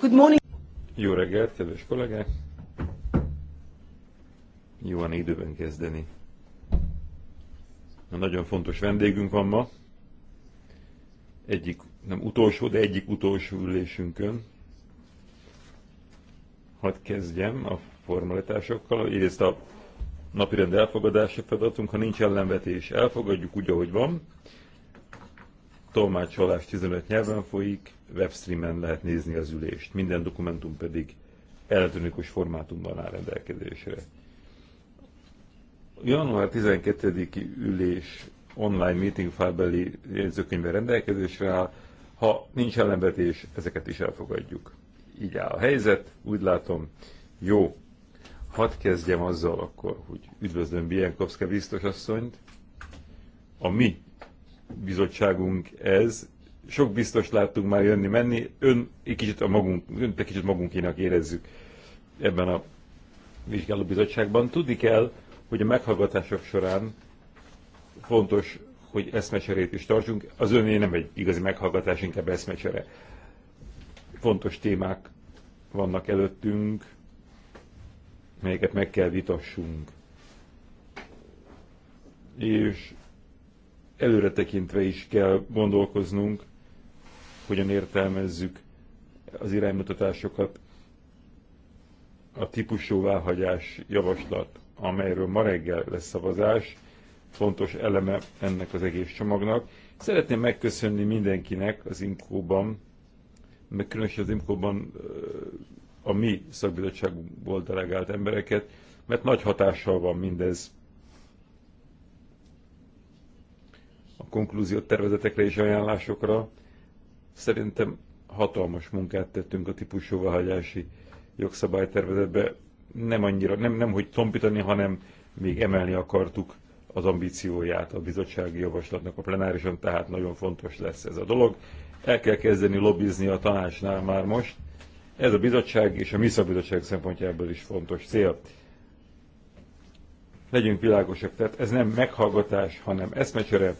Good morning. Jó reggelt, kedves kollégák! Jó van időben kezdeni. Na, nagyon fontos vendégünk van ma. Egyik, nem utolsó, de egyik utolsó ülésünkön. Hadd kezdjem a formalitásokkal. Egyrészt a napirend elfogadása feladatunk, ha nincs ellenvetés, elfogadjuk úgy, ahogy van. Tolmácsolás 15 nyelven folyik, webstreamen lehet nézni az ülést, minden dokumentum pedig elektronikus formátumban áll rendelkezésre. Január 12-i ülés online meeting fábeli jegyzőkönyve rendelkezésre áll, ha nincs ellenvetés, ezeket is elfogadjuk. Így áll a helyzet, úgy látom, jó. Hadd kezdjem azzal akkor, hogy üdvözlöm Bienkowska asszonyt. a mi bizottságunk ez. Sok biztos láttunk már jönni-menni, ön egy kicsit a magunk, önt egy kicsit magunkénak érezzük ebben a vizsgáló bizottságban. Tudni kell, hogy a meghallgatások során fontos, hogy eszmecserét is tartsunk. Az öné nem egy igazi meghallgatás, inkább eszmecsere. Fontos témák vannak előttünk, melyeket meg kell vitassunk. És előre tekintve is kell gondolkoznunk, hogyan értelmezzük az iránymutatásokat. A típusú válhagyás javaslat, amelyről ma reggel lesz szavazás, fontos eleme ennek az egész csomagnak. Szeretném megköszönni mindenkinek az inkóban, meg különösen az inkóban a mi szakbizottságból delegált embereket, mert nagy hatással van mindez konklúziót tervezetekre és ajánlásokra. Szerintem hatalmas munkát tettünk a típus jogszabály jogszabálytervezetbe. Nem annyira, nem, nem hogy tompítani, hanem még emelni akartuk az ambícióját a bizottsági javaslatnak a plenárison, tehát nagyon fontos lesz ez a dolog. El kell kezdeni lobbizni a tanácsnál már most. Ez a bizottság és a mi szempontjából is fontos cél. Legyünk világosak, tehát ez nem meghallgatás, hanem eszmecsere,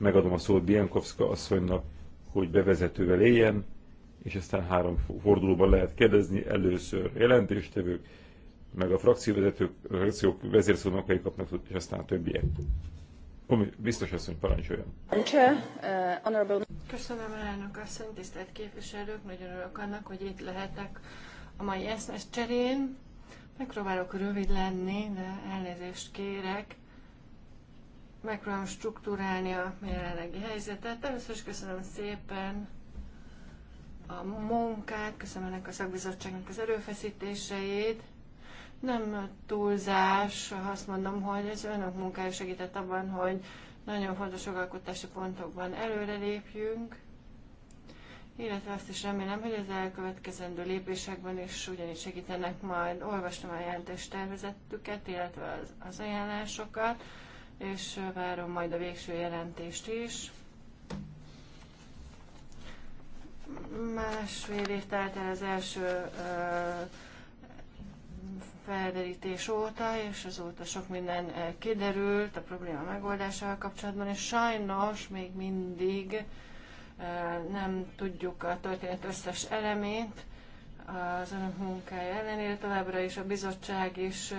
Megadom a szót Biankovska asszonynak, hogy bevezetővel éljen, és aztán három fordulóban lehet kérdezni, először jelentéstevők, meg a frakcióvezetők, a frakciók vezérszónokai kapnak, és aztán a többiek. Biztos asszony, parancsoljon. Uh, Köszönöm, elnök asszony, tisztelt képviselők, nagyon örülök annak, hogy itt lehetek a mai eszmes cserén. Megpróbálok rövid lenni, de elnézést kérek, megpróbálom struktúrálni a jelenlegi helyzetet. Először is köszönöm szépen a munkát, köszönöm ennek a szakbizottságnak az erőfeszítéseit. Nem túlzás, azt mondom, hogy ez önök munkája segített abban, hogy nagyon fontos jogalkotási pontokban előrelépjünk, illetve azt is remélem, hogy az elkövetkezendő lépésekben is ugyanígy segítenek majd. Olvastam a jelentéstervezetüket, illetve az, az ajánlásokat és várom majd a végső jelentést is. Másfél év telt el az első felderítés óta, és azóta sok minden kiderült a probléma megoldásával kapcsolatban, és sajnos még mindig nem tudjuk a történet összes elemét, az önök munkája ellenére továbbra is a bizottság is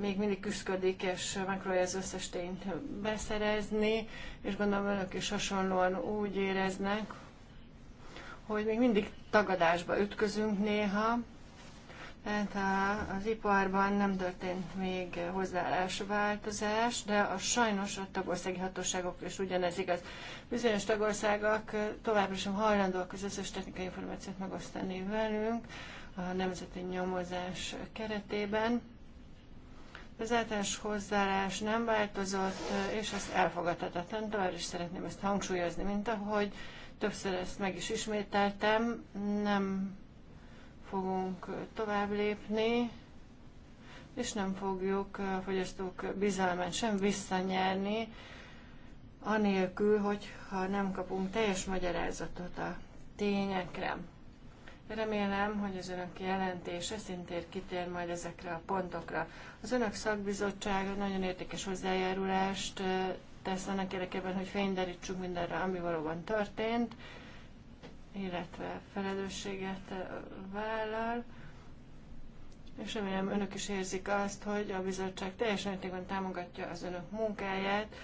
még mindig küzdködik, és megpróbálja az összes tényt beszerezni, és gondolom önök is hasonlóan úgy éreznek, hogy még mindig tagadásba ütközünk néha, tehát az iparban nem történt még hozzáállás változás, de a sajnos a tagországi hatóságok is ugyanez igaz. Bizonyos tagországok továbbra sem hajlandóak az összes technikai információt megosztani velünk a nemzeti nyomozás keretében. Az általános hozzáállás nem változott, és ez elfogadhatatlan. Továbbra is szeretném ezt hangsúlyozni, mint ahogy többször ezt meg is ismételtem, nem fogunk tovább lépni, és nem fogjuk a fogyasztók bizalmát sem visszanyerni, anélkül, hogyha nem kapunk teljes magyarázatot a tényekre. Remélem, hogy az önök jelentése szintén kitér majd ezekre a pontokra. Az önök szakbizottsága nagyon értékes hozzájárulást tesz annak érdekében, hogy fényderítsünk mindenre, ami valóban történt, illetve felelősséget vállal, és remélem önök is érzik azt, hogy a bizottság teljes mértékben támogatja az önök munkáját,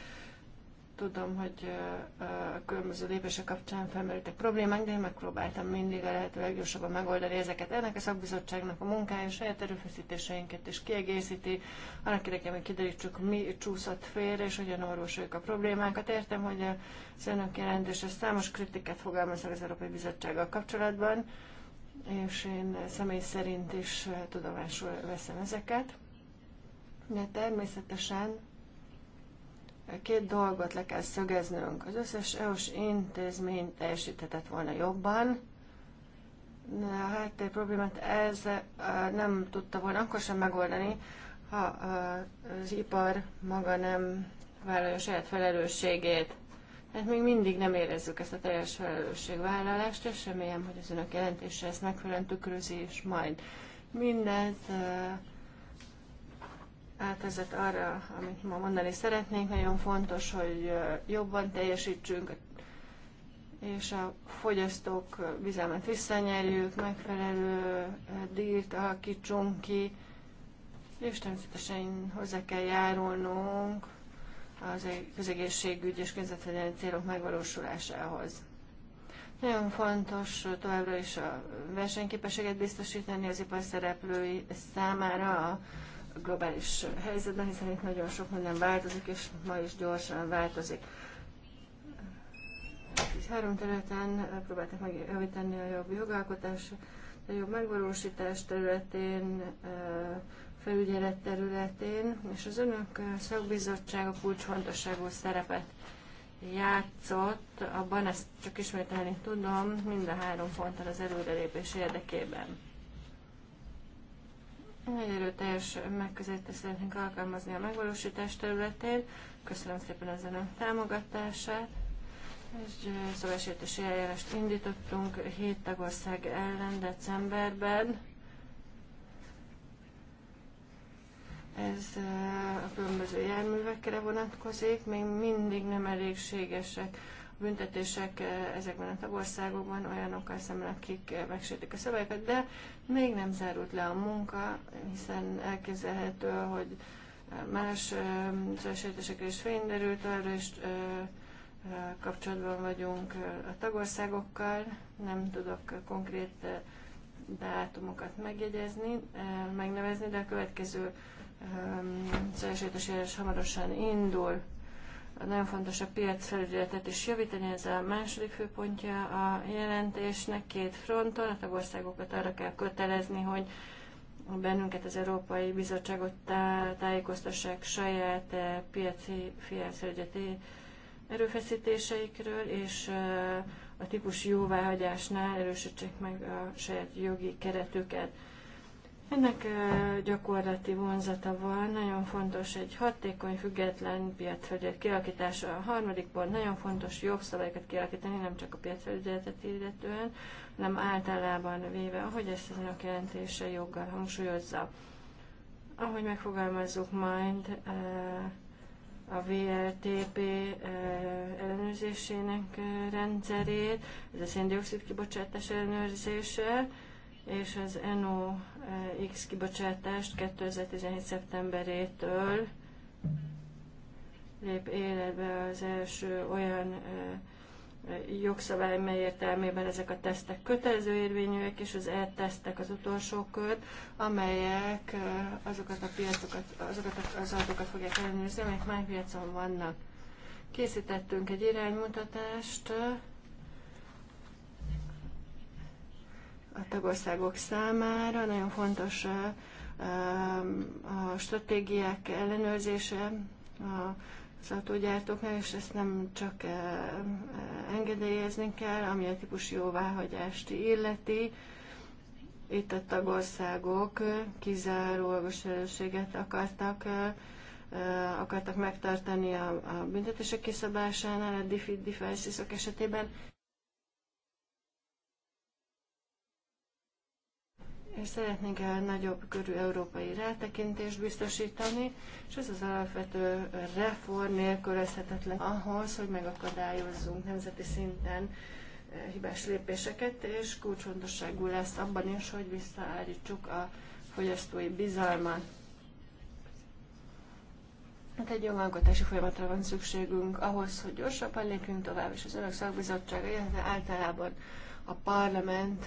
tudom, hogy a különböző lépések kapcsán felmerültek problémák, de én megpróbáltam mindig a lehető leggyorsabban megoldani ezeket. Ennek a szakbizottságnak a munkája saját erőfeszítéseinket is kiegészíti, annak érdekében, hogy kiderítsük, mi csúszott félre, és hogyan orvosoljuk a problémákat. Értem, hogy a szönök jelentése számos kritikát fogalmaz az Európai Bizottsággal kapcsolatban, és én személy szerint is tudomásul veszem ezeket. De természetesen Két dolgot le kell szögeznünk. Az összes EU-s intézmény teljesíthetett volna jobban, de a háttér problémát ez eh, nem tudta volna akkor sem megoldani, ha eh, az ipar maga nem vállalja saját felelősségét. Hát még mindig nem érezzük ezt a teljes felelősségvállalást, és remélem, hogy az önök jelentése ezt megfelelően tükrözi, és majd mindez eh, átvezet arra, amit ma mondani szeretnénk. Nagyon fontos, hogy jobban teljesítsünk, és a fogyasztók bizalmat visszanyerjük, megfelelő dírt alakítsunk ki, és természetesen hozzá kell járulnunk az e- közegészségügy és közvetlenül célok megvalósulásához. Nagyon fontos továbbra is a versenyképességet biztosítani az ipar szereplői számára a globális helyzetben, hiszen itt nagyon sok minden változik, és ma is gyorsan változik. Így három területen próbáltak megjavítani a jobb jogalkotás, a jobb megvalósítás területén, felügyelet területén, és az önök szakbizottsága kulcsfontosságú szerepet játszott, abban ezt csak ismételni tudom, mind a három ponttal az előrelépés érdekében. Nagyon erőteljes megközelítést szeretnénk alkalmazni a megvalósítás területén. Köszönöm szépen az önök támogatását. Egy szabálysértési eljárást indítottunk 7 tagország ellen decemberben. Ez a különböző járművekre vonatkozik, még mindig nem elégségesek büntetések eh, ezekben a tagországokban olyanokkal szemben, akik eh, megsértik a szabályokat, de még nem zárult le a munka, hiszen elképzelhető, hogy eh, más szabálysértésekre is fényderült, arra is kapcsolatban vagyunk a tagországokkal, nem tudok konkrét dátumokat megjegyezni, megnevezni, de a következő ehm, szabálysértés hamarosan indul. Nagyon fontos a felügyeletet is javítani, ez a második főpontja a jelentésnek két fronton. A tagországokat arra kell kötelezni, hogy bennünket az Európai Bizottságot tájékoztassák saját eh, piaci piacfelügyeleti erőfeszítéseikről, és eh, a típus jóváhagyásnál erősítsék meg a saját jogi keretüket. Ennek gyakorlati vonzata van, nagyon fontos egy hatékony, független piacfelügyelet kialakítása. A harmadik pont nagyon fontos jogszabályokat kialakítani, nem csak a piacfelügyeletet illetően, hanem általában véve, ahogy ezt az önök jelentése joggal hangsúlyozza. Ahogy megfogalmazzuk majd, a VLTP ellenőrzésének rendszerét, ez a széndiokszid kibocsátás ellenőrzése, és az NOx kibocsátást 2017. szeptemberétől lép életbe az első olyan jogszabály, mely értelmében ezek a tesztek kötelező érvényűek, és az e-tesztek az utolsó kört, amelyek azokat a piacokat, azokat az adatokat fogják ellenőrizni, amelyek már piacon vannak. Készítettünk egy iránymutatást, a tagországok számára. Nagyon fontos a stratégiák ellenőrzése az autógyártóknál, és ezt nem csak engedélyezni kell, ami a típus jóváhagyást illeti. Itt a tagországok kizárólagos felelősséget akartak akartak megtartani a, a büntetések kiszabásánál, a devices esetében. és szeretnénk el nagyobb körű európai rátekintést biztosítani, és ez az alapvető reform nélkülözhetetlen ahhoz, hogy megakadályozzunk nemzeti szinten eh, hibás lépéseket, és kulcsfontosságú lesz abban is, hogy visszaállítsuk a fogyasztói bizalmat. Hát egy jogalkotási folyamatra van szükségünk ahhoz, hogy gyorsabban lépjünk tovább, és az önök szakbizottsága, illetve általában a parlament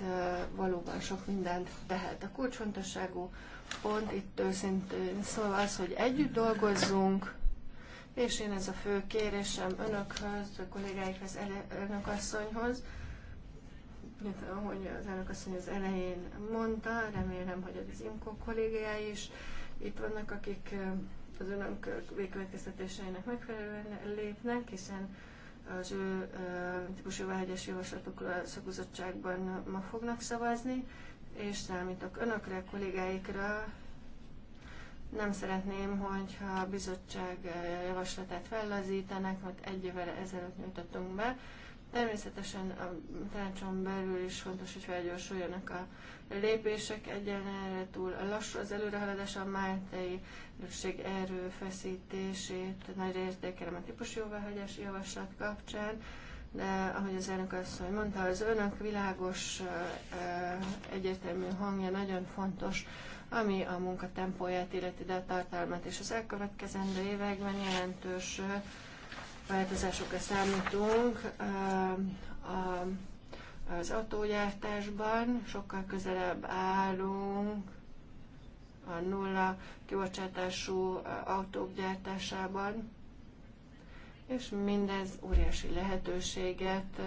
valóban sok mindent tehet. A kulcsfontosságú pont itt őszintén szólva az, hogy együtt dolgozzunk, és én ez a fő kérésem önökhöz, a kollégáikhoz, önök asszonyhoz, mint ahogy az elnök asszony az elején mondta, remélem, hogy az IMCO kollégái is itt vannak, akik az önök végkövetkeztetéseinek megfelelően lépnek, hiszen az ő típusú jóváhegyes javaslatokról a szakbizottságban ma fognak szavazni, és számítok önökre, kollégáikra. Nem szeretném, hogyha a bizottság javaslatát fellazítanak, mert egy évvel ezelőtt nyújtottunk be, Természetesen a tanácson belül is fontos, hogy felgyorsuljanak a lépések egyenlőre túl lassú az előrehaladás, a máltai ügynökség erőfeszítését nagy értékelem a típus jóváhagyás javaslat kapcsán, de ahogy az elnök asszony mondta, az önök világos, egyértelmű hangja nagyon fontos, ami a munka tempóját illeti, de a tartalmat és az elkövetkezendő években jelentős változásokra számítunk um, az autógyártásban, sokkal közelebb állunk a nulla kibocsátású uh, autók gyártásában, és mindez óriási lehetőséget uh,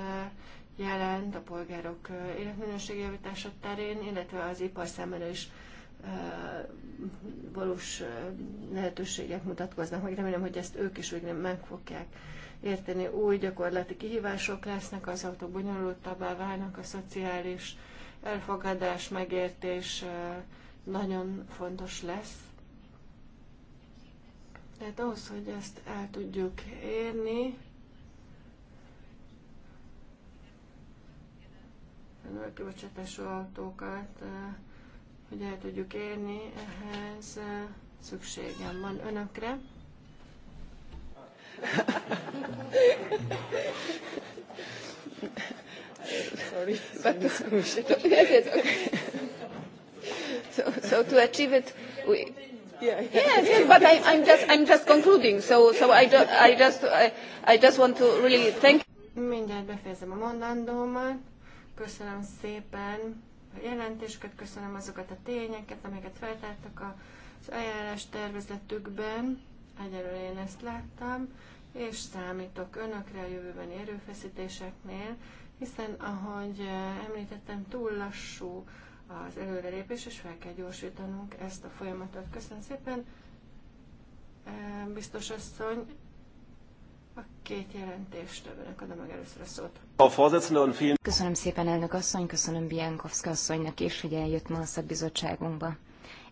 jelent a polgárok uh, életminőségjavítása terén, illetve az ipar számára is valós lehetőségek mutatkoznak, meg remélem, hogy ezt ők is végre megfogják érteni. Új gyakorlati kihívások lesznek, az autók bonyolultabbá válnak, a szociális elfogadás, megértés nagyon fontos lesz. Tehát ahhoz, hogy ezt el tudjuk érni, a kibocsátású autókat hogy el tudjuk érni, ehhez szükségem van önökre. Sorry, but So, so to achieve it, we, Yeah, yeah. Yes, yes, but I, I'm just I'm just concluding. So so I just I just I, I just want to really thank. Mindjárt befejezem a mondandómat. Köszönöm szépen jelentésüket, köszönöm azokat a tényeket, amiket feltártak az ajánlás tervezetükben. Egyelőre én ezt láttam, és számítok önökre a jövőben erőfeszítéseknél, hiszen ahogy eh, említettem, túl lassú az előrelépés, és fel kell gyorsítanunk ezt a folyamatot. Köszönöm szépen! Eh, biztos asszony, a két jelentést adom meg először a szót. Köszönöm szépen, elnök asszony, köszönöm Biankovszka asszonynak is, hogy eljött ma a szakbizottságunkba.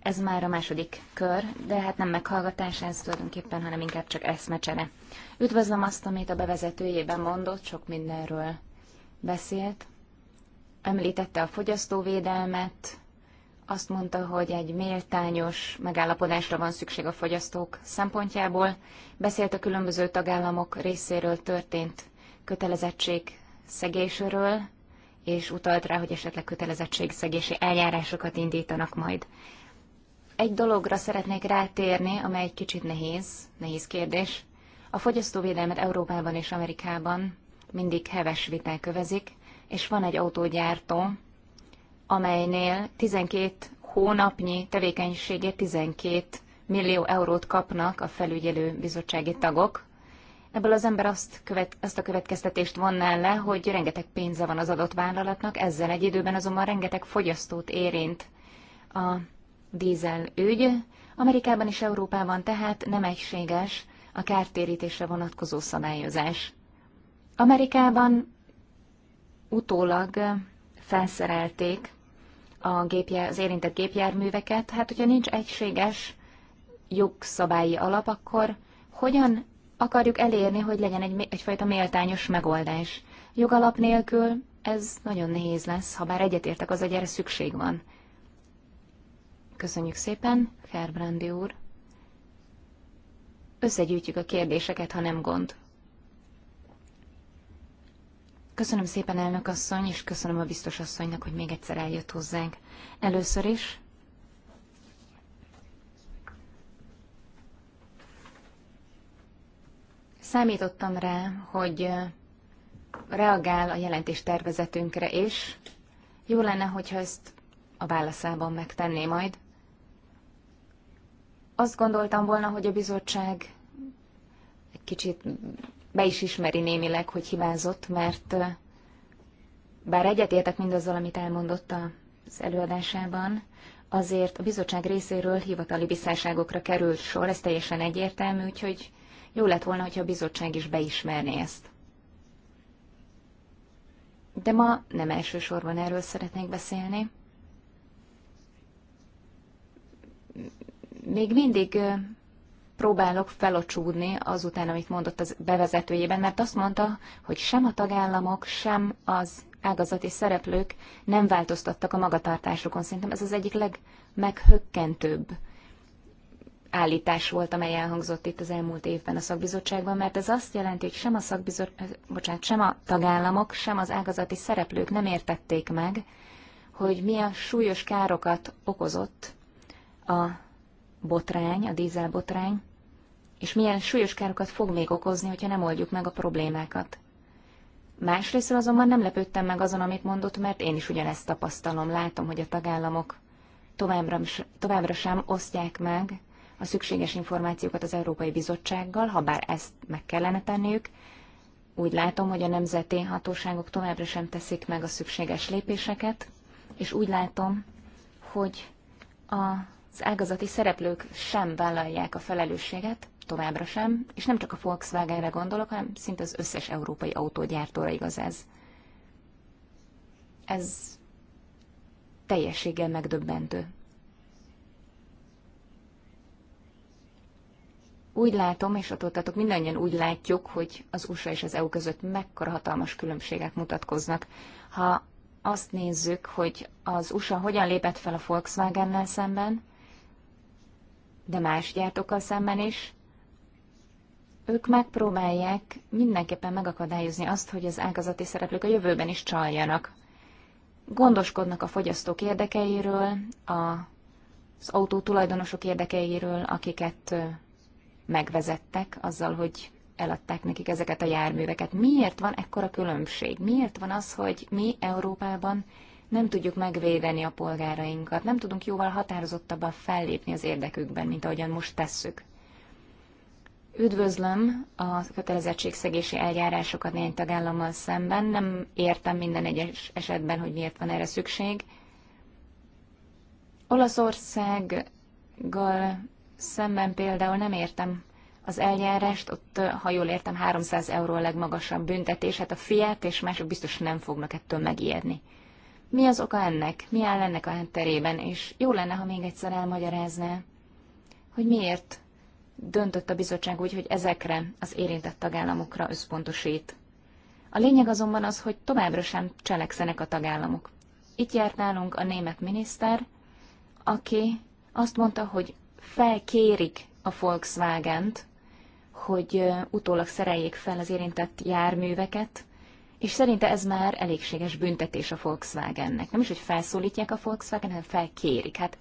Ez már a második kör, de hát nem meghallgatás ez tulajdonképpen, hanem inkább csak eszmecsere. Üdvözlöm azt, amit a bevezetőjében mondott, sok mindenről beszélt. Említette a fogyasztóvédelmet, azt mondta, hogy egy méltányos megállapodásra van szükség a fogyasztók szempontjából. Beszélt a különböző tagállamok részéről történt kötelezettség szegésről, és utalt rá, hogy esetleg kötelezettség szegési eljárásokat indítanak majd. Egy dologra szeretnék rátérni, amely egy kicsit nehéz, nehéz kérdés. A fogyasztóvédelmet Európában és Amerikában mindig heves viták kövezik, és van egy autógyártó, amelynél 12 hónapnyi tevékenységért 12 millió eurót kapnak a felügyelő bizottsági tagok. Ebből az ember azt, követ, azt a következtetést vonná le, hogy rengeteg pénze van az adott vállalatnak, ezzel egy időben azonban rengeteg fogyasztót érint a dízel ügy. Amerikában és Európában tehát nem egységes a kártérítésre vonatkozó szabályozás. Amerikában utólag felszerelték a gépjár, az érintett gépjárműveket. Hát, hogyha nincs egységes jogszabályi alap, akkor hogyan akarjuk elérni, hogy legyen egy, egyfajta méltányos megoldás? Jogalap nélkül ez nagyon nehéz lesz, ha bár egyetértek az, hogy erre szükség van. Köszönjük szépen, Herbrandi úr. Összegyűjtjük a kérdéseket, ha nem gond. Köszönöm szépen, elnök asszony, és köszönöm a biztos asszonynak, hogy még egyszer eljött hozzánk. Először is számítottam rá, hogy reagál a jelentés tervezetünkre, és jó lenne, hogyha ezt a válaszában megtenné majd. Azt gondoltam volna, hogy a bizottság egy kicsit be is ismeri némileg, hogy hibázott, mert bár egyetértek mindazzal, amit elmondott az előadásában, azért a bizottság részéről hivatali visszáságokra került sor, ez teljesen egyértelmű, úgyhogy jó lett volna, hogyha a bizottság is beismerné ezt. De ma nem elsősorban erről szeretnék beszélni. Még mindig próbálok felocsúdni azután, amit mondott az bevezetőjében, mert azt mondta, hogy sem a tagállamok, sem az ágazati szereplők nem változtattak a magatartásukon. Szerintem ez az egyik legmeghökkentőbb állítás volt, amely elhangzott itt az elmúlt évben a szakbizottságban, mert ez azt jelenti, hogy sem a, szakbizor... Bocsánat, sem a tagállamok, sem az ágazati szereplők nem értették meg, hogy milyen súlyos károkat okozott a botrány, a dízelbotrány, és milyen súlyos károkat fog még okozni, hogyha nem oldjuk meg a problémákat. Másrészt azonban nem lepődtem meg azon, amit mondott, mert én is ugyanezt tapasztalom. Látom, hogy a tagállamok továbbra, továbbra sem osztják meg a szükséges információkat az Európai Bizottsággal, ha bár ezt meg kellene tenniük. Úgy látom, hogy a nemzeti hatóságok továbbra sem teszik meg a szükséges lépéseket, és úgy látom, hogy az ágazati szereplők sem vállalják a felelősséget, továbbra sem, és nem csak a Volkswagenre gondolok, hanem szinte az összes európai autógyártóra igaz ez. Ez teljességgel megdöbbentő. Úgy látom, és attól mindannyian úgy látjuk, hogy az USA és az EU között mekkora hatalmas különbségek mutatkoznak. Ha azt nézzük, hogy az USA hogyan lépett fel a volkswagen Volkswagen-nel szemben, de más gyártókkal szemben is, ők megpróbálják mindenképpen megakadályozni azt, hogy az ágazati szereplők a jövőben is csaljanak. Gondoskodnak a fogyasztók érdekeiről, a, az autó tulajdonosok érdekeiről, akiket megvezettek azzal, hogy eladták nekik ezeket a járműveket. Miért van ekkora különbség? Miért van az, hogy mi Európában nem tudjuk megvédeni a polgárainkat, nem tudunk jóval határozottabban fellépni az érdekükben, mint ahogyan most tesszük? Üdvözlöm a kötelezettségszegési eljárásokat néhány tagállammal szemben. Nem értem minden egyes esetben, hogy miért van erre szükség. Olaszországgal szemben például nem értem az eljárást, ott, ha jól értem, 300 euró a legmagasabb büntetés, hát a fiát és mások biztos nem fognak ettől megijedni. Mi az oka ennek? Mi áll ennek a hátterében? És jó lenne, ha még egyszer elmagyarázná, hogy miért döntött a bizottság úgy, hogy ezekre az érintett tagállamokra összpontosít. A lényeg azonban az, hogy továbbra sem cselekszenek a tagállamok. Itt járt nálunk a német miniszter, aki azt mondta, hogy felkérik a volkswagen hogy utólag szereljék fel az érintett járműveket, és szerinte ez már elégséges büntetés a Volkswagennek. Nem is, hogy felszólítják a Volkswagen, hanem felkérik. Hát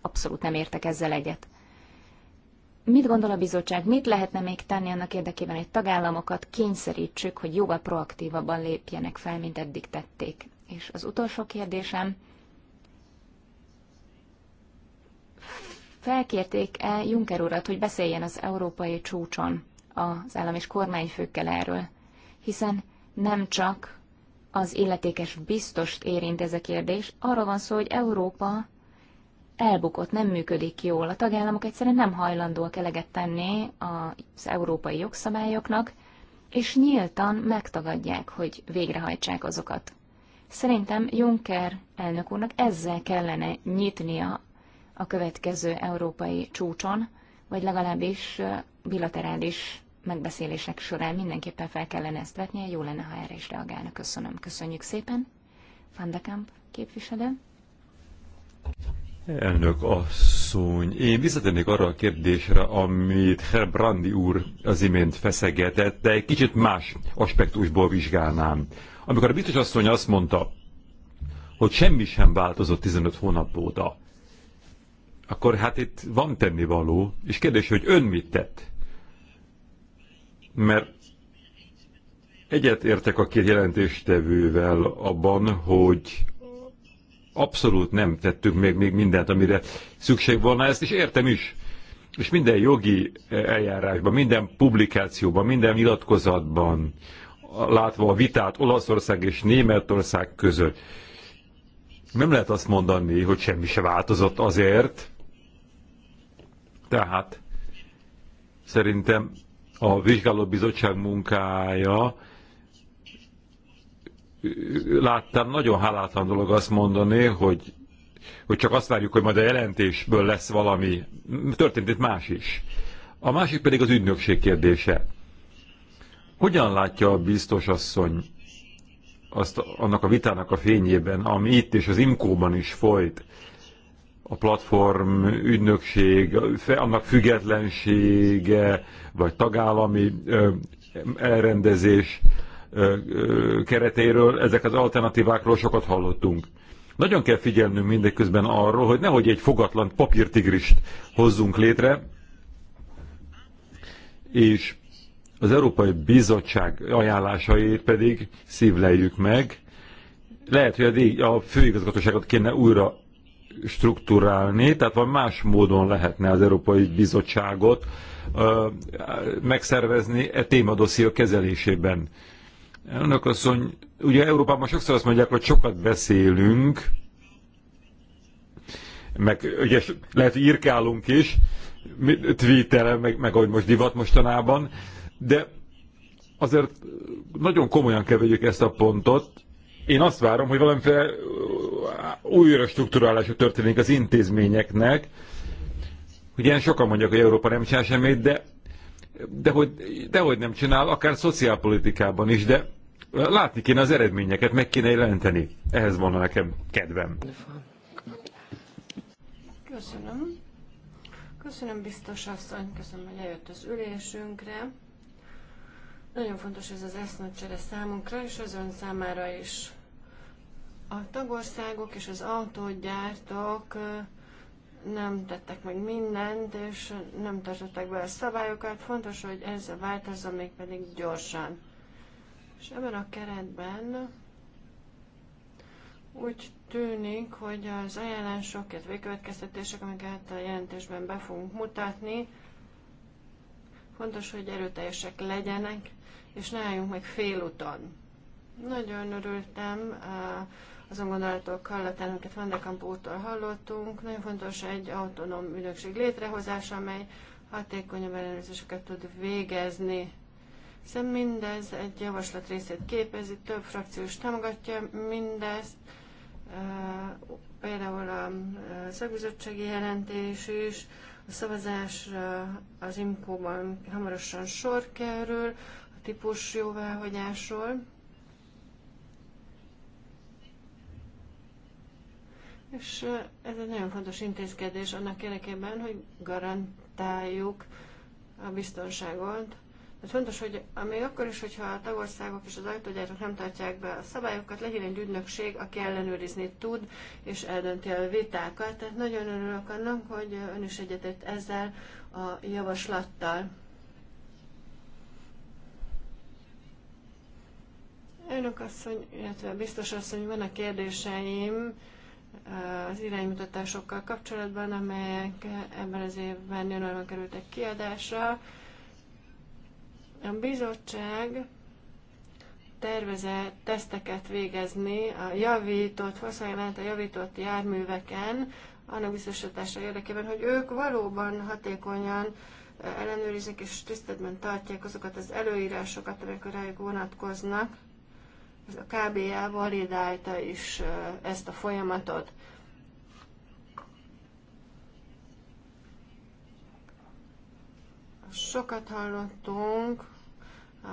abszolút nem értek ezzel egyet. Mit gondol a bizottság, mit lehetne még tenni annak érdekében, hogy tagállamokat kényszerítsük, hogy jóval proaktívabban lépjenek fel, mint eddig tették? És az utolsó kérdésem, felkérték-e Juncker urat, hogy beszéljen az európai csúcson az állam és kormányfőkkel erről? Hiszen nem csak az illetékes biztost érint ez a kérdés, arra van szó, hogy Európa elbukott, nem működik jól. A tagállamok egyszerűen nem hajlandóak eleget tenni az európai jogszabályoknak, és nyíltan megtagadják, hogy végrehajtsák azokat. Szerintem Juncker elnök úrnak ezzel kellene nyitnia a következő európai csúcson, vagy legalábbis bilaterális megbeszélések során mindenképpen fel kellene ezt vetnie, jó lenne, ha erre is reagálna. Köszönöm. Köszönjük szépen. Van de Kamp képviselő. Elnök asszony, én visszatérnék arra a kérdésre, amit Herr Brandi úr az imént feszegetett, de egy kicsit más aspektusból vizsgálnám. Amikor a biztos asszony azt mondta, hogy semmi sem változott 15 hónap óta, akkor hát itt van tennivaló, és kérdés, hogy ön mit tett? Mert egyet értek a két jelentéstevővel abban, hogy abszolút nem tettünk még, még mindent, amire szükség volna, ezt is értem is. És minden jogi eljárásban, minden publikációban, minden nyilatkozatban, látva a vitát Olaszország és Németország között, nem lehet azt mondani, hogy semmi se változott azért. Tehát szerintem a vizsgálóbizottság munkája láttam, nagyon hálátlan dolog azt mondani, hogy, hogy csak azt várjuk, hogy majd a jelentésből lesz valami. Történt itt más is. A másik pedig az ügynökség kérdése. Hogyan látja a biztos asszony azt, annak a vitának a fényében, ami itt és az Imkóban is folyt, a platform ügynökség, annak függetlensége, vagy tagállami elrendezés, keretéről, ezek az alternatívákról sokat hallottunk. Nagyon kell figyelnünk mindeközben arról, hogy nehogy egy fogatlan papírtigrist hozzunk létre, és az Európai Bizottság ajánlásait pedig szívleljük meg. Lehet, hogy a főigazgatóságot kéne újra struktúrálni, tehát van más módon lehetne az Európai Bizottságot ö, megszervezni e témadosszió kezelésében. Elnök asszony, ugye Európában sokszor azt mondják, hogy sokat beszélünk, meg ugye lehet, hogy írkálunk is, tweetelen, meg, meg ahogy most divat mostanában, de azért nagyon komolyan kevegyük ezt a pontot. Én azt várom, hogy valamiféle uh, újra struktúrálása történik az intézményeknek. Ugye sokan mondják, hogy Európa nem csinál semmit, de de hogy, de hogy nem csinál, akár szociálpolitikában is, de látni kéne az eredményeket, meg kéne jelenteni. Ehhez van nekem kedvem. Köszönöm. Köszönöm, biztos asszony, köszönöm, hogy eljött az ülésünkre. Nagyon fontos ez az eszmecsere számunkra, és az ön számára is. A tagországok és az autógyártók nem tettek meg mindent, és nem tartottak be a szabályokat. Fontos, hogy ez változó még pedig gyorsan. És ebben a keretben úgy tűnik, hogy az ajánlások, illetve következtetések, amiket hát a jelentésben be fogunk mutatni, fontos, hogy erőteljesek legyenek, és ne álljunk meg félúton. Nagyon örültem eh, azon gondolatok hallatán, amiket Van de hallottunk. Nagyon fontos egy autonóm ügynökség létrehozása, amely hatékonyabb ellenőrzéseket tud végezni. Hiszen mindez egy javaslat részét képezi, több frakció is támogatja mindezt, például a szakbizottsági jelentés is, a szavazás az imkóban hamarosan sor kerül, a típus jóváhagyásról. És ez egy nagyon fontos intézkedés annak érdekében, hogy garantáljuk a biztonságot. Ez fontos, hogy még akkor is, hogyha a tagországok és az ajtógyártók nem tartják be a szabályokat, legyen egy ügynökség, aki ellenőrizni tud, és eldönti a vitákat. Tehát nagyon örülök annak, hogy ön is egyetett ezzel a javaslattal. Önök asszony, illetve biztos asszony, a kérdéseim, az iránymutatásokkal kapcsolatban, amelyek ebben az évben januárban kerültek kiadásra. A bizottság tervezett teszteket végezni a javított, a javított járműveken, annak biztosítása érdekében, hogy ők valóban hatékonyan eh, ellenőriznek és tiszteletben tartják azokat az előírásokat, amelyek rájuk vonatkoznak, a KBA validálta is ezt a folyamatot. Sokat hallottunk a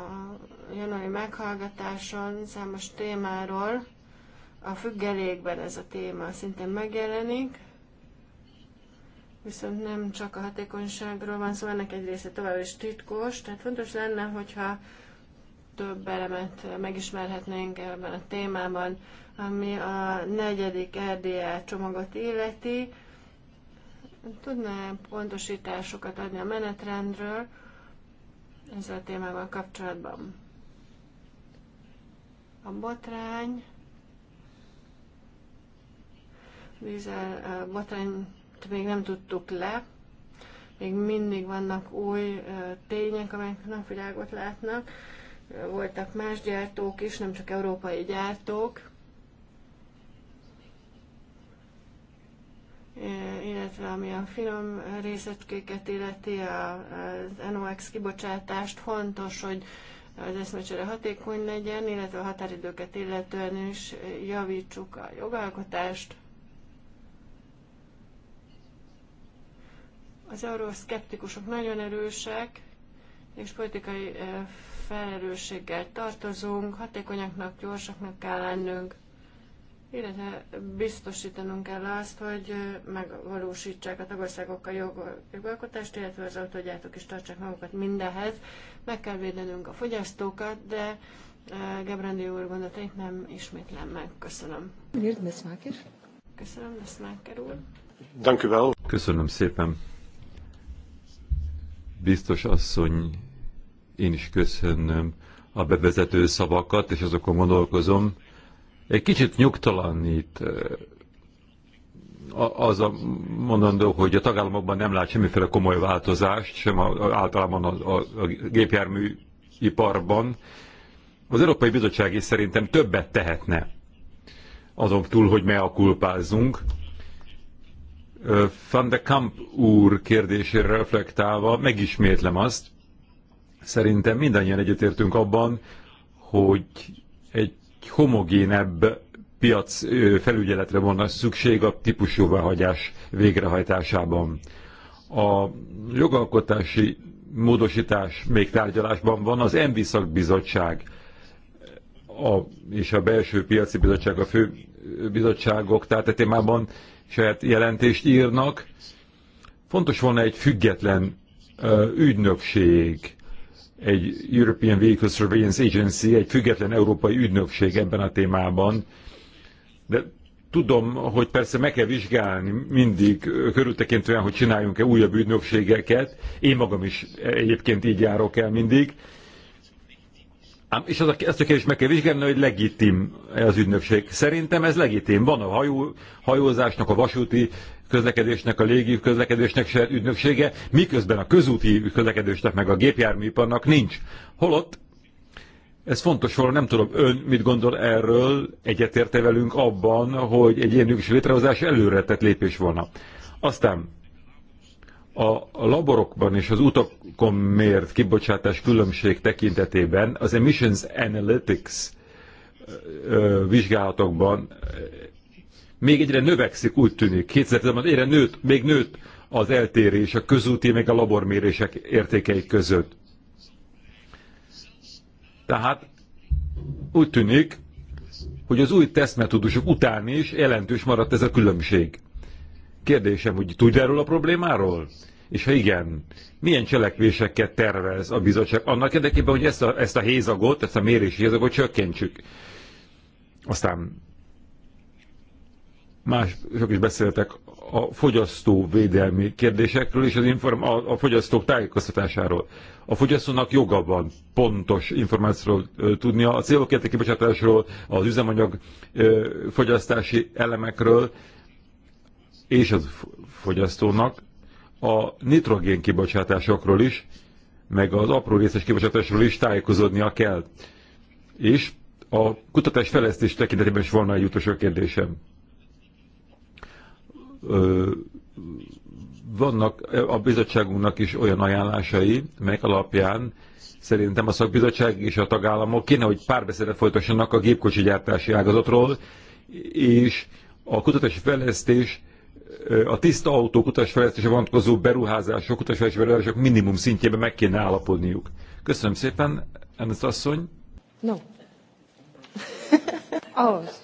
januári meghallgatáson számos témáról. A függelékben ez a téma szintén megjelenik, viszont nem csak a hatékonyságról van szó, szóval ennek egy része tovább is titkos, tehát fontos lenne, hogyha több elemet megismerhetnénk ebben a témában, ami a negyedik RDA csomagot illeti. Tudná pontosításokat adni a menetrendről ezzel a témával kapcsolatban? A botrány, vízzel botrányt még nem tudtuk le, még mindig vannak új tények, amelyek napvilágot látnak voltak más gyártók is, nem csak európai gyártók, illetve ami a finom részecskéket illeti, az NOx kibocsátást, fontos, hogy az eszmecsere hatékony legyen, illetve a határidőket illetően is javítsuk a jogalkotást. Az euroszkeptikusok nagyon erősek, és politikai felelősséggel tartozunk, hatékonyaknak, gyorsaknak kell lennünk, illetve biztosítanunk kell azt, hogy megvalósítsák a tagországok a jogalkotást, illetve az autógyártók is tartsák magukat mindehez. Meg kell védenünk a fogyasztókat, de eh, Gebrandi úr gondolatait nem ismétlem meg. Köszönöm. Miért Meszmáker? Köszönöm, Meszmáker úr. Köszönöm szépen. Biztos asszony én is köszönöm a bevezető szavakat, és azokon gondolkozom. Egy kicsit nyugtalanít az a mondandó, hogy a tagállamokban nem lát semmiféle komoly változást, sem általában a, a, a gépjárműiparban. Az Európai Bizottság is szerintem többet tehetne azon túl, hogy me a kulpázzunk. Van de Kamp úr kérdésére reflektálva megismétlem azt, Szerintem mindannyian egyetértünk abban, hogy egy homogénebb piac felügyeletre volna szükség a típusjóváhagyás végrehajtásában. A jogalkotási módosítás még tárgyalásban van, az ENVI szakbizottság a, és a belső piaci bizottság, a fő bizottságok tehát a témában saját jelentést írnak. Fontos volna egy független ügynökség, egy European Vehicle Surveillance Agency, egy független európai ügynökség ebben a témában, de tudom, hogy persze meg kell vizsgálni mindig körültekintően, hogy csináljunk-e újabb ügynökségeket. Én magam is egyébként így járok el mindig. Ám, és az a, ezt a kérdés meg kell vizsgálni, hogy legitim az ügynökség. Szerintem ez legitim. Van a hajó, hajózásnak, a vasúti közlekedésnek, a légi közlekedésnek se ügynöksége, miközben a közúti közlekedésnek meg a gépjárműiparnak nincs. Holott ez fontos volna, nem tudom, ön mit gondol erről, egyetérte velünk abban, hogy egy ilyen ügyes létrehozás előre tett lépés volna. Aztán a laborokban és az utakon mért kibocsátás különbség tekintetében az Emissions Analytics vizsgálatokban még egyre növekszik, úgy tűnik. 2010-ben egyre nőtt, még nőtt az eltérés a közúti, meg a labormérések értékei között. Tehát úgy tűnik, hogy az új tesztmetódusok után is jelentős maradt ez a különbség. Kérdésem, hogy tud erről a problémáról? És ha igen, milyen cselekvéseket tervez a bizottság annak érdekében, hogy ezt a, ezt a hézagot, ezt a mérési hézagot csökkentsük? Aztán mások is beszéltek a fogyasztó védelmi kérdésekről és az inform- a, a fogyasztók tájékoztatásáról. A fogyasztónak joga van pontos információról ö, tudnia, a célok kibocsátásról, az üzemanyag ö, fogyasztási elemekről, és az fogyasztónak a nitrogén kibocsátásokról is, meg az apró részes kibocsátásról is tájékozódnia kell. És a kutatás fejlesztés tekintetében is volna egy utolsó kérdésem vannak a bizottságunknak is olyan ajánlásai, melyek alapján szerintem a szakbizottság és a tagállamok kéne, hogy párbeszédet folytassanak a gépkocsi gyártási ágazatról, és a kutatási fejlesztés, a tiszta autó fejlesztése vonatkozó beruházások, kutatási beruházások minimum szintjében meg kéne állapodniuk. Köszönöm szépen, Ernest asszony. No. Ahhoz.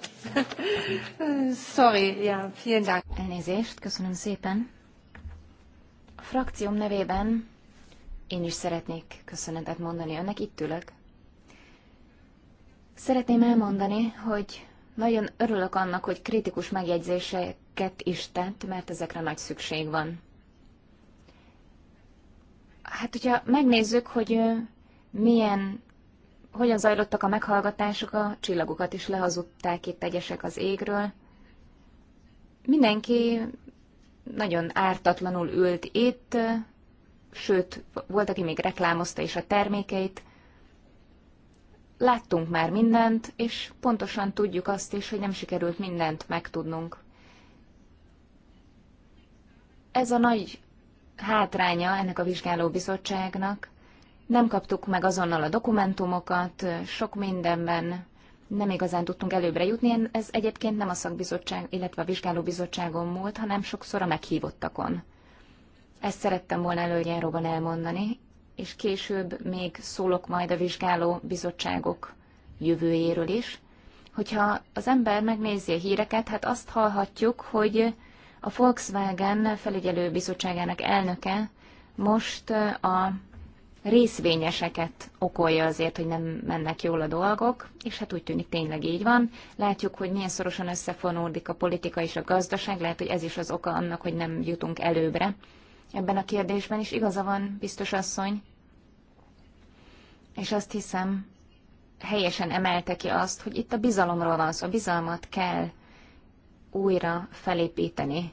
Sorry, ja, vielen Dank. Elnézést, köszönöm szépen. A frakcióm nevében én is szeretnék köszönetet mondani önnek, itt ülök. Szeretném elmondani, hogy nagyon örülök annak, hogy kritikus megjegyzéseket is tett, mert ezekre nagy szükség van. Hát, hogyha megnézzük, hogy milyen hogyan zajlottak a meghallgatások, a csillagokat is lehazudták itt egyesek az égről. Mindenki nagyon ártatlanul ült itt, sőt, volt, aki még reklámozta is a termékeit. Láttunk már mindent, és pontosan tudjuk azt is, hogy nem sikerült mindent megtudnunk. Ez a nagy hátránya ennek a vizsgálóbizottságnak, nem kaptuk meg azonnal a dokumentumokat, sok mindenben nem igazán tudtunk előbbre jutni. Ez egyébként nem a szakbizottság, illetve a vizsgálóbizottságon múlt, hanem sokszor a meghívottakon. Ezt szerettem volna előjáróban elmondani, és később még szólok majd a vizsgáló bizottságok jövőjéről is. Hogyha az ember megnézi a híreket, hát azt hallhatjuk, hogy a Volkswagen felügyelő bizottságának elnöke most a részvényeseket okolja azért, hogy nem mennek jól a dolgok, és hát úgy tűnik tényleg így van. Látjuk, hogy milyen szorosan összefonódik a politika és a gazdaság, lehet, hogy ez is az oka annak, hogy nem jutunk előbbre. Ebben a kérdésben is igaza van, biztos asszony. És azt hiszem, helyesen emelte ki azt, hogy itt a bizalomról van szó, a bizalmat kell újra felépíteni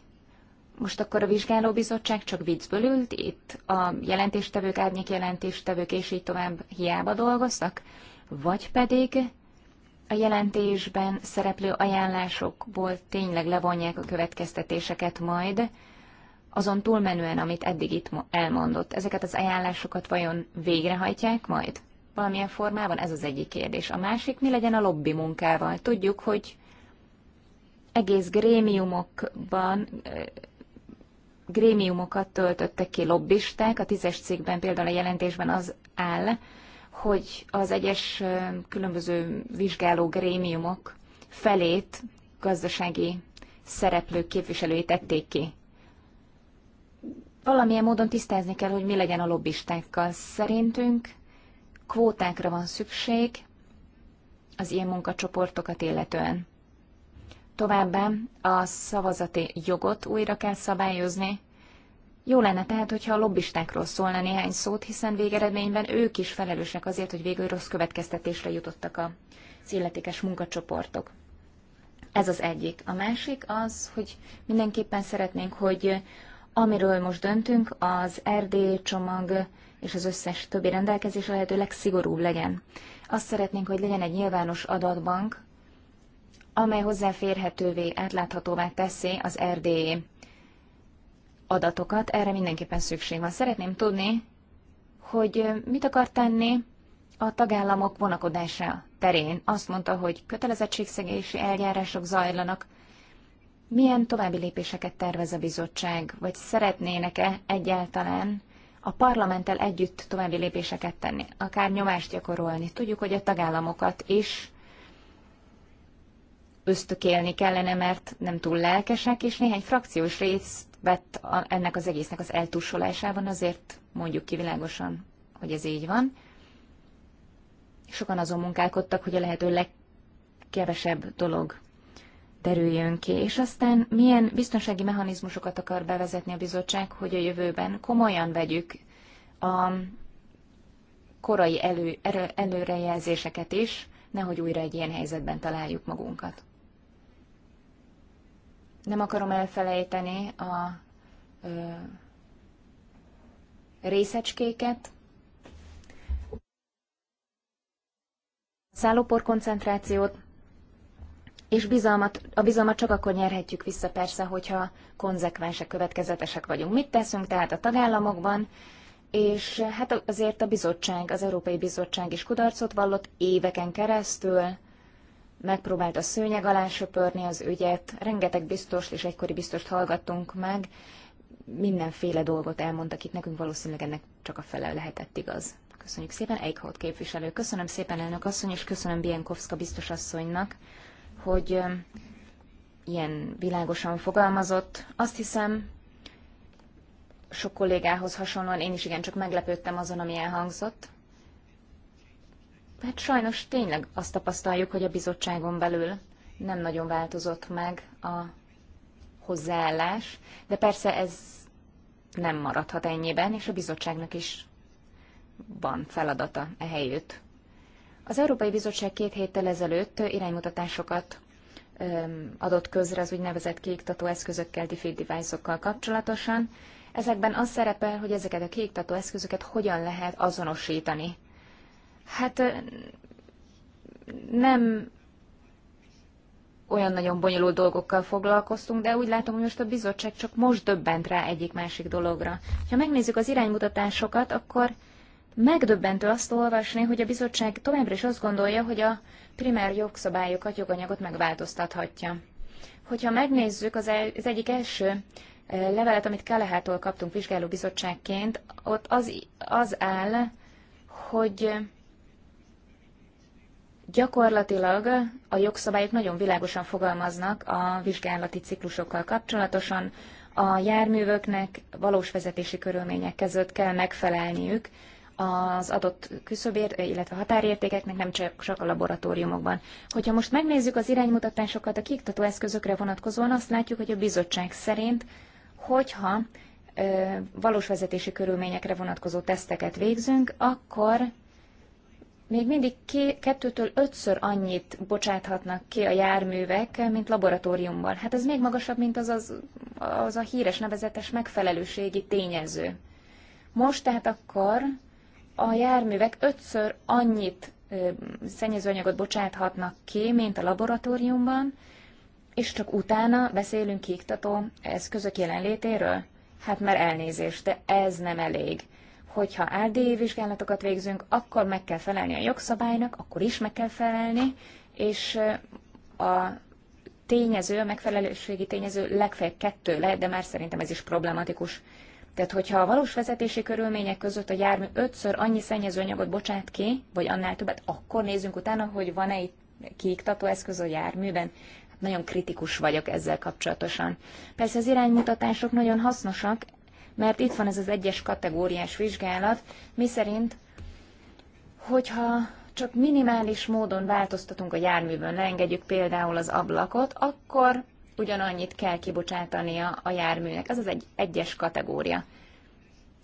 most akkor a vizsgálóbizottság csak viccből ült itt? A jelentéstevők, árnyék jelentéstevők és így tovább hiába dolgoztak? Vagy pedig a jelentésben szereplő ajánlásokból tényleg levonják a következtetéseket majd, azon túlmenően, amit eddig itt elmondott. Ezeket az ajánlásokat vajon végrehajtják majd? Valamilyen formában ez az egyik kérdés. A másik, mi legyen a lobby munkával? Tudjuk, hogy egész grémiumokban grémiumokat töltöttek ki lobbisták. A tízes cikkben például a jelentésben az áll, hogy az egyes különböző vizsgáló grémiumok felét gazdasági szereplők képviselői tették ki. Valamilyen módon tisztázni kell, hogy mi legyen a lobbistákkal. Szerintünk kvótákra van szükség az ilyen munkacsoportokat illetően. Továbbá a szavazati jogot újra kell szabályozni. Jó lenne tehát, hogyha a lobbistákról szólna néhány szót, hiszen végeredményben ők is felelősek azért, hogy végül rossz következtetésre jutottak a illetékes munkacsoportok. Ez az egyik. A másik az, hogy mindenképpen szeretnénk, hogy amiről most döntünk, az RD csomag és az összes többi rendelkezés a lehető legszigorúbb legyen. Azt szeretnénk, hogy legyen egy nyilvános adatbank, amely hozzáférhetővé, átláthatóvá teszi az RDE adatokat. Erre mindenképpen szükség van. Szeretném tudni, hogy mit akar tenni a tagállamok vonakodása terén. Azt mondta, hogy kötelezettségszegési eljárások zajlanak. Milyen további lépéseket tervez a bizottság, vagy szeretnének-e egyáltalán a parlamenttel együtt további lépéseket tenni, akár nyomást gyakorolni? Tudjuk, hogy a tagállamokat is ösztökélni kellene, mert nem túl lelkesek, és néhány frakciós részt vett a, ennek az egésznek az eltussolásában, azért mondjuk kivilágosan, hogy ez így van. Sokan azon munkálkodtak, hogy a lehető legkevesebb dolog derüljön ki, és aztán milyen biztonsági mechanizmusokat akar bevezetni a bizottság, hogy a jövőben komolyan vegyük a korai elő, elő, előrejelzéseket is, nehogy újra egy ilyen helyzetben találjuk magunkat nem akarom elfelejteni a ö, részecskéket. szállópor koncentrációt, és bizalmat, a bizalmat csak akkor nyerhetjük vissza persze, hogyha konzekvensek, következetesek vagyunk. Mit teszünk tehát a tagállamokban, és hát azért a bizottság, az Európai Bizottság is kudarcot vallott éveken keresztül, megpróbált a szőnyeg alá söpörni az ügyet, rengeteg biztos és egykori biztost hallgattunk meg, mindenféle dolgot elmondtak itt nekünk, valószínűleg ennek csak a fele lehetett igaz. Köszönjük szépen, Eichholt képviselő. Köszönöm szépen, elnök asszony, és köszönöm Bienkowska biztos asszonynak, hogy ilyen világosan fogalmazott. Azt hiszem, sok kollégához hasonlóan én is igencsak meglepődtem azon, ami elhangzott. Hát sajnos tényleg azt tapasztaljuk, hogy a bizottságon belül nem nagyon változott meg a hozzáállás, de persze ez nem maradhat ennyiben, és a bizottságnak is van feladata ehelyütt. Az Európai Bizottság két héttel ezelőtt iránymutatásokat adott közre az úgynevezett kiiktató eszközökkel, defeat device kapcsolatosan. Ezekben az szerepel, hogy ezeket a kiiktató eszközöket hogyan lehet azonosítani Hát nem olyan nagyon bonyolult dolgokkal foglalkoztunk, de úgy látom, hogy most a bizottság csak most döbbent rá egyik-másik dologra. Ha megnézzük az iránymutatásokat, akkor megdöbbentő azt olvasni, hogy a bizottság továbbra is azt gondolja, hogy a primer jogszabályokat, joganyagot megváltoztathatja. Hogyha megnézzük az, el, az egyik első levelet, amit Kelehától kaptunk vizsgálóbizottságként, ott az, az áll, hogy Gyakorlatilag a jogszabályok nagyon világosan fogalmaznak a vizsgálati ciklusokkal kapcsolatosan, a járművöknek valós vezetési körülmények között kell megfelelniük az adott küszöbért, illetve határértékeknek, nem csak a laboratóriumokban. Hogyha most megnézzük az iránymutatásokat a kiktató eszközökre vonatkozóan, azt látjuk, hogy a bizottság szerint, hogyha valós vezetési körülményekre vonatkozó teszteket végzünk, akkor még mindig kettőtől ötször annyit bocsáthatnak ki a járművek, mint laboratóriumban. Hát ez még magasabb, mint az, az, az a híres nevezetes megfelelőségi tényező. Most tehát akkor a járművek ötször annyit szennyezőanyagot bocsáthatnak ki, mint a laboratóriumban, és csak utána beszélünk kiiktató eszközök jelenlétéről? Hát már elnézést, de ez nem elég hogyha RDI vizsgálatokat végzünk, akkor meg kell felelni a jogszabálynak, akkor is meg kell felelni, és a tényező, a megfelelőségi tényező legfeljebb kettő lehet, de már szerintem ez is problematikus. Tehát, hogyha a valós vezetési körülmények között a jármű ötször annyi szennyezőanyagot bocsát ki, vagy annál többet, akkor nézzünk utána, hogy van-e itt kiiktató eszköz a járműben. Hát nagyon kritikus vagyok ezzel kapcsolatosan. Persze az iránymutatások nagyon hasznosak, mert itt van ez az egyes kategóriás vizsgálat, miszerint, hogyha csak minimális módon változtatunk a járművön, leengedjük például az ablakot, akkor ugyanannyit kell kibocsátania a járműnek. Ez az egy egyes kategória.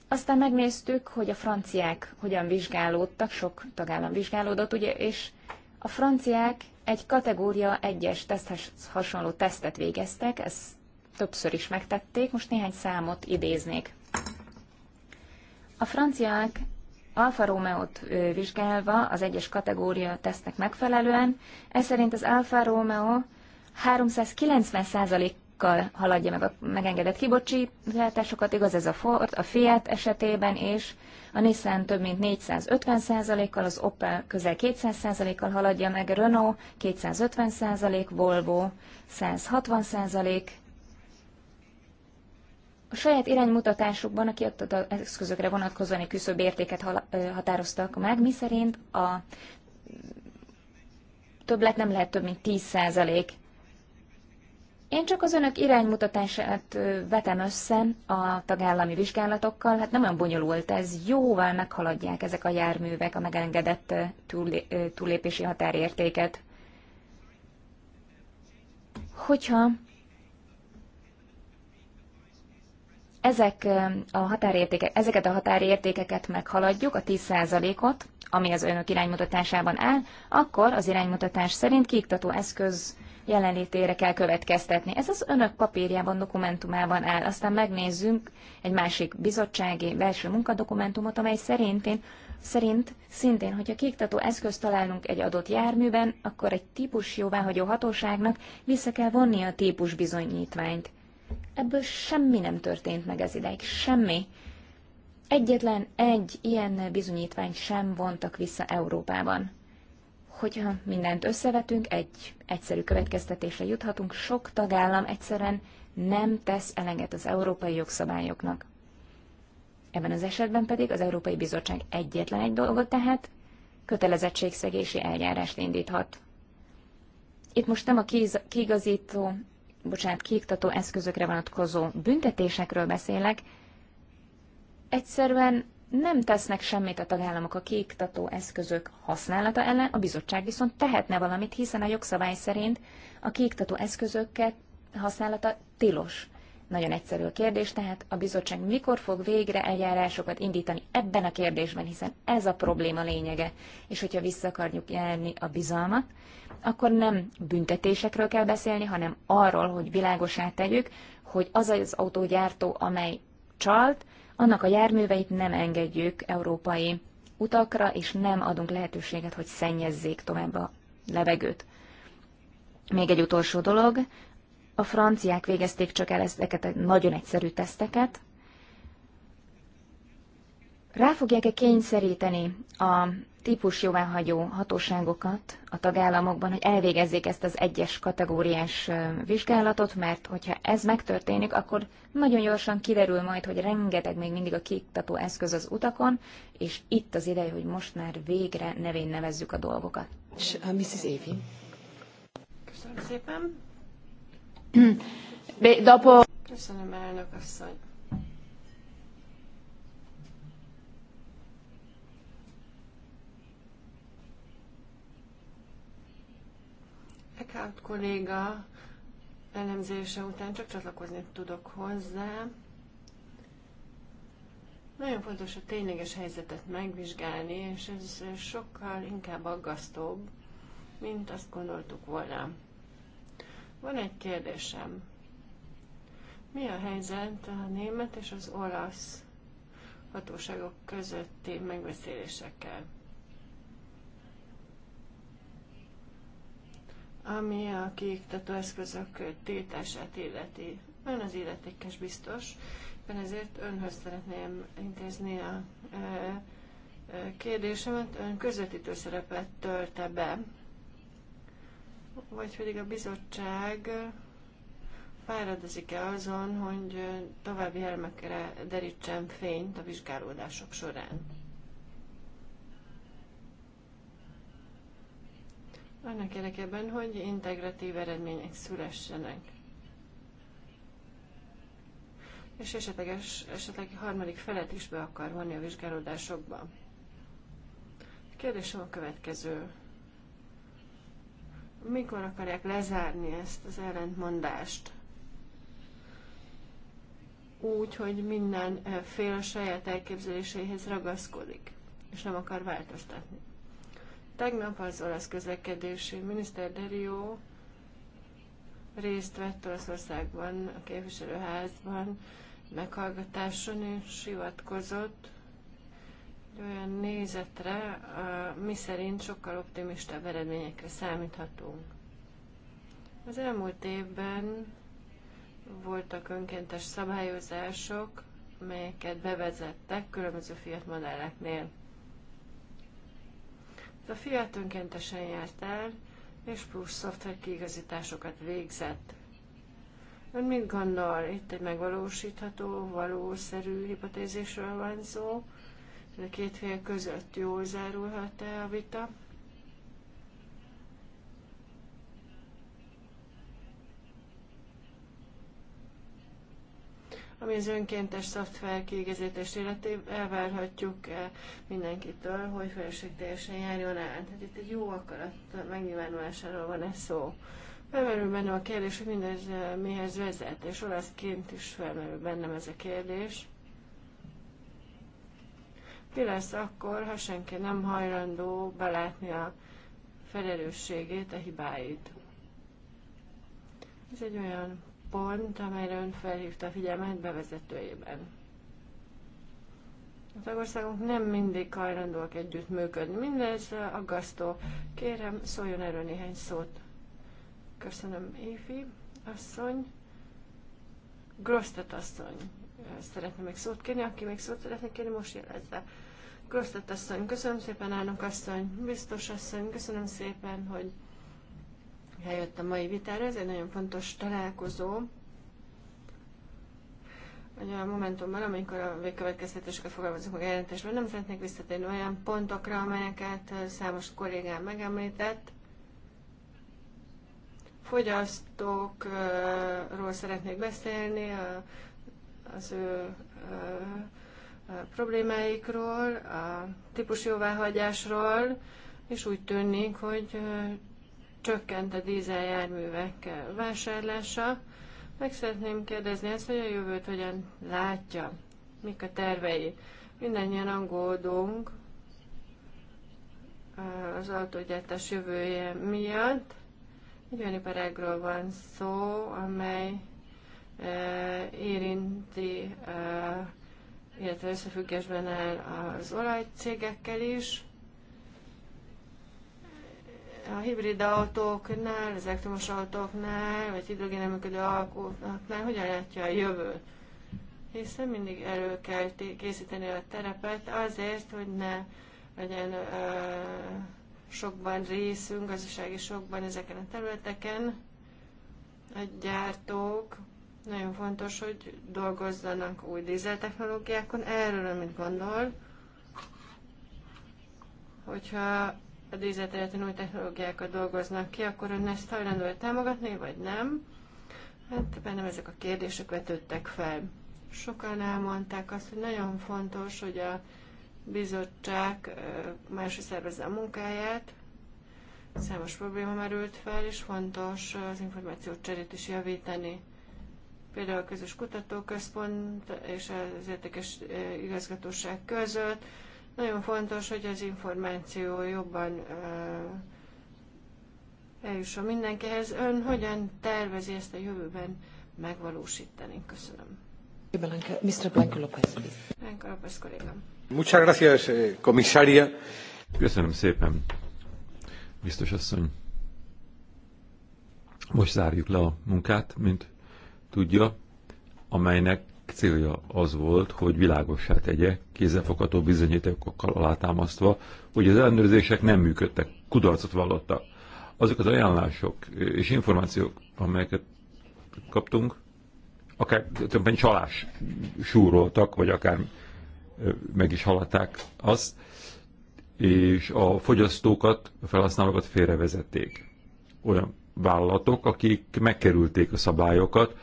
Aztán megnéztük, hogy a franciák hogyan vizsgálódtak, sok tagállam vizsgálódott, ugye, és a franciák egy kategória egyes teszthez hasonló tesztet végeztek, ez többször is megtették, most néhány számot idéznék. A franciák Alfa Romeo-t vizsgálva az egyes kategória tesznek megfelelően, ez szerint az Alfa Romeo 390%-kal haladja meg a megengedett kibocsátásokat, igaz ez a Ford, a Fiat esetében, és a Nissan több mint 450%-kal, az Opel közel 200%-kal haladja meg, Renault 250%, Volvo 160%, a saját iránymutatásukban a kiadott eszközökre vonatkozóan egy küszöbb értéket határoztak meg, miszerint a többlet nem lehet több, mint 10%. Én csak az önök iránymutatását vetem össze a tagállami vizsgálatokkal, hát nem olyan bonyolult ez, jóval meghaladják ezek a járművek a megengedett túlépési határértéket. Hogyha Ezek a határértékek, ezeket a határértékeket meghaladjuk, a 10%-ot, ami az önök iránymutatásában áll, akkor az iránymutatás szerint kiiktató eszköz jelenlétére kell következtetni. Ez az önök papírjában, dokumentumában áll. Aztán megnézzünk egy másik bizottsági belső munkadokumentumot, amely szerintén, szerint szintén, hogyha kiiktató eszközt találunk egy adott járműben, akkor egy típus jóváhagyó hatóságnak vissza kell vonni a típus bizonyítványt. Ebből semmi nem történt meg ez ideig, semmi. Egyetlen egy ilyen bizonyítvány sem vontak vissza Európában. Hogyha mindent összevetünk, egy egyszerű következtetésre juthatunk, sok tagállam egyszerűen nem tesz eleget az európai jogszabályoknak. Ebben az esetben pedig az Európai Bizottság egyetlen egy dolgot tehet, kötelezettségszegési eljárást indíthat. Itt most nem a kiigazító bocsánat, kiiktató eszközökre vonatkozó büntetésekről beszélek, egyszerűen nem tesznek semmit a tagállamok a kiiktató eszközök használata ellen, a bizottság viszont tehetne valamit, hiszen a jogszabály szerint a kiiktató eszközöket használata tilos. Nagyon egyszerű a kérdés, tehát a bizottság mikor fog végre eljárásokat indítani ebben a kérdésben, hiszen ez a probléma lényege. És hogyha vissza akarjuk járni a bizalmat, akkor nem büntetésekről kell beszélni, hanem arról, hogy világosá tegyük, hogy az az autógyártó, amely csalt, annak a járműveit nem engedjük európai utakra, és nem adunk lehetőséget, hogy szennyezzék tovább a levegőt. Még egy utolsó dolog, a franciák végezték csak el ezeket a nagyon egyszerű teszteket, rá fogják-e kényszeríteni a típus jóváhagyó hatóságokat a tagállamokban, hogy elvégezzék ezt az egyes kategóriás vizsgálatot, mert hogyha ez megtörténik, akkor nagyon gyorsan kiderül majd, hogy rengeteg még mindig a kiktató eszköz az utakon, és itt az ideje, hogy most már végre nevén nevezzük a dolgokat. És a Mrs. Évi. Köszönöm szépen. Hm. Köszönöm, elnök asszony. Scott kolléga elemzése után csak csatlakozni tudok hozzá. Nagyon fontos a tényleges helyzetet megvizsgálni, és ez sokkal inkább aggasztóbb, mint azt gondoltuk volna. Van egy kérdésem. Mi a helyzet a német és az olasz hatóságok közötti megbeszélésekkel? ami a kiiktató eszközök tiltását illeti. Ön az illetékes biztos, én ezért önhöz szeretném intézni a kérdésemet. Ön közvetítő szerepet tölte be, vagy pedig a bizottság fáradozik-e azon, hogy további elmekre derítsen fényt a vizsgálódások során? Annak érdekében, hogy integratív eredmények szülessenek. És esetleges, esetleg harmadik felet is be akar vonni a vizsgálódásokba. A kérdésem a következő. Mikor akarják lezárni ezt az ellentmondást? Úgy, hogy minden eh, fél a saját elképzeléséhez ragaszkodik, és nem akar változtatni. Tegnap az olasz közlekedési miniszter Derió részt vett Olaszországban, a képviselőházban meghallgatáson, és hivatkozott olyan nézetre, mi szerint sokkal optimistább eredményekre számíthatunk. Az elmúlt évben voltak önkéntes szabályozások, melyeket bevezettek különböző fiat modelleknél de a fiat önkéntesen járt el, és plusz szoftver kiigazításokat végzett. Ön mit gondol? Itt egy megvalósítható, valószerű hipotézésről van szó. de a két fél között jól zárulhat-e a vita? Ami az önkéntes szoftver kiigazítás életében elvárhatjuk eh, mindenkitől, hogy felelősségteljesen járjon el. Tehát itt egy jó akarat megnyilvánulásáról van ez szó. Felmerül bennem a kérdés, hogy mindez eh, mihez vezet, és olaszként is felmerül bennem ez a kérdés. Mi lesz akkor, ha senki nem hajlandó belátni a felelősségét, a hibáit? Ez egy olyan pont, amelyre ön felhívta a figyelmet bevezetőjében. A tagországok nem mindig hajlandóak együtt működni. Mindez aggasztó. Kérem, szóljon erről néhány szót. Köszönöm, Évi asszony. Grosztet asszony szeretne még szót kérni. Aki még szót szeretne kérni, most jelezze. Grosztet asszony, köszönöm szépen, állnak asszony, biztos asszony, köszönöm szépen, hogy eljött a mai vitára. Ez egy nagyon fontos találkozó. Ugye a momentumban, amikor a végkövetkeztetéseket fogalmazunk meg jelentésben, nem szeretnék visszatérni olyan pontokra, amelyeket számos kollégám megemlített. Fogyasztókról szeretnék beszélni, az ő problémáikról, a típusjóváhagyásról, és úgy tűnik, hogy csökkent a dízeljárművek vásárlása. Meg szeretném kérdezni ezt, hogy a jövőt hogyan látja, mik a tervei. Mindennyian angódunk az autógyártás jövője miatt. Egy olyan iparágról van szó, amely e, érinti, e, illetve összefüggésben áll az olajcégekkel is a hibrid autóknál, az elektromos autóknál, vagy hidrogénen működő alkotóknál, hogyan látja a jövőt? Hiszen mindig elő kell készíteni a terepet azért, hogy ne legyen ö, sokban részünk, gazdasági sokban ezeken a területeken. A gyártók nagyon fontos, hogy dolgozzanak új technológiákon, Erről mit gondol? Hogyha a dízelterületen új technológiákat dolgoznak ki, akkor ön ezt hajlandó támogatni, vagy nem? Hát bennem ezek a kérdések vetődtek fel. Sokan elmondták azt, hogy nagyon fontos, hogy a bizottság másra szervezze a munkáját, számos probléma merült fel, és fontos az információt cserét is javítani. Például a közös kutatóközpont és az értékes igazgatóság között, nagyon fontos, hogy az információ jobban eljusson mindenkihez. Ön hogyan tervezi ezt a jövőben megvalósítani? Köszönöm. Mr. Blanco López, Blanco López kollégám. Muchas gracias, komisária. Eh, Köszönöm szépen, biztos asszony. Most zárjuk le a munkát, mint tudja, amelynek célja az volt, hogy világossá tegye, kézzelfogható bizonyítékokkal alátámasztva, hogy az ellenőrzések nem működtek, kudarcot vallottak. Azok az ajánlások és információk, amelyeket kaptunk, akár többen csalás súroltak, vagy akár meg is haladták azt, és a fogyasztókat, a felhasználókat félrevezették. Olyan vállalatok, akik megkerülték a szabályokat,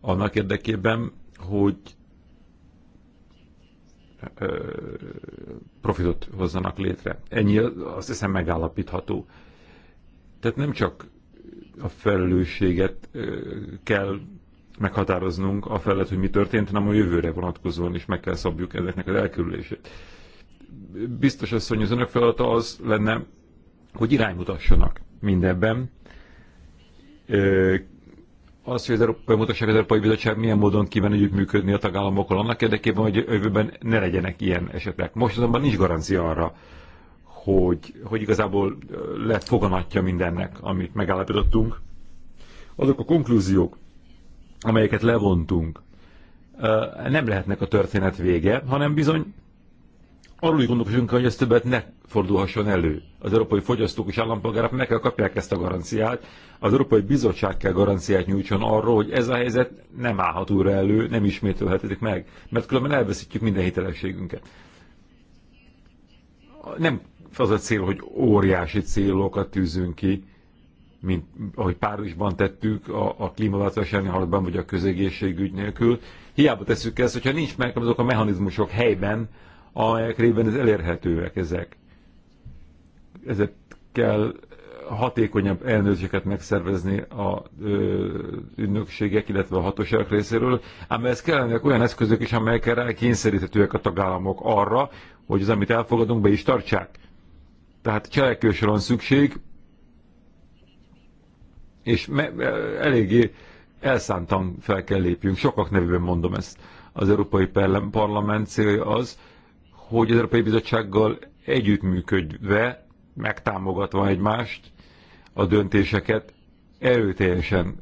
annak érdekében, hogy profitot hozzanak létre. Ennyi azt hiszem megállapítható. Tehát nem csak a felelősséget kell meghatároznunk a felett, hogy mi történt, hanem a jövőre vonatkozóan is meg kell szabjuk ezeknek az elkerülését. Biztos az, hogy az önök feladata az lenne, hogy iránymutassanak mindenben, az, hogy az Európai Mutatság, az Európai Bizottság milyen módon kíván együttműködni a tagállamokkal annak érdekében, hogy jövőben ne legyenek ilyen esetek. Most azonban nincs garancia arra, hogy, hogy igazából lett foganatja mindennek, amit megállapítottunk. Azok a konklúziók, amelyeket levontunk, nem lehetnek a történet vége, hanem bizony arról is gondolkodjunk, hogy ez többet ne fordulhasson elő. Az európai fogyasztók és állampolgárok meg kell kapják ezt a garanciát, az Európai Bizottság kell garanciát nyújtson arról, hogy ez a helyzet nem állhat újra elő, nem ismételhetetik meg, mert különben elveszítjük minden hitelességünket. Nem az a cél, hogy óriási célokat tűzünk ki, mint ahogy Párizsban tettük a, a klímaváltozás elleni harcban, vagy a közegészségügy nélkül. Hiába tesszük ezt, hogyha nincs meg azok a mechanizmusok helyben, amelyek révén ez elérhetőek ezek. Ezek kell hatékonyabb elnőzéseket megszervezni a ünnökségek ügynökségek, illetve a hatóságok részéről, ám ez kellene olyan eszközök is, amelyekkel rá kényszeríthetőek a tagállamok arra, hogy az, amit elfogadunk, be is tartsák. Tehát cselekvésre van szükség, és me- e, eléggé elszántan fel kell lépjünk. Sokak nevében mondom ezt. Az Európai Parlament célja az, hogy az Európai Bizottsággal együttműködve, megtámogatva egymást, a döntéseket erőteljesen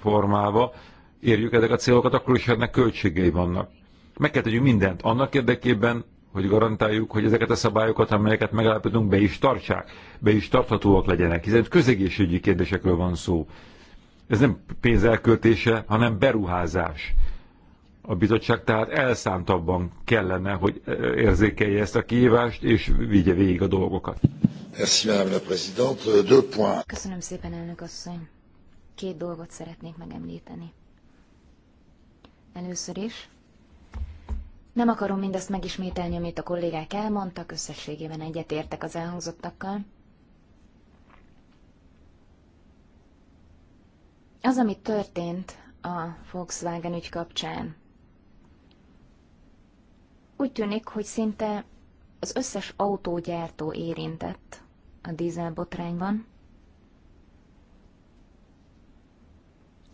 formálva érjük ezek a célokat, akkor is ennek költségei vannak. Meg kell tegyünk mindent annak érdekében, hogy garantáljuk, hogy ezeket a szabályokat, amelyeket megállapítunk, be is tartsák, be is tarthatóak legyenek, hiszen közegészségügyi kérdésekről van szó. Ez nem pénz elköltése, hanem beruházás a bizottság tehát elszántabban kellene, hogy érzékelje ezt a kihívást, és vigye végig a dolgokat. Euh, Köszönöm szépen, elnök asszony. Két dolgot szeretnék megemlíteni. Először is, nem akarom mindezt megismételni, amit a kollégák elmondtak, összességében egyetértek az elhangzottakkal. Az, ami történt a Volkswagen ügy kapcsán, úgy tűnik, hogy szinte az összes autógyártó érintett a dízelbotrányban.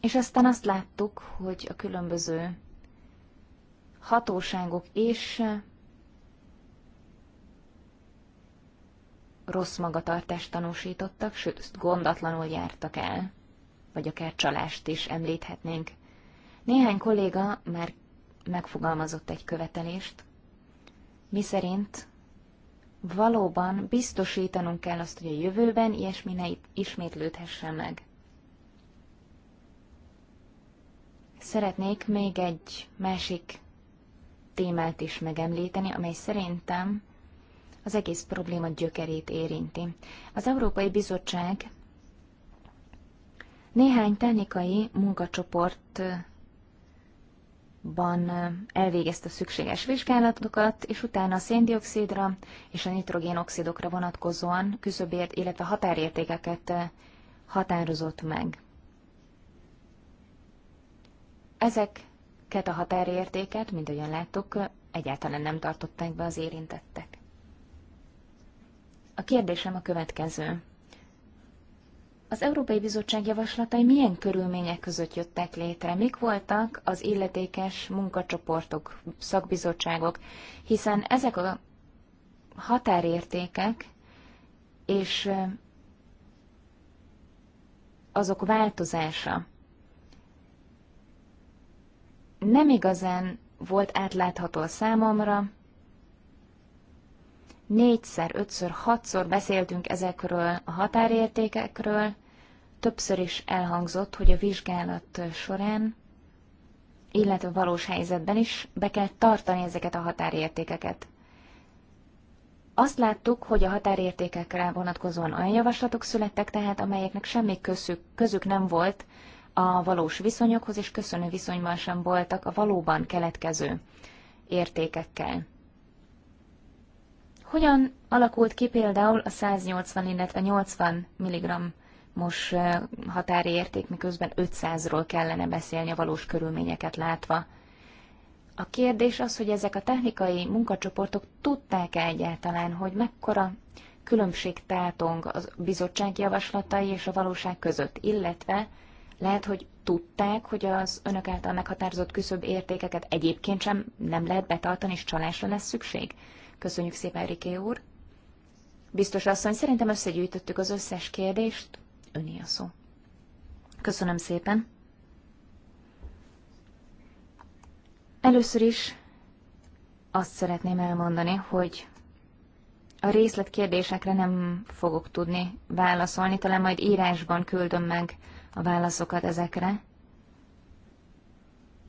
És aztán azt láttuk, hogy a különböző hatóságok és rossz magatartást tanúsítottak, sőt, gondatlanul jártak el, vagy akár csalást is említhetnénk. Néhány kolléga már megfogalmazott egy követelést, miszerint valóban biztosítanunk kell azt, hogy a jövőben ilyesmi ne ismétlődhessen meg. Szeretnék még egy másik témát is megemlíteni, amely szerintem az egész probléma gyökerét érinti. Az Európai Bizottság néhány technikai munkacsoport ban elvégezte a szükséges vizsgálatokat, és utána a széndiokszidra és a nitrogénoxidokra vonatkozóan küszöbért, illetve határértékeket határozott meg. Ezeket a határértéket, mint ahogyan láttuk, egyáltalán nem tartották be az érintettek. A kérdésem a következő. Az Európai Bizottság javaslatai milyen körülmények között jöttek létre? Mik voltak az illetékes munkacsoportok, szakbizottságok? Hiszen ezek a határértékek és azok változása nem igazán volt átlátható a számomra. Négyszer, ötször, hatszor beszéltünk ezekről a határértékekről, többször is elhangzott, hogy a vizsgálat során, illetve valós helyzetben is be kell tartani ezeket a határértékeket. Azt láttuk, hogy a határértékekre vonatkozóan olyan javaslatok születtek tehát, amelyeknek semmi közük, közük nem volt a valós viszonyokhoz, és köszönő viszonyban sem voltak a valóban keletkező értékekkel. Hogyan alakult ki például a 180, illetve 80 mg most eh, határi érték, miközben 500-ról kellene beszélni a valós körülményeket látva. A kérdés az, hogy ezek a technikai munkacsoportok tudták-e egyáltalán, hogy mekkora különbség tátong a bizottság javaslatai és a valóság között, illetve lehet, hogy tudták, hogy az önök által meghatározott küszöbb értékeket egyébként sem nem lehet betartani, és csalásra lesz szükség? Köszönjük szépen, Riké úr! Biztos asszony, szerintem összegyűjtöttük az összes kérdést öné a szó. Köszönöm szépen. Először is azt szeretném elmondani, hogy a részletkérdésekre nem fogok tudni válaszolni, talán majd írásban küldöm meg a válaszokat ezekre.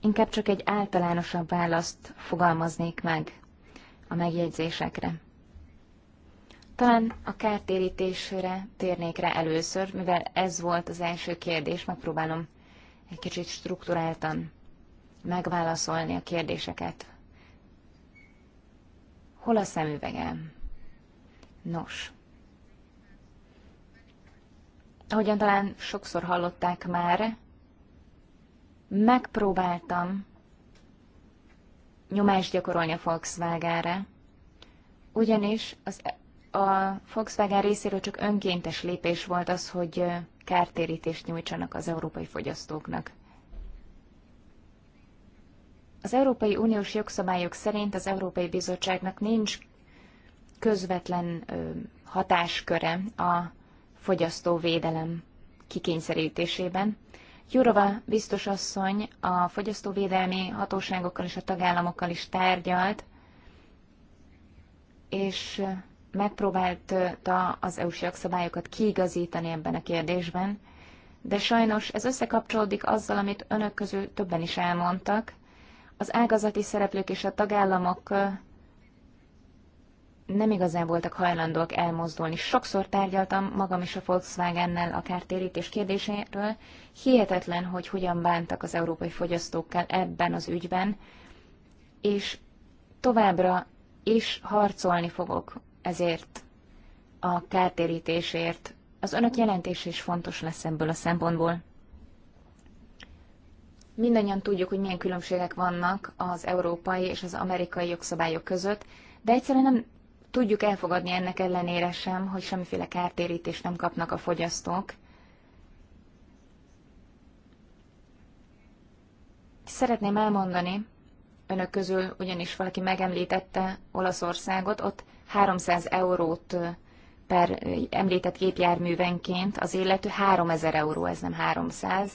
Inkább csak egy általánosabb választ fogalmaznék meg a megjegyzésekre. Talán a kártérítésre térnék rá először, mivel ez volt az első kérdés, megpróbálom egy kicsit strukturáltan megválaszolni a kérdéseket. Hol a szemüvegem? Nos. Ahogyan talán sokszor hallották már, megpróbáltam nyomást gyakorolni a Volkswagen-re, ugyanis az a Volkswagen részéről csak önkéntes lépés volt az, hogy kártérítést nyújtsanak az európai fogyasztóknak. Az Európai Uniós jogszabályok szerint az Európai Bizottságnak nincs közvetlen hatásköre a fogyasztóvédelem kikényszerítésében. Jurova biztos asszony a fogyasztóvédelmi hatóságokkal és a tagállamokkal is tárgyalt, és megpróbálta az EU-s jogszabályokat kiigazítani ebben a kérdésben, de sajnos ez összekapcsolódik azzal, amit önök közül többen is elmondtak. Az ágazati szereplők és a tagállamok nem igazán voltak hajlandóak elmozdulni. Sokszor tárgyaltam magam is a Volkswagennel a kártérítés kérdéséről. Hihetetlen, hogy hogyan bántak az európai fogyasztókkal ebben az ügyben, és továbbra is harcolni fogok ezért a kártérítésért. Az önök jelentése is fontos lesz ebből a szempontból. Mindannyian tudjuk, hogy milyen különbségek vannak az európai és az amerikai jogszabályok között, de egyszerűen nem tudjuk elfogadni ennek ellenére sem, hogy semmiféle kártérítést nem kapnak a fogyasztók. Szeretném elmondani, önök közül ugyanis valaki megemlítette Olaszországot, ott 300 eurót per említett gépjárművenként az illető 3000 euró, ez nem 300,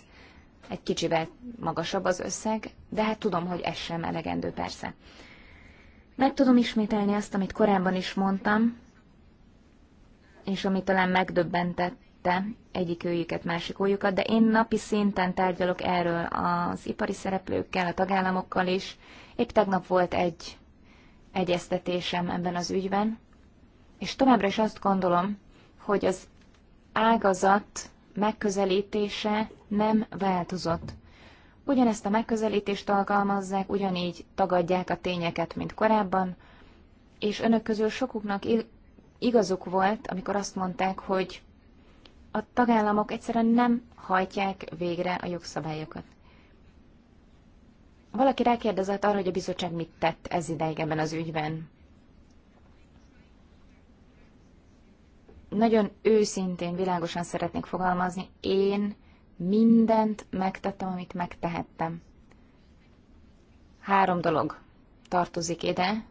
egy kicsivel magasabb az összeg, de hát tudom, hogy ez sem elegendő persze. Meg tudom ismételni azt, amit korábban is mondtam, és ami talán megdöbbentette egyik őjüket, másik ójukat, de én napi szinten tárgyalok erről az ipari szereplőkkel, a tagállamokkal is. Épp tegnap volt egy egyeztetésem ebben az ügyben, és továbbra is azt gondolom, hogy az ágazat megközelítése nem változott. Ugyanezt a megközelítést alkalmazzák, ugyanígy tagadják a tényeket, mint korábban, és önök közül sokuknak igazuk volt, amikor azt mondták, hogy a tagállamok egyszerűen nem hajtják végre a jogszabályokat. Valaki rákérdezett arra, hogy a bizottság mit tett ez ideig ebben az ügyben. Nagyon őszintén, világosan szeretnék fogalmazni, én mindent megtettem, amit megtehettem. Három dolog tartozik ide,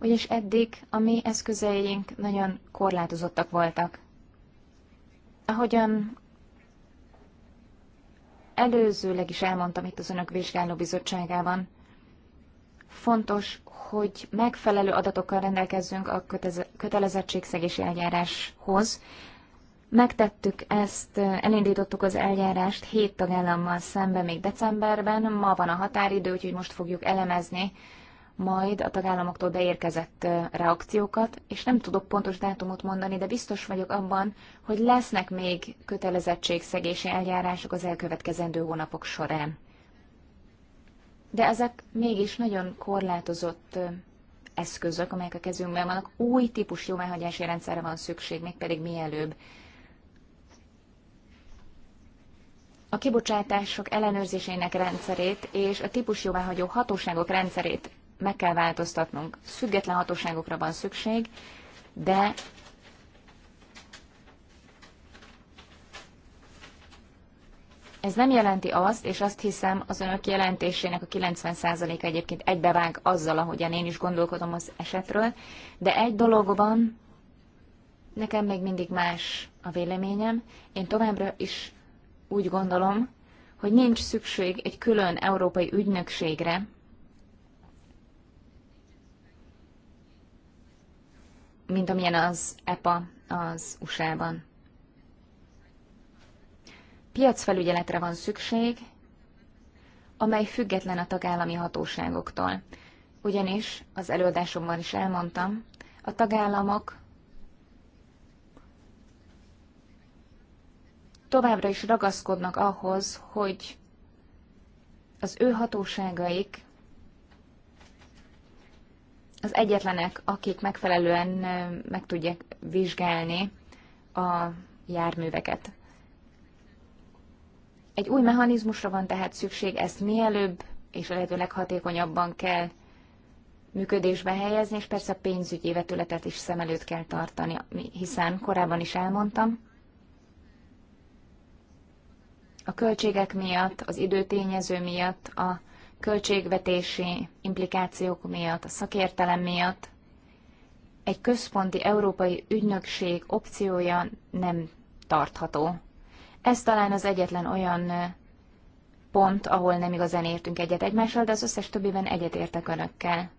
ugyanis eddig a mi eszközeink nagyon korlátozottak voltak. Ahogyan előzőleg is elmondtam itt az Önök bizottságában, Fontos, hogy megfelelő adatokkal rendelkezzünk a kötelezettségszegési eljáráshoz. Megtettük ezt, elindítottuk az eljárást hét tagállammal szemben még decemberben, ma van a határidő, úgyhogy most fogjuk elemezni majd a tagállamoktól beérkezett reakciókat, és nem tudok pontos dátumot mondani, de biztos vagyok abban, hogy lesznek még kötelezettségszegési eljárások az elkövetkezendő hónapok során. De ezek mégis nagyon korlátozott eszközök, amelyek a kezünkben vannak. Új típus jóváhagyási rendszerre van szükség, pedig mielőbb. a kibocsátások ellenőrzésének rendszerét és a típusjóváhagyó hatóságok rendszerét meg kell változtatnunk. Független hatóságokra van szükség, de ez nem jelenti azt, és azt hiszem az önök jelentésének a 90%-a egyébként egybevág azzal, ahogyan én is gondolkodom az esetről, de egy dologban nekem még mindig más a véleményem. Én továbbra is úgy gondolom, hogy nincs szükség egy külön európai ügynökségre, mint amilyen az EPA az USA-ban. Piacfelügyeletre van szükség, amely független a tagállami hatóságoktól. Ugyanis, az előadásomban is elmondtam, a tagállamok továbbra is ragaszkodnak ahhoz, hogy az ő hatóságaik az egyetlenek, akik megfelelően meg tudják vizsgálni a járműveket. Egy új mechanizmusra van tehát szükség, ezt mielőbb és a lehető leghatékonyabban kell működésbe helyezni, és persze a pénzügyi vetületet is szem előtt kell tartani, hiszen korábban is elmondtam, a költségek miatt, az időtényező miatt, a költségvetési implikációk miatt, a szakértelem miatt egy központi európai ügynökség opciója nem tartható. Ez talán az egyetlen olyan pont, ahol nem igazán értünk egyet egymással, de az összes többiben egyetértek önökkel.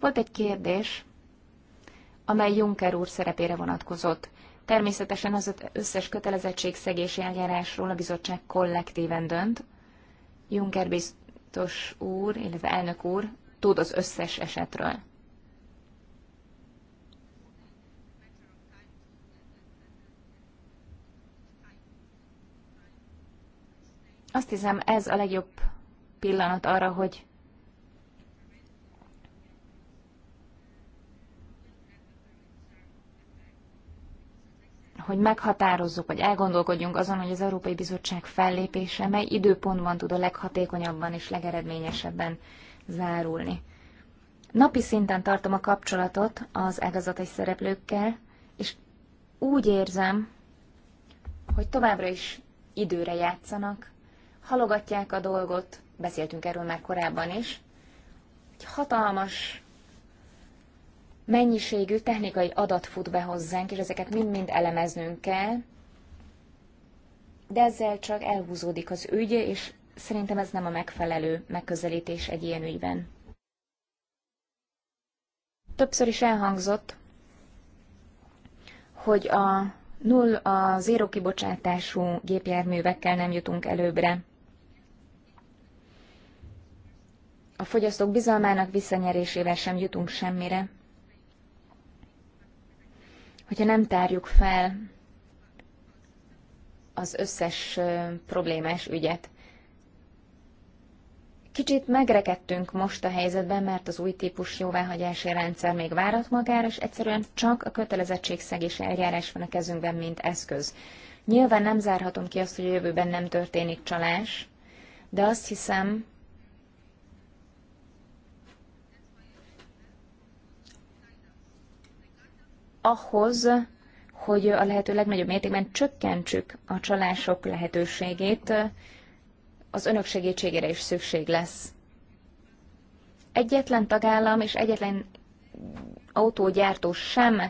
Volt egy kérdés, amely Juncker úr szerepére vonatkozott. Természetesen az összes kötelezettségszegési eljárásról a bizottság kollektíven dönt. Juncker biztos úr, illetve elnök úr tud az összes esetről. Azt hiszem, ez a legjobb pillanat arra, hogy hogy meghatározzuk, vagy elgondolkodjunk azon, hogy az Európai Bizottság fellépése mely időpontban tud a leghatékonyabban és legeredményesebben zárulni. Napi szinten tartom a kapcsolatot az ágazati szereplőkkel, és úgy érzem, hogy továbbra is időre játszanak, halogatják a dolgot, beszéltünk erről már korábban is, egy hatalmas mennyiségű technikai adat fut be hozzánk, és ezeket mind-mind elemeznünk kell, de ezzel csak elhúzódik az ügy, és szerintem ez nem a megfelelő megközelítés egy ilyen ügyben. Többször is elhangzott, hogy a null, a zéró kibocsátású gépjárművekkel nem jutunk előbbre. A fogyasztók bizalmának visszanyerésével sem jutunk semmire hogyha nem tárjuk fel az összes problémás ügyet. Kicsit megrekedtünk most a helyzetben, mert az új típus jóváhagyási rendszer még várat magára, és egyszerűen csak a kötelezettségszegési eljárás van a kezünkben, mint eszköz. Nyilván nem zárhatom ki azt, hogy a jövőben nem történik csalás, de azt hiszem, ahhoz, hogy a lehető legnagyobb mértékben csökkentsük a csalások lehetőségét, az önök segítségére is szükség lesz. Egyetlen tagállam és egyetlen autógyártó sem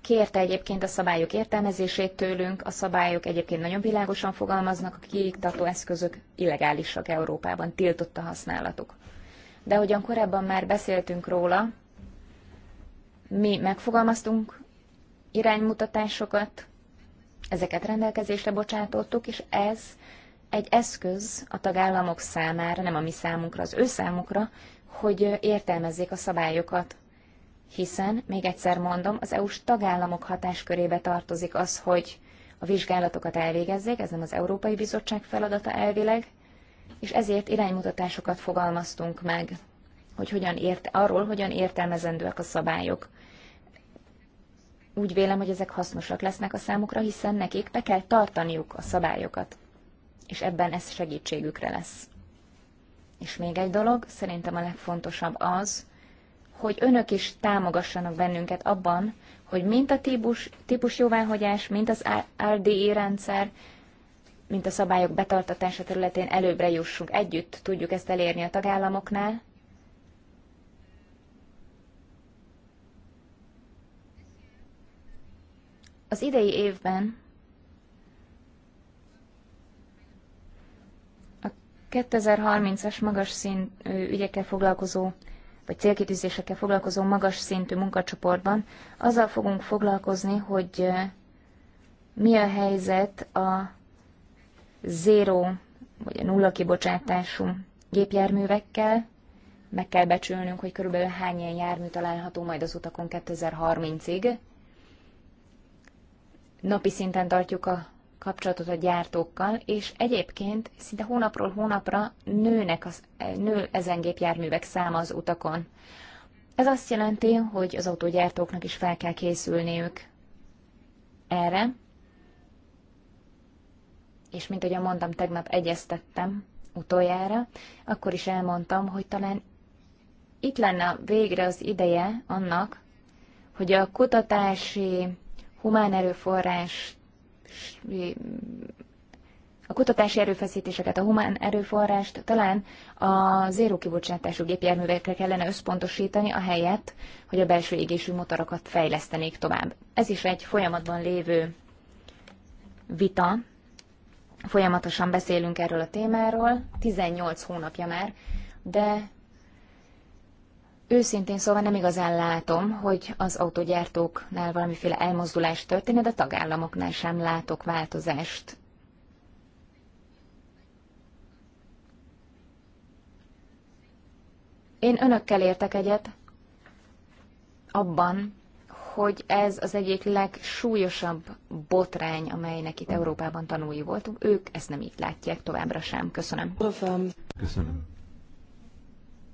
kérte egyébként a szabályok értelmezését tőlünk, a szabályok egyébként nagyon világosan fogalmaznak, a kiiktató eszközök illegálisak Európában, tiltott a használatuk. De ahogyan korábban már beszéltünk róla, mi megfogalmaztunk iránymutatásokat, ezeket rendelkezésre bocsátottuk, és ez egy eszköz a tagállamok számára, nem a mi számunkra, az ő számukra, hogy értelmezzék a szabályokat. Hiszen, még egyszer mondom, az EU-s tagállamok hatáskörébe tartozik az, hogy a vizsgálatokat elvégezzék, ez nem az Európai Bizottság feladata elvileg, és ezért iránymutatásokat fogalmaztunk meg hogy hogyan ért, arról, hogyan értelmezendőek a szabályok. Úgy vélem, hogy ezek hasznosak lesznek a számukra, hiszen nekik be kell tartaniuk a szabályokat, és ebben ez segítségükre lesz. És még egy dolog, szerintem a legfontosabb az, hogy önök is támogassanak bennünket abban, hogy mint a típus, típus jóváhagyás, mint az RDI rendszer, mint a szabályok betartatása területén előbbre jussunk. Együtt tudjuk ezt elérni a tagállamoknál, Az idei évben a 2030-as magas szint ügyekkel foglalkozó vagy célkitűzésekkel foglalkozó magas szintű munkacsoportban azzal fogunk foglalkozni, hogy mi a helyzet a zéró vagy a nulla kibocsátású gépjárművekkel. Meg kell becsülnünk, hogy körülbelül hány ilyen jármű található majd az utakon 2030-ig napi szinten tartjuk a kapcsolatot a gyártókkal, és egyébként szinte hónapról hónapra nőnek az, nő ezen gépjárművek száma az utakon. Ez azt jelenti, hogy az autógyártóknak is fel kell készülniük erre, és mint ahogy mondtam, tegnap egyeztettem utoljára, akkor is elmondtam, hogy talán itt lenne végre az ideje annak, hogy a kutatási humán erőforrás, a kutatási erőfeszítéseket, a humán erőforrást talán a zéró kibocsátású gépjárművekre kellene összpontosítani, a helyet, hogy a belső égésű motorokat fejlesztenék tovább. Ez is egy folyamatban lévő vita, folyamatosan beszélünk erről a témáról, 18 hónapja már, de Őszintén szóval nem igazán látom, hogy az autogyártóknál valamiféle elmozdulás történne, de a tagállamoknál sem látok változást. Én önökkel értek egyet abban, hogy ez az egyik legsúlyosabb botrány, amelynek itt Európában tanulni voltunk. Ők ezt nem így látják továbbra sem. Köszönöm. Köszönöm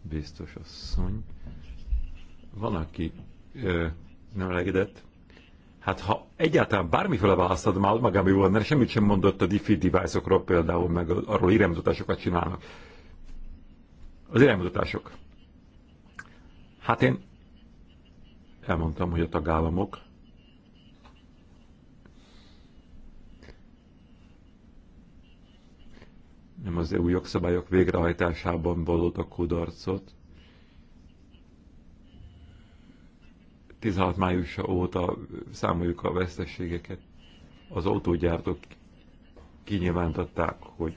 biztos asszony. Van, aki ö, nem elegedett. Hát ha egyáltalán bármiféle választod már magam jól, mert semmit sem mondott a diffi device például, meg arról iránymutatásokat csinálnak. Az iránymutatások. Hát én elmondtam, hogy a tagállamok nem az EU jogszabályok végrehajtásában vallott a kudarcot. 16 májusa óta számoljuk a veszteségeket. Az autógyártók kinyilvántatták, hogy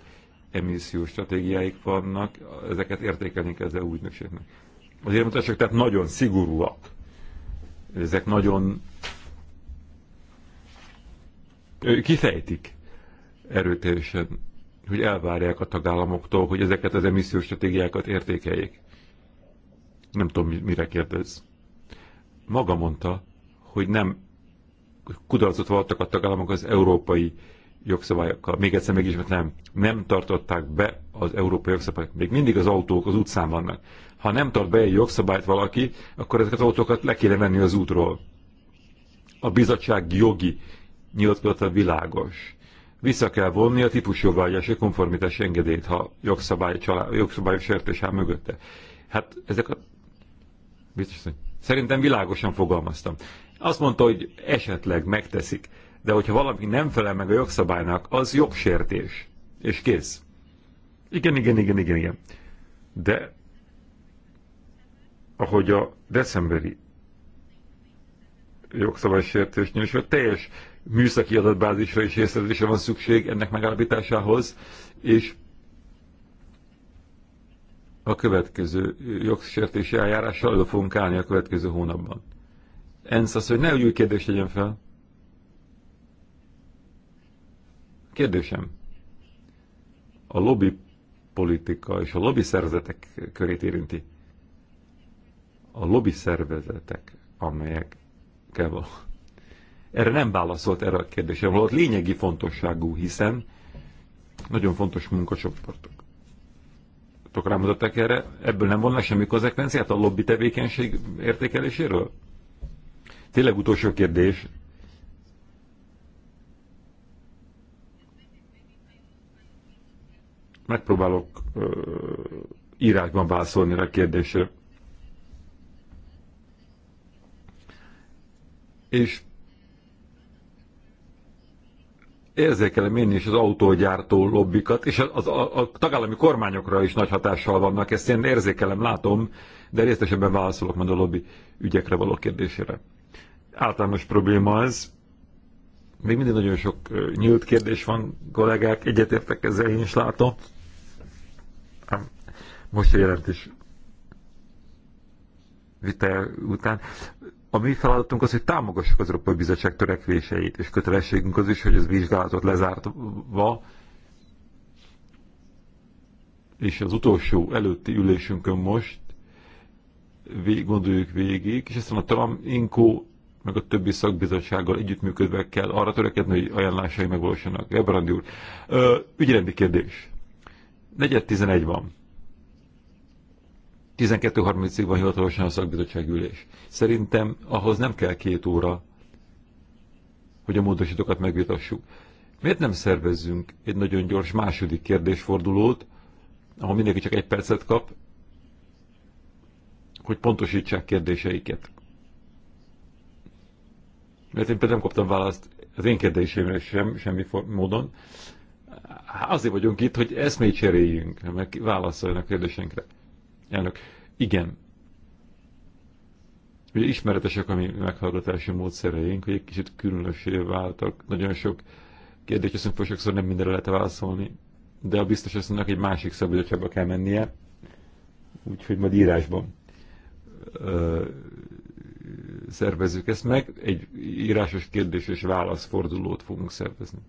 emissziós stratégiáik vannak, ezeket értékelni kell az EU ügynökségnek. Az érmutások tehát nagyon szigorúak. Ezek nagyon kifejtik erőteljesen hogy elvárják a tagállamoktól, hogy ezeket az emissziós stratégiákat értékeljék. Nem tudom, mire kérdez. Maga mondta, hogy nem kudarcot voltak a tagállamok az európai jogszabályokkal. Még egyszer megismétlem, nem tartották be az európai jogszabályokat. Még mindig az autók az utcán vannak. Ha nem tart be egy jogszabályt valaki, akkor ezeket az autókat le kéne venni az útról. A bizottság jogi nyilatkozata világos vissza kell vonni a típusjogvágyási konformitás engedélyt, ha jogszabály, csalá, jogszabályos sértés áll mögötte. Hát ezek a... Biztos, szerintem világosan fogalmaztam. Azt mondta, hogy esetleg megteszik, de hogyha valami nem felel meg a jogszabálynak, az jogsértés. És kész. Igen, igen, igen, igen, igen. De ahogy a decemberi jogszabálysértésnél is a teljes műszaki adatbázisra és észlelésre van szükség ennek megállapításához, és a következő jogsértési eljárással oda fogunk állni a következő hónapban. ENSZ az, hogy ne úgy kérdést legyen fel. Kérdésem. A lobby politika és a lobby szervezetek körét érinti. A lobby szervezetek, amelyekkel való erre nem válaszolt erre a kérdésre, holott lényegi fontosságú, hiszen nagyon fontos munkacsoportok. Tok rámutatták erre, ebből nem vonnak semmi konzekvenciát a lobby tevékenység értékeléséről? Tényleg utolsó kérdés, megpróbálok ö, írásban válaszolni a kérdésre. És érzékelem én is az autógyártó lobbikat, és az, a, a tagállami kormányokra is nagy hatással vannak, ezt én érzékelem, látom, de részletesebben válaszolok majd a lobby ügyekre való kérdésére. Általános probléma ez. Még mindig nagyon sok nyílt kérdés van, kollégák, egyetértek ezzel, én is látom. Most a jelentés vitel után a mi feladatunk az, hogy támogassuk az Európai Bizottság törekvéseit, és kötelességünk az is, hogy az vizsgálatot lezártva, és az utolsó előtti ülésünkön most vég, gondoljuk végig, és aztán a Talam Inkó meg a többi szakbizottsággal együttműködve kell arra törekedni, hogy ajánlásai megvalósulnak. Ebrandi úr, ügyrendi kérdés. 4.11 van. 12.30-ig van hivatalosan a szakbizottság ülés. Szerintem ahhoz nem kell két óra, hogy a módosítókat megvitassuk. Miért nem szervezzünk egy nagyon gyors második kérdésfordulót, ahol mindenki csak egy percet kap, hogy pontosítsák kérdéseiket? Mert én például nem kaptam választ az én kérdéseimre sem, semmi módon. Azért vagyunk itt, hogy eszmét cseréljünk, meg válaszoljanak kérdésünkre. Elnök, igen. Ugye ismeretesek a mi meghallgatási módszereink, hogy egy kicsit különösé váltak. Nagyon sok kérdés, azt sokszor nem mindenre lehet válaszolni, de a biztos azt mondnak, egy másik szabadságba kell mennie, úgyhogy majd írásban ö, szervezzük ezt meg. Egy írásos kérdés és válaszfordulót fogunk szervezni.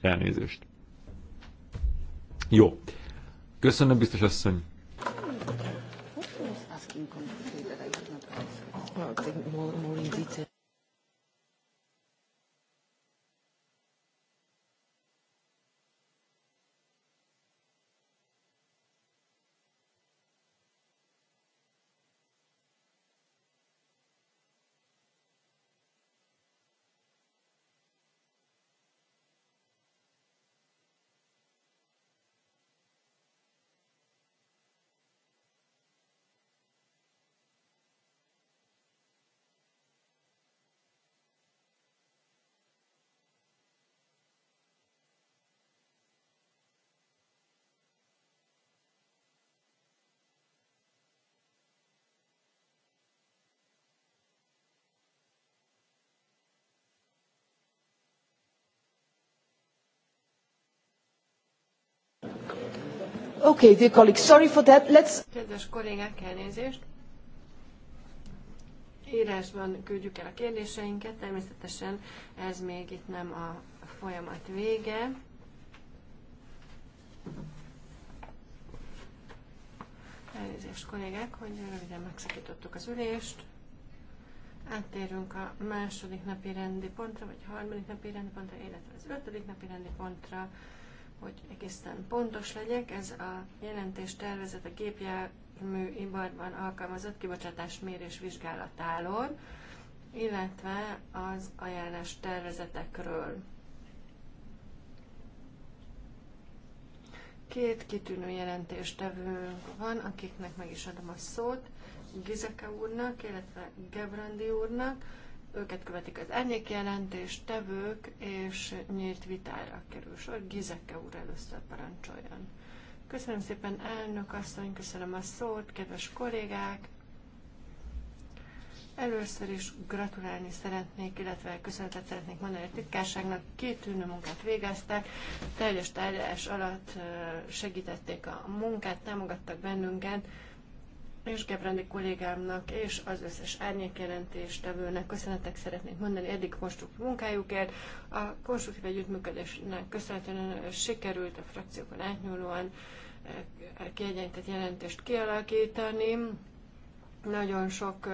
Elnézést. Jó. Köszönöm, biztos asszony. think more, more in detail. Okay, dear colleagues, sorry for that. Let's... Kedves kollégák, elnézést. Írásban küldjük el a kérdéseinket, természetesen ez még itt nem a folyamat vége. Elnézést kollégák, hogy röviden megszakítottuk az ülést. Áttérünk a második napi rendi pontra, vagy a harmadik napi rendi pontra, illetve az ötödik napi rendi pontra hogy egészen pontos legyek, ez a jelentés tervezet a gépjármű ibarban alkalmazott kibocsátás mérés vizsgálatáról, illetve az ajánlás tervezetekről. Két kitűnő jelentéstevőnk van, akiknek meg is adom a szót, Gizeke úrnak, illetve Gebrandi úrnak őket követik az árnyékjelentés, tevők és nyílt vitára kerül sor. Gizeke úr először parancsoljon. Köszönöm szépen elnök asszony, köszönöm a szót, kedves kollégák! Először is gratulálni szeretnék, illetve köszönetet szeretnék mondani a titkárságnak. Két tűnő munkát végeztek, teljes tárgyalás alatt segítették a munkát, támogattak bennünket, és Gebrendi kollégámnak és az összes tevőnek köszönetek szeretnék mondani eddig konstruktív munkájukért. A konstruktív együttműködésnek köszönhetően sikerült a frakciókon átnyúlóan kiegyenített jelentést kialakítani. Nagyon sok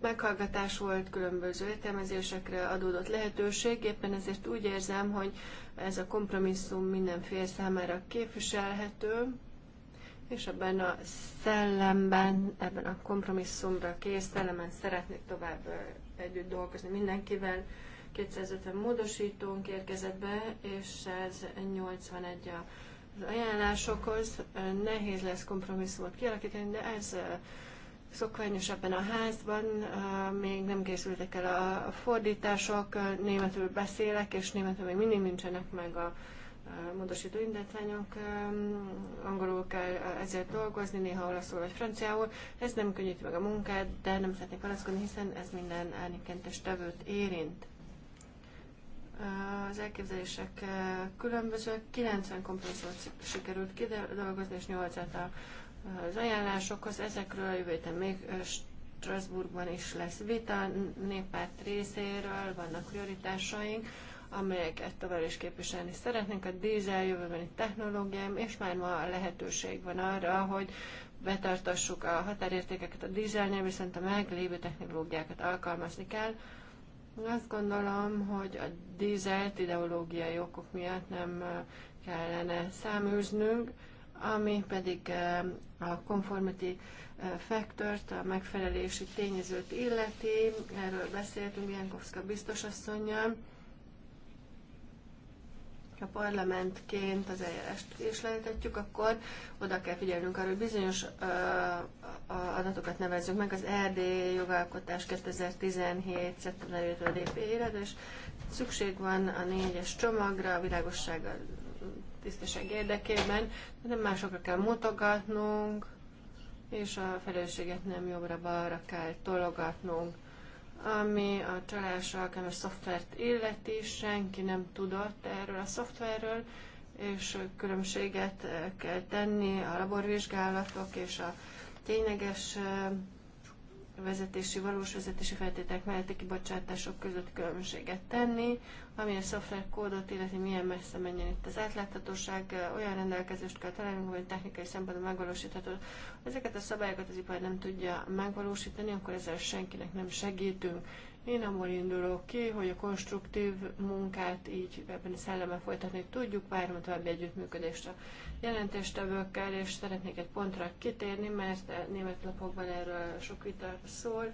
meghallgatás volt, különböző értelmezésekre adódott lehetőség, éppen ezért úgy érzem, hogy ez a kompromisszum minden fél számára képviselhető és ebben a szellemben, ebben a kompromisszumban kész szellemben szeretnék tovább együtt dolgozni mindenkivel. 250 módosítónk érkezett be, és 181 az ajánlásokhoz. Nehéz lesz kompromisszumot kialakítani, de ez szokványos ebben a házban, még nem készültek el a fordítások, németül beszélek, és németül még mindig nincsenek meg a Eh, módosító indítványok, angolul kell eh, ezért dolgozni, néha olaszul vagy franciául. Ez nem könnyíti meg a munkát, de nem szeretnék panaszkodni, hiszen ez minden árnyékentes tevőt érint. Eh, az elképzelések különbözők, 90 kompromisszumot sikerült kidolgozni, és 8 a az ajánlásokhoz. Ezekről jövő héten még Strasbourgban is lesz vita, néppárt részéről vannak prioritásaink, amelyeket tovább is képviselni szeretnénk. A dízel jövőbeni technológiám, és már ma lehetőség van arra, hogy betartassuk a határértékeket a dízelnél, viszont a meglévő technológiákat alkalmazni kell. Azt gondolom, hogy a dízelt ideológiai okok miatt nem kellene száműznünk, ami pedig a conformity faktort, a megfelelési tényezőt illeti. Erről beszéltünk Jankowska biztosasszonyjal, ha parlamentként az eljárást is lehetetjük, akkor oda kell figyelnünk arra, hogy bizonyos ö, adatokat nevezzük meg az RD jogalkotás 2017. szeptember 5 DP-ére, és szükség van a négyes csomagra, a a tisztaság érdekében, de nem másokra kell mutogatnunk, és a felelősséget nem jobbra-balra kell tologatnunk. Ami a csalás alkalmas szoftvert illeti, senki nem tudott erről a szoftverről, és különbséget kell tenni a laborvizsgálatok és a tényleges vezetési, valós vezetési feltételek melletti kibocsátások között különbséget tenni, ami a szoftver kódot illetve milyen messze menjen itt az átláthatóság, olyan rendelkezést kell találni, hogy technikai szempontból megvalósítható. Ezeket a szabályokat az ipar nem tudja megvalósítani, akkor ezzel senkinek nem segítünk. Én abból indulok ki, hogy a konstruktív munkát így ebben a szellemben folytatni tudjuk, várom a további együttműködést a jelentéstevőkkel, és szeretnék egy pontra kitérni, mert a német lapokban erről sok vita szól.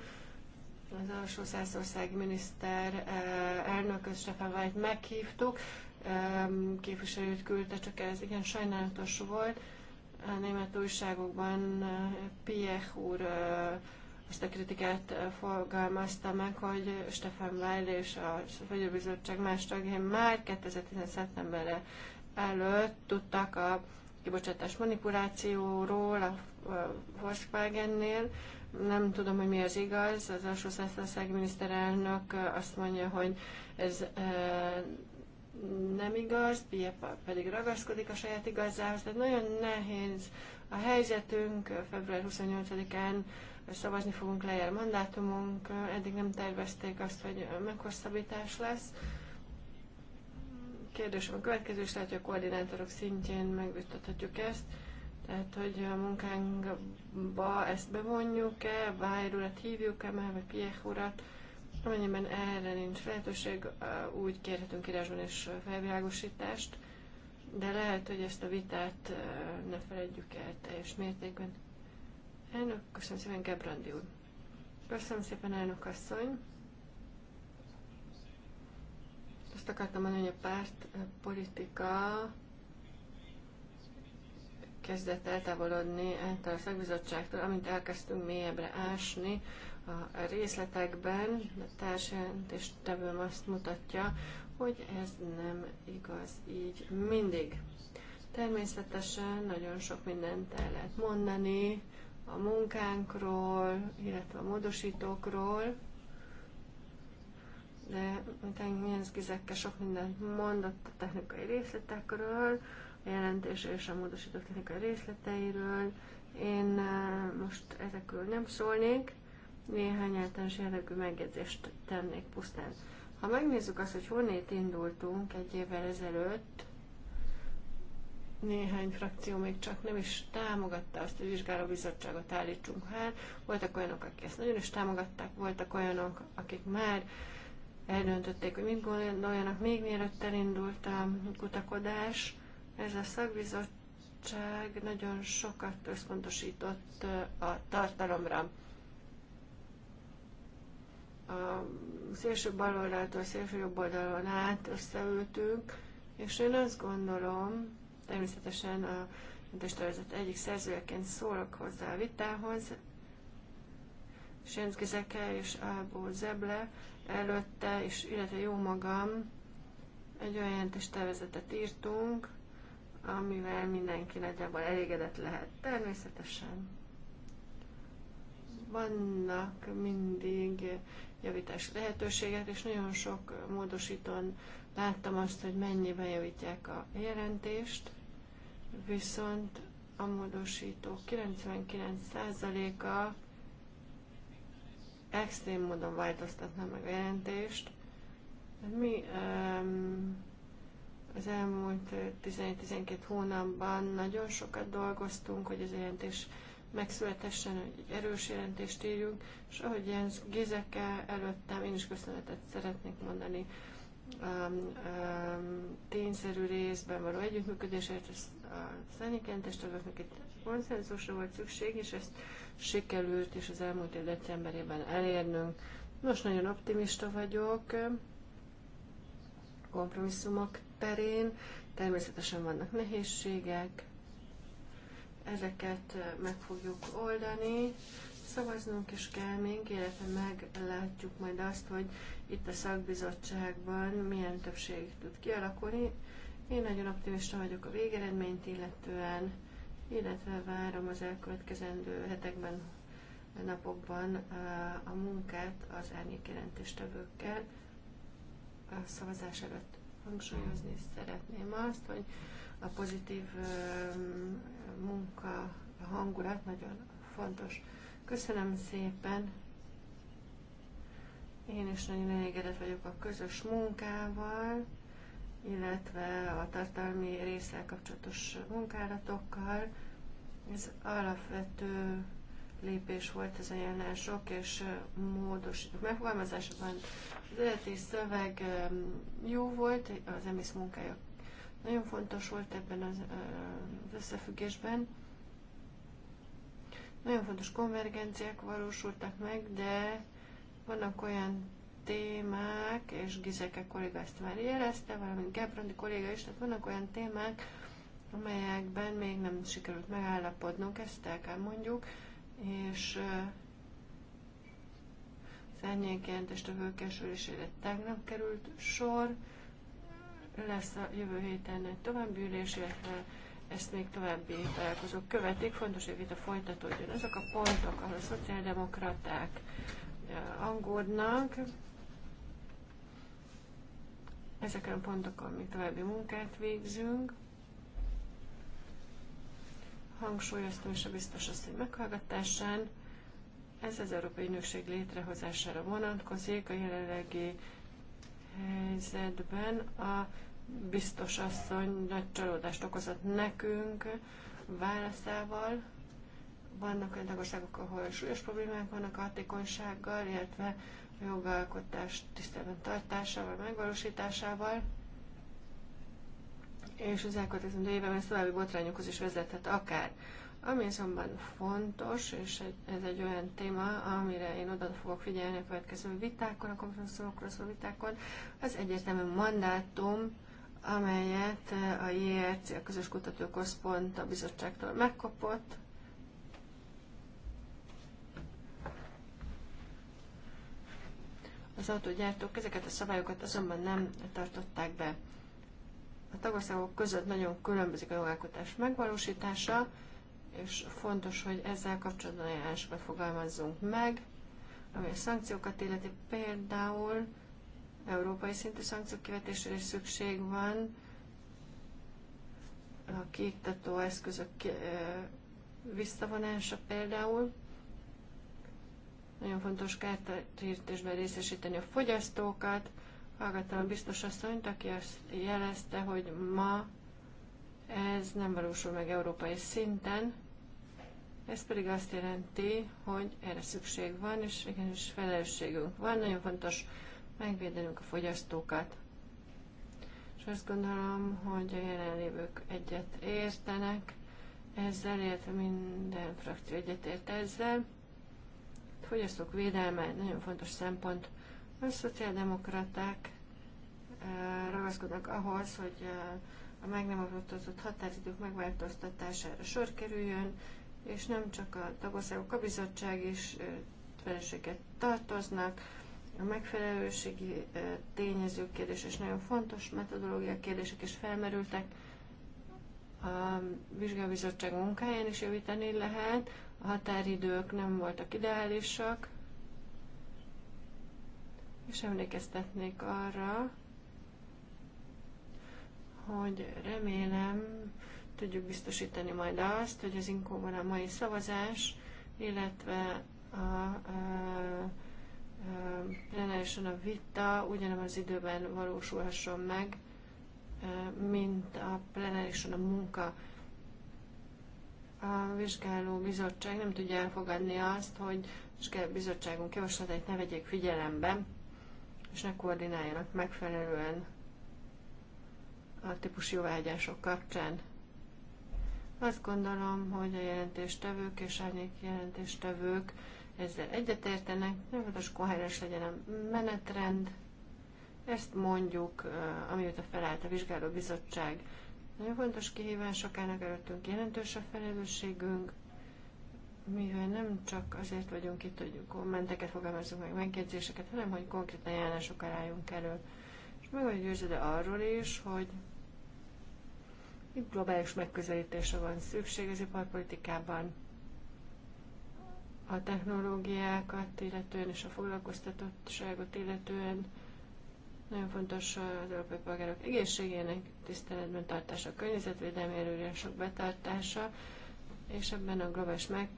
Az alsó szászországi miniszter eh, elnököt, Stefan Vájt meghívtuk, képviselőt küldte, csak ez igen sajnálatos volt. A német újságokban eh, Piech úr eh, azt a kritikát fogalmazta meg, hogy Stefan Weil és a Fegyőbizottság más tagjai már 2010. szeptember előtt tudtak a kibocsátás manipulációról a Volkswagen-nél. Nem tudom, hogy mi az igaz. Az alsó szászország miniszterelnök azt mondja, hogy ez nem igaz, Pia pedig ragaszkodik a saját igazához, tehát nagyon nehéz a helyzetünk február 28-án szavazni fogunk, lejár mandátumunk, eddig nem tervezték azt, hogy meghosszabbítás lesz. Kérdésem a következő, és lehet, hogy a koordinátorok szintjén megvitathatjuk ezt. Tehát, hogy a munkánkba ezt bevonjuk-e, Vájr urat hívjuk-e már, vagy Piech urat, amennyiben erre nincs lehetőség, úgy kérhetünk írásban is felvilágosítást, de lehet, hogy ezt a vitát ne feledjük el teljes mértékben. Elnök, köszönöm szépen, Gebrandi úr. Köszönöm szépen, elnök asszony. Azt akartam mondani, hogy a párt eh, politika kezdett eltávolodni ettől a szakbizottságtól, amint elkezdtünk mélyebbre ásni a részletekben, a tevőm azt mutatja, hogy ez nem igaz így mindig. Természetesen nagyon sok mindent el lehet mondani, a munkánkról, illetve a módosítókról, de utána Minszki Zekke sok mindent mondott a technikai részletekről, a jelentés és a módosító technikai részleteiről. Én eh, most ezekről nem szólnék, néhány általános jellegű megjegyzést tennék pusztán. Ha megnézzük azt, hogy honnét indultunk egy évvel ezelőtt, néhány frakció még csak nem is támogatta azt, hogy vizsgálóbizottságot állítsunk fel. Voltak olyanok, akik ezt nagyon is támogatták, voltak olyanok, akik már eldöntötték, hogy mit gondoljanak, még mielőtt elindult a kutakodás. Ez a szakbizottság nagyon sokat összpontosított a tartalomra. A szélső baloldaltól szélső jobb oldalon át összeültünk, és én azt gondolom, Természetesen a döntéstervezet egyik szerzőjeként szólok hozzá a vitához. Sönc Gizeke és Ábó Zeble előtte, és illetve jó magam, egy olyan jelentéstervezetet írtunk, amivel mindenki nagyjából elégedett lehet. Természetesen vannak mindig javítás lehetőségek, és nagyon sok módosítón Láttam azt, hogy mennyibe javítják a jelentést, viszont a módosító 99%-a extrém módon változtatna meg a jelentést. Mi um, az elmúlt 11-12 hónapban nagyon sokat dolgoztunk, hogy az jelentés megszületessen, hogy egy erős jelentést írjunk, és ahogy Jens Gézeke előttem, én is köszönetet szeretnék mondani Um, um, tényszerű részben való együttműködésért a szenikentes tagoknak itt konszenzusra volt szükség, és ezt sikerült is az elmúlt év decemberében elérnünk. Most nagyon optimista vagyok um, kompromisszumok terén, természetesen vannak nehézségek, ezeket uh, meg fogjuk oldani, szavaznunk is kell még, illetve meglátjuk majd azt, hogy itt a szakbizottságban milyen többség tud kialakulni. Én nagyon optimista vagyok a végeredményt illetően, illetve várom az elkövetkezendő hetekben, napokban a munkát az árnyékjelentéstevőkkel. A szavazás előtt hangsúlyozni szeretném azt, hogy a pozitív munka, a hangulat nagyon fontos. Köszönöm szépen én is nagyon elégedett vagyok a közös munkával, illetve a tartalmi részsel kapcsolatos munkálatokkal. Ez alapvető lépés volt az ajánlások és módosítók megfogalmazásában. Az eredeti szöveg jó volt, az emész munkája nagyon fontos volt ebben az összefüggésben. Nagyon fontos konvergenciák valósultak meg, de vannak olyan témák, és Gizeke kolléga ezt már érezte, valamint Gábrandi kolléga is, tehát vannak olyan témák, amelyekben még nem sikerült megállapodnunk, ezt el kell mondjuk, és az árnyékjelentést a hőkesülésére tegnap került sor, lesz a jövő héten egy további ülés, illetve ezt még további találkozók követik. Fontos, hogy a folytatódjon ezek a pontok, ahol a szociáldemokraták aggódnak ezeken a pontokon mi további munkát végzünk. Hangsúlyoztam is a biztos hogy meghallgatásán, ez az Európai Nőség létrehozására vonatkozik a jelenlegi helyzetben. A biztos asszony nagy csalódást okozott nekünk válaszával, vannak olyan tagországok, ahol súlyos problémák vannak a hatékonysággal, illetve a jogalkotás tisztelben tartásával, megvalósításával, és az elkövetkező évben ez további botrányokhoz is vezethet akár. Ami azonban fontos, és ez egy olyan téma, amire én oda fogok figyelni a következő vitákon, a kompromisszumokról szóló vitákon, az egyértelmű mandátum, amelyet a JRC, a Közös Kutatóközpont a bizottságtól megkapott, Az autógyártók ezeket a szabályokat azonban nem tartották be. A tagországok között nagyon különbözik a jogalkotás megvalósítása, és fontos, hogy ezzel kapcsolatban ajánlásokat fogalmazzunk meg, ami a szankciókat illeti például európai szintű szankciók kivetésére is szükség van, a kiiktató eszközök visszavonása például, nagyon fontos kártérítésben részesíteni a fogyasztókat. Hallgattam a biztos asszonyt, aki azt jelezte, hogy ma ez nem valósul meg európai szinten. Ez pedig azt jelenti, hogy erre szükség van, és igenis felelősségünk van. Nagyon fontos megvédenünk a fogyasztókat. És azt gondolom, hogy a jelenlévők egyet értenek ezzel, illetve minden frakció egyet ért ezzel fogyasztók védelme nagyon fontos szempont. A szociáldemokraták eh, ragaszkodnak ahhoz, hogy eh, a meg nem adott határidők megváltoztatására sor kerüljön, és nem csak a tagországok, a bizottság is eh, feleséget tartoznak. A megfelelőségi tényezők kérdés és nagyon fontos metodológia kérdések is felmerültek. A vizsgálóbizottság munkáján is javítani lehet, a határidők nem voltak ideálisak, és emlékeztetnék arra, hogy remélem tudjuk biztosítani majd azt, hogy az inkóban a mai szavazás, illetve a, a, plenárisan a vita ugyanabban az időben valósulhasson meg, mint a plenárisan a munka a vizsgáló bizottság nem tudja elfogadni azt, hogy a vizsgáló bizottságunk javaslatait ne vegyék figyelembe, és ne koordináljanak megfelelően a típus jóvágyások kapcsán. Azt gondolom, hogy a jelentéstevők és árnyék jelentéstevők ezzel egyetértenek, nem fontos koherens legyen a menetrend, ezt mondjuk, amióta felállt a vizsgáló bizottság nagyon fontos kihívások állnak előttünk, jelentős a felelősségünk, mivel nem csak azért vagyunk itt, hogy kommenteket fogalmazunk meg, megkérdéseket, hanem hogy konkrét ajánlások álljunk elő. És meg vagy győződve arról is, hogy itt globális megközelítésre van szükség az iparpolitikában. A technológiákat illetően és a foglalkoztatottságot illetően nagyon fontos az európai polgárok egészségének tiszteletben tartása, a környezetvédelmi előírások betartása, és ebben a globális meg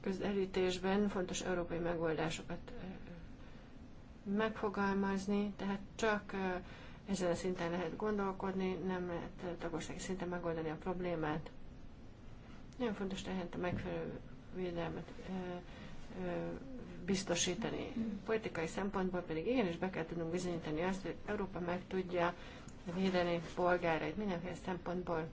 közelítésben fontos európai megoldásokat megfogalmazni, tehát csak ezen a szinten lehet gondolkodni, nem lehet tagországi szinten megoldani a problémát. Nagyon fontos tehát a megfelelő védelmet biztosítani. Politikai szempontból pedig igenis be kell tudnunk bizonyítani azt, hogy Európa meg tudja védeni polgárait mindenféle szempontból.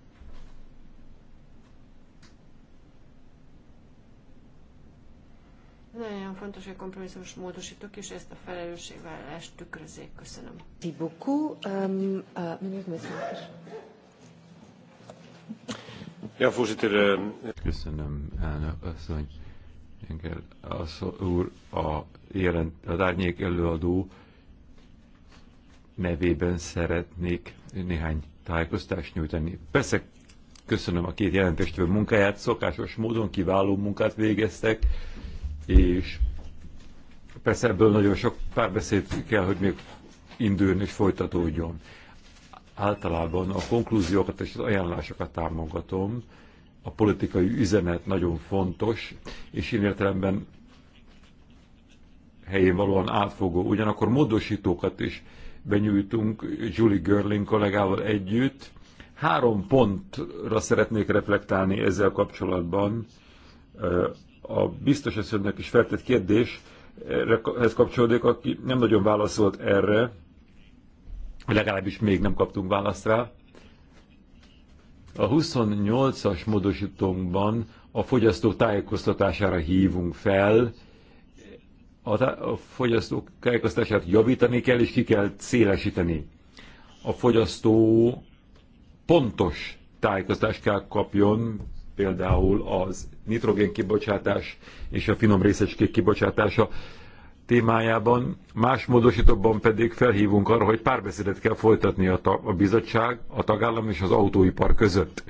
Nagyon fontos, hogy kompromisszumos módosítók és ezt a felelősségvállalást tükrözzék. Köszönöm. Um, uh, ja, voorzitter. Eh, Köszönöm, elnök asszony. Oettinger az úr a jelent, az árnyék előadó nevében szeretnék néhány tájékoztást nyújtani. Persze köszönöm a két jelentéstől munkáját, szokásos módon kiváló munkát végeztek, és persze ebből nagyon sok párbeszéd kell, hogy még induljon és folytatódjon. Általában a konklúziókat és az ajánlásokat támogatom, a politikai üzenet nagyon fontos, és én értelemben helyén valóan átfogó. Ugyanakkor módosítókat is benyújtunk Julie Görling kollégával együtt. Három pontra szeretnék reflektálni ezzel kapcsolatban. A biztos eszönnek is feltett kérdés, ez kapcsolódik, aki nem nagyon válaszolt erre, legalábbis még nem kaptunk választ rá. A 28-as módosítónkban a fogyasztó tájékoztatására hívunk fel, a, a fogyasztók tájékoztatását javítani kell, és ki kell szélesíteni. A fogyasztó pontos tájékoztatást kell kapjon, például az nitrogén kibocsátás és a finom részecskék kibocsátása témájában, más módosítóban pedig felhívunk arra, hogy párbeszédet kell folytatni a, ta, a bizottság, a tagállam és az autóipar között.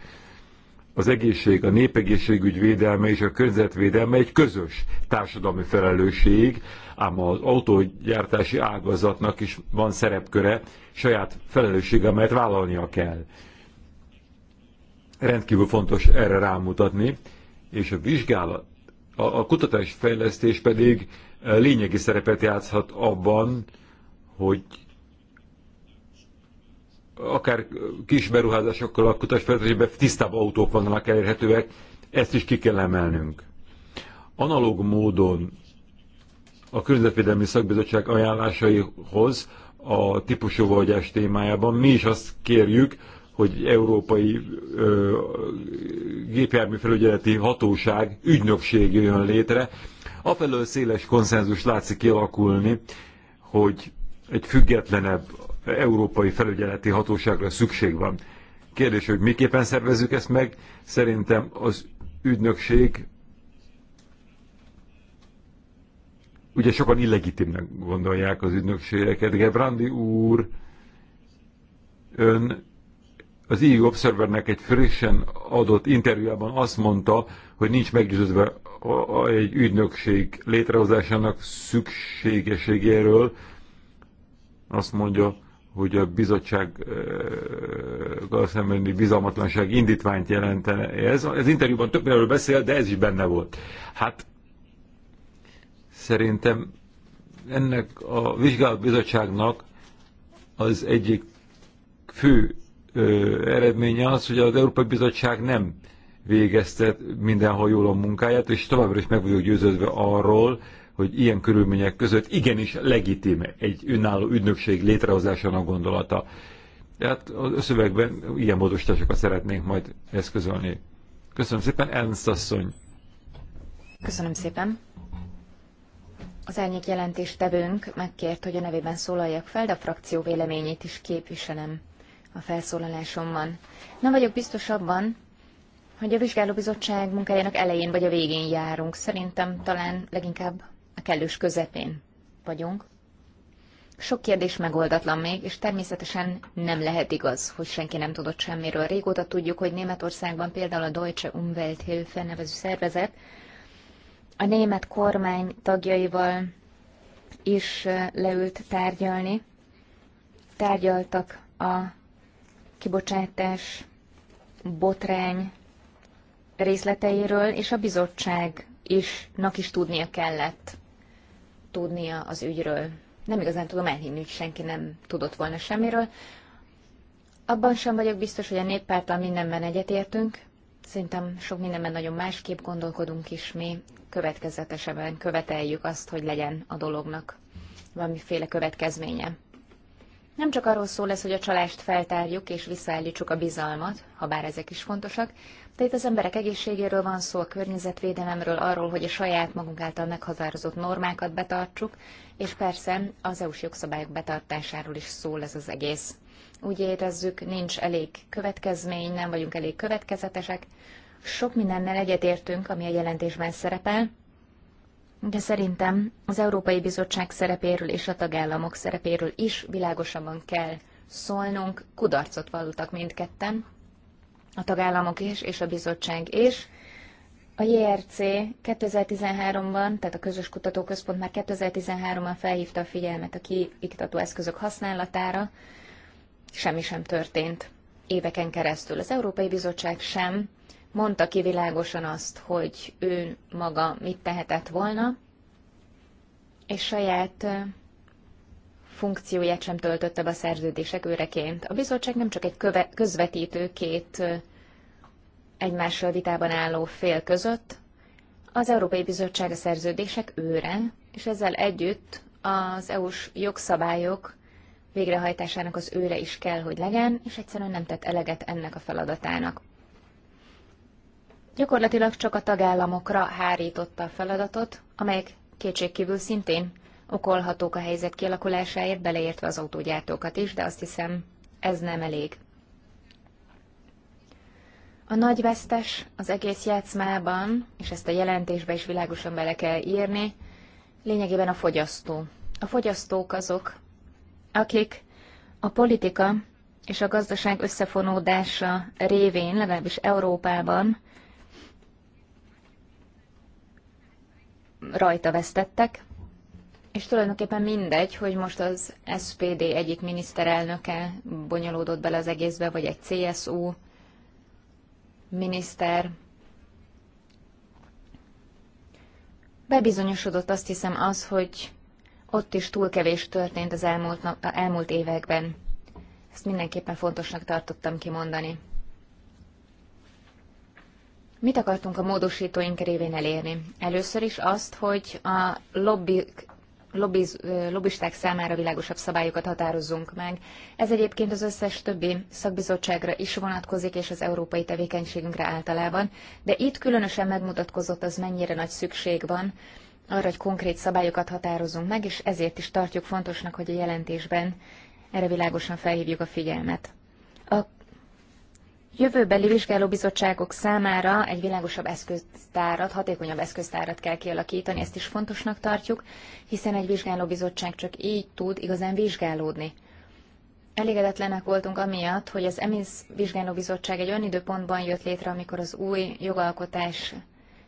Az egészség, a népegészségügy védelme és a környezetvédelme egy közös társadalmi felelősség, ám az autógyártási ágazatnak is van szerepköre, saját felelőssége, amelyet vállalnia kell. Rendkívül fontos erre rámutatni, és a vizsgálat, a, a kutatásfejlesztés pedig lényegi szerepet játszhat abban, hogy akár kis beruházásokkal a kutatásfejlesztésben tisztább autók vannak elérhetőek, ezt is ki kell emelnünk. Analóg módon a Környezetvédelmi Szakbizottság ajánlásaihoz a vagyás témájában mi is azt kérjük, hogy európai ö, felügyeleti hatóság, ügynökség jön létre, Afelől széles konszenzus látszik kialakulni, hogy egy függetlenebb európai felügyeleti hatóságra szükség van. Kérdés, hogy miképpen szervezzük ezt meg? Szerintem az ügynökség ugye sokan illegitimnek gondolják az ügynökségeket. Gebrandi úr, ön az EU Observernek egy frissen adott interjújában azt mondta, hogy nincs meggyőződve a egy ügynökség létrehozásának szükségeségéről azt mondja, hogy a bizottság szembeni bizalmatlanság indítványt jelentene. Ez az interjúban több erről beszél, de ez is benne volt. Hát szerintem ennek a bizottságnak az egyik fő ö, eredménye az, hogy az Európai Bizottság nem végezte mindenhol jól a munkáját, és továbbra is meg vagyok győződve arról, hogy ilyen körülmények között igenis legitim egy önálló ügynökség létrehozásának gondolata. Tehát a szövegben ilyen módosításokat szeretnénk majd eszközölni. Köszönöm szépen, Ernst asszony. Köszönöm szépen. Az árnyék jelentéstevőnk megkért, hogy a nevében szólaljak fel, de a frakció véleményét is képviselem a felszólalásomban. Nem vagyok biztos abban, hogy a vizsgálóbizottság munkájának elején vagy a végén járunk. Szerintem talán leginkább a kellős közepén vagyunk. Sok kérdés megoldatlan még, és természetesen nem lehet igaz, hogy senki nem tudott semmiről. Régóta tudjuk, hogy Németországban például a Deutsche Umwelthilfe nevező szervezet a német kormány tagjaival is leült tárgyalni. Tárgyaltak a kibocsátás botrány részleteiről, és a bizottság is is tudnia kellett tudnia az ügyről. Nem igazán tudom elhinni, hogy senki nem tudott volna semmiről. Abban sem vagyok biztos, hogy a néppártal mindenben egyetértünk. Szerintem sok mindenben nagyon másképp gondolkodunk is mi. Következetesebben követeljük azt, hogy legyen a dolognak valamiféle következménye. Nem csak arról szól ez, hogy a csalást feltárjuk és visszaállítsuk a bizalmat, ha bár ezek is fontosak, de itt az emberek egészségéről van szó, a környezetvédelemről, arról, hogy a saját magunk által meghatározott normákat betartsuk, és persze az EU-s jogszabályok betartásáról is szól ez az egész. Úgy érezzük, nincs elég következmény, nem vagyunk elég következetesek. Sok mindennel egyetértünk, ami a jelentésben szerepel, de szerintem az Európai Bizottság szerepéről és a tagállamok szerepéről is világosabban kell szólnunk. Kudarcot vallottak mindketten, a tagállamok is, és a bizottság is. A JRC 2013-ban, tehát a Közös Kutatóközpont már 2013-ban felhívta a figyelmet a kiiktató eszközök használatára, semmi sem történt éveken keresztül. Az Európai Bizottság sem mondta ki világosan azt, hogy ő maga mit tehetett volna, és saját funkcióját sem töltötte be a szerződések őreként. A bizottság nem csak egy köve- közvetítő két egymással vitában álló fél között, az Európai Bizottság a szerződések őre, és ezzel együtt az EU-s jogszabályok végrehajtásának az őre is kell, hogy legyen, és egyszerűen nem tett eleget ennek a feladatának gyakorlatilag csak a tagállamokra hárította a feladatot, amelyek kétségkívül szintén okolhatók a helyzet kialakulásáért, beleértve az autógyártókat is, de azt hiszem, ez nem elég. A nagy vesztes az egész játszmában, és ezt a jelentésbe is világosan bele kell írni, lényegében a fogyasztó. A fogyasztók azok, akik a politika és a gazdaság összefonódása révén, legalábbis Európában rajta vesztettek, és tulajdonképpen mindegy, hogy most az SPD egyik miniszterelnöke bonyolódott bele az egészbe, vagy egy CSU miniszter. Bebizonyosodott azt hiszem az, hogy ott is túl kevés történt az elmúlt, nap, elmúlt években. Ezt mindenképpen fontosnak tartottam kimondani. Mit akartunk a módosítóink révén elérni? Először is azt, hogy a lobbik lobbiz, lobbisták számára világosabb szabályokat határozzunk meg. Ez egyébként az összes többi szakbizottságra is vonatkozik, és az európai tevékenységünkre általában, de itt különösen megmutatkozott az, mennyire nagy szükség van arra, hogy konkrét szabályokat határozunk meg, és ezért is tartjuk fontosnak, hogy a jelentésben erre világosan felhívjuk a figyelmet. A Jövőbeli vizsgálóbizottságok számára egy világosabb eszköztárat, hatékonyabb eszköztárat kell kialakítani, ezt is fontosnak tartjuk, hiszen egy vizsgálóbizottság csak így tud igazán vizsgálódni. Elégedetlenek voltunk amiatt, hogy az EMISZ vizsgálóbizottság egy olyan időpontban jött létre, amikor az új jogalkotás,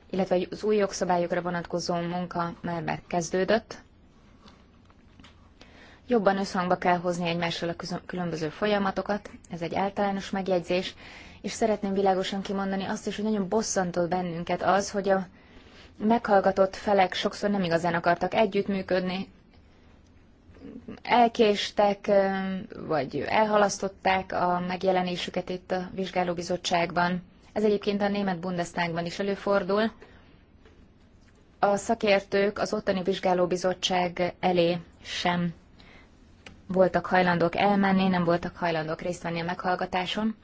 illetve az új jogszabályokra vonatkozó munka már megkezdődött, jobban összhangba kell hozni egymással a különböző folyamatokat, ez egy általános megjegyzés, és szeretném világosan kimondani azt is, hogy nagyon bosszantó bennünket az, hogy a meghallgatott felek sokszor nem igazán akartak együttműködni, elkéstek, vagy elhalasztották a megjelenésüket itt a vizsgálóbizottságban. Ez egyébként a német Bundestagban is előfordul. A szakértők az ottani vizsgálóbizottság elé sem voltak hajlandók elmenni, nem voltak hajlandók részt venni a meghallgatáson.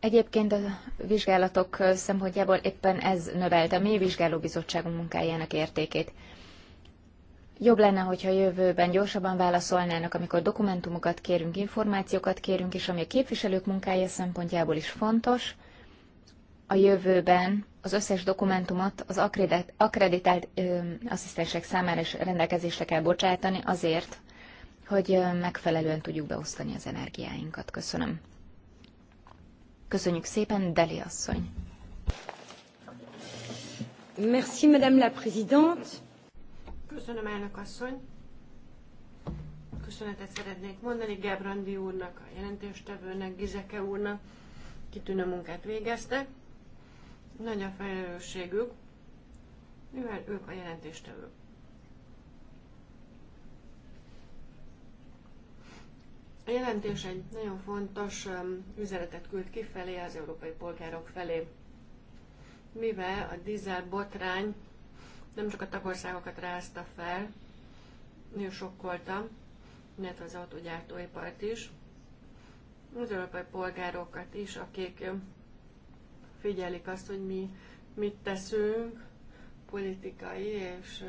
Egyébként a vizsgálatok szempontjából éppen ez növelte a mi vizsgálóbizottságunk munkájának értékét. Jobb lenne, hogyha jövőben gyorsabban válaszolnának, amikor dokumentumokat kérünk, információkat kérünk, és ami a képviselők munkája szempontjából is fontos, a jövőben az összes dokumentumot az akreditált, akreditált ö, asszisztensek számára is rendelkezésre kell bocsátani azért, hogy megfelelően tudjuk beosztani az energiáinkat. Köszönöm. Köszönjük szépen, Deli asszony. Merci, Madame la Présidente. Köszönöm, elnök asszony. Köszönetet szeretnék mondani Gábrandi úrnak, a jelentéstevőnek, Gizeke úrnak. Kitűnő munkát végeztek nagy a felelősségük, mivel ők a jelentéstevők. A jelentés egy nagyon fontos um, üzenetet küld kifelé az európai polgárok felé, mivel a dízel botrány nem csak a tagországokat rázta fel, nagyon sokkolta, illetve az autógyártóipart is, az európai polgárokat is, akik um, figyelik azt, hogy mi mit teszünk politikai és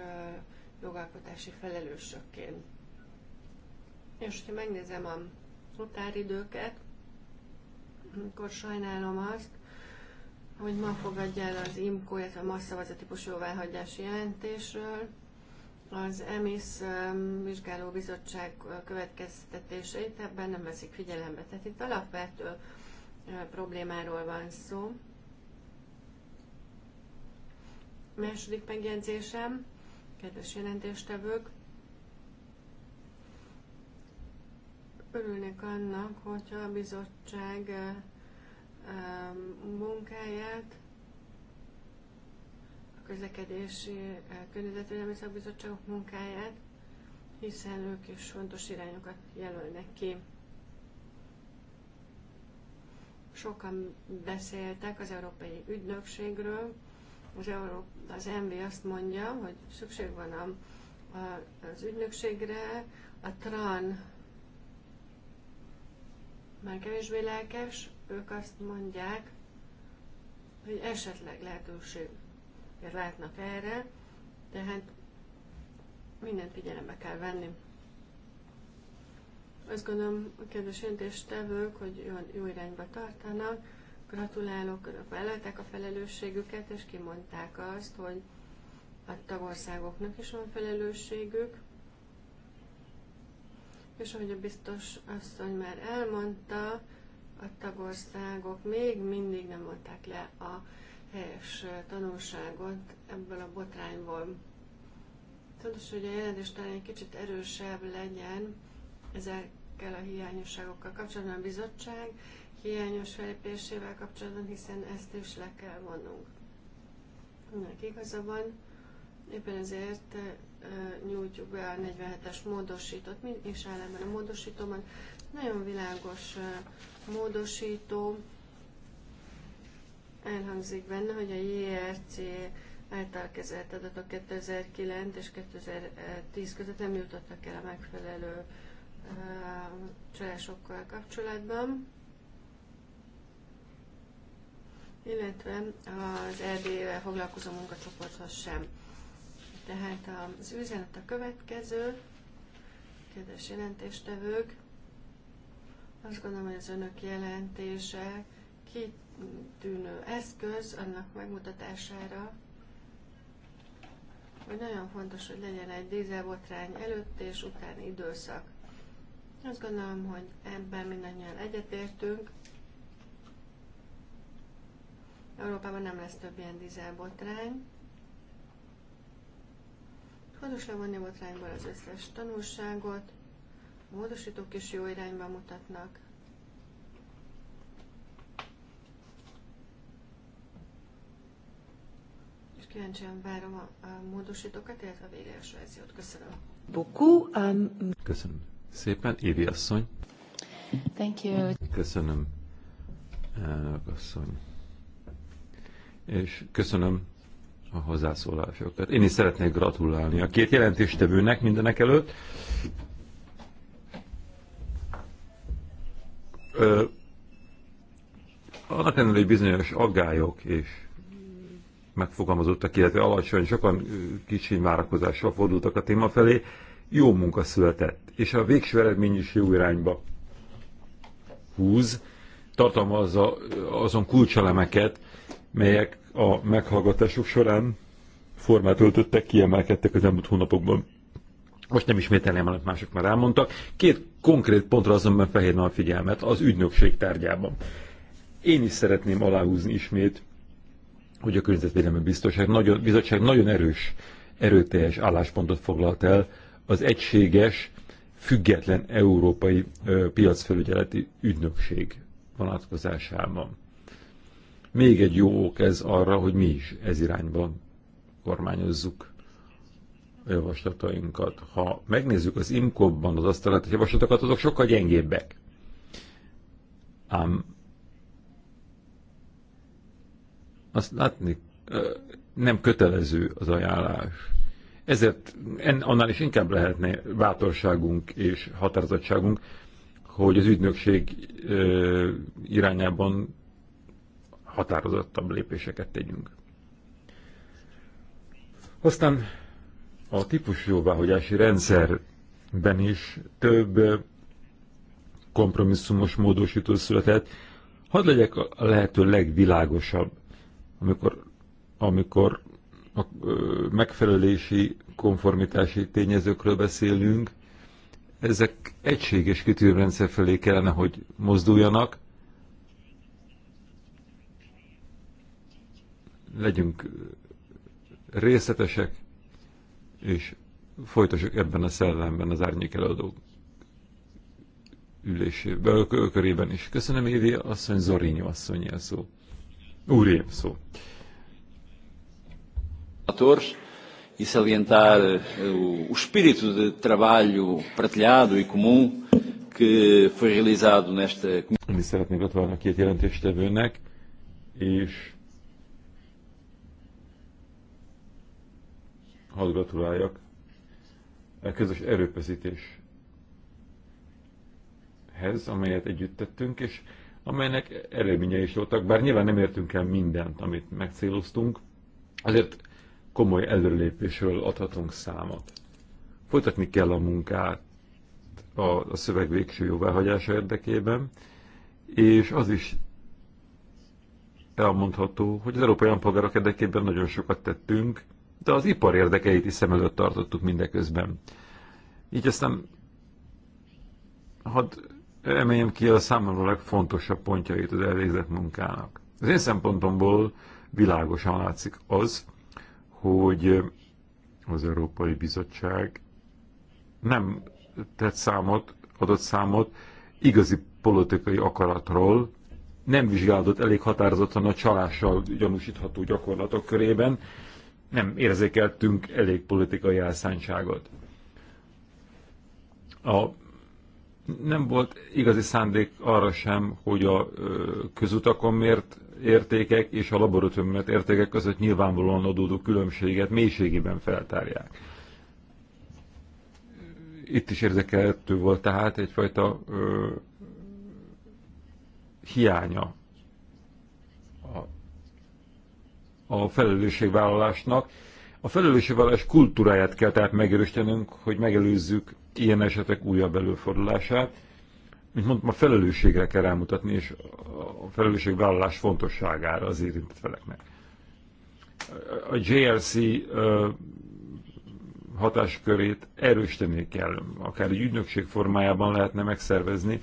jogalkotási felelősökként. És ha megnézem a határidőket, akkor sajnálom azt, hogy ma fogadja el az IMCO, illetve a masszavazat típusú jóváhagyási jelentésről, az vizsgáló bizottság következtetéseit ebben nem veszik figyelembe. Tehát itt alapvető problémáról van szó, Második megjegyzésem, kedves jelentéstevők, örülnek annak, hogyha a bizottság munkáját a közlekedési környezetvédelmi szakbizottságok munkáját, hiszen ők is fontos irányokat jelölnek ki. Sokan beszéltek az Európai Ügynökségről, az, Európa, az MV azt mondja, hogy szükség van a, a, az ügynökségre, a TRAN már kevésbé lelkes, ők azt mondják, hogy esetleg lehetőséget látnak erre, tehát mindent figyelembe kell venni. Azt gondolom, a kedves jelentéstevők, hogy jó, jó irányba tartanak, Gratulálok, önök vállalták a felelősségüket, és kimondták azt, hogy a tagországoknak is van felelősségük. És ahogy a biztos asszony már elmondta, a tagországok még mindig nem mondták le a helyes tanulságot ebből a botrányból. Fontos, hogy a jelentés talán egy kicsit erősebb legyen ezekkel a hiányosságokkal kapcsolatban a bizottság hiányos felépésével kapcsolatban, hiszen ezt is le kell vonnunk. Ennek igaza van, éppen ezért nyújtjuk be a 47-es módosítót, és áll ebben a módosítóban. Nagyon világos módosító, elhangzik benne, hogy a JRC által kezelt adatok 2009 és 2010 között nem jutottak el a megfelelő csalásokkal kapcsolatban illetve az erdélyével foglalkozó munkacsoporthoz sem. Tehát az üzenet a következő, kedves jelentéstevők, azt gondolom, hogy az önök jelentése kitűnő eszköz annak megmutatására, hogy nagyon fontos, hogy legyen egy dízelbotrány előtt és utáni időszak. Azt gondolom, hogy ebben mindannyian egyetértünk, Európában nem lesz több ilyen dizelbotrány. Fontos levonni a botrányból az összes tanulságot, a módosítók is jó irányba mutatnak. És kíváncsian várom a, a módosítókat, illetve a végeres verziót. Köszönöm. Um, Köszönöm szépen, Évi asszony. Thank you. Köszönöm, elnök asszony és köszönöm a hozzászólásokat. Én is szeretnék gratulálni a két jelentéstevőnek mindenek előtt. annak ellenére, hogy bizonyos aggályok és megfogalmazottak, illetve alacsony, sokan kicsi várakozással fordultak a téma felé, jó munka született, és a végső eredmény is jó irányba húz, tartalmazza azon kulcselemeket, melyek a meghallgatások során formát öltöttek, kiemelkedtek az elmúlt hónapokban. Most nem ismételném, amit mások már elmondtak. Két konkrét pontra azonban fehérne a figyelmet az ügynökség tárgyában. Én is szeretném aláhúzni ismét, hogy a környezetvédelmi biztonság nagyon, bizottság nagyon erős, erőteljes álláspontot foglalt el az egységes, független európai ö, piacfelügyeleti ügynökség vonatkozásában. Még egy jó ok ez arra, hogy mi is ez irányban kormányozzuk a javaslatainkat. Ha megnézzük az IMCOB-ban az asztalát, a javaslatokat, azok sokkal gyengébbek. Ám azt látni, nem kötelező az ajánlás. Ezért en, annál is inkább lehetne bátorságunk és határozottságunk, hogy az ügynökség irányában határozottabb lépéseket tegyünk. Aztán a típus jóváhagyási rendszerben is több kompromisszumos módosító született. Hadd legyek a lehető legvilágosabb, amikor, amikor a megfelelési, konformitási tényezőkről beszélünk, ezek egységes kitűrrendszer felé kellene, hogy mozduljanak, legyünk részletesek, és folytassuk ebben a szellemben az árnyék előadók ülésében, körében is. Köszönöm, Évi asszony, Zorinyó asszony a szó. Úrém szó. A tors e salientar eh, o, espírito de trabalho partilhado e comum que foi realizado nesta... Mi szeretnék gratulálni a két jelentéstevőnek, és hadd gratuláljak a közös erőfeszítéshez, amelyet együtt tettünk, és amelynek eredményei is voltak, bár nyilván nem értünk el mindent, amit megcéloztunk, azért komoly előlépésről adhatunk számot. Folytatni kell a munkát a, a szöveg végső jóváhagyása érdekében, és az is elmondható, hogy az európai állampolgárok érdekében nagyon sokat tettünk, de az ipar érdekeit is szem előtt tartottuk mindeközben. Így aztán hadd emeljem ki a számomra legfontosabb pontjait az elvégzett munkának. Az én szempontomból világosan látszik az, hogy az Európai Bizottság nem tett számot, adott számot igazi politikai akaratról, nem vizsgálódott elég határozottan a csalással gyanúsítható gyakorlatok körében, nem érzékeltünk elég politikai elszántságot. A, nem volt igazi szándék arra sem, hogy a közutakon mért értékek és a laboratóriumért értékek között nyilvánvalóan adódó különbséget mélységében feltárják. Itt is érzékelhető volt tehát egyfajta ö, hiánya a felelősségvállalásnak. A felelősségvállalás kultúráját kell tehát megerősítenünk, hogy megelőzzük ilyen esetek újabb előfordulását. Mint mondtam, a felelősségre kell rámutatni, és a felelősségvállalás fontosságára az érintett feleknek. A JLC hatáskörét erősíteni kell, akár egy ügynökség formájában lehetne megszervezni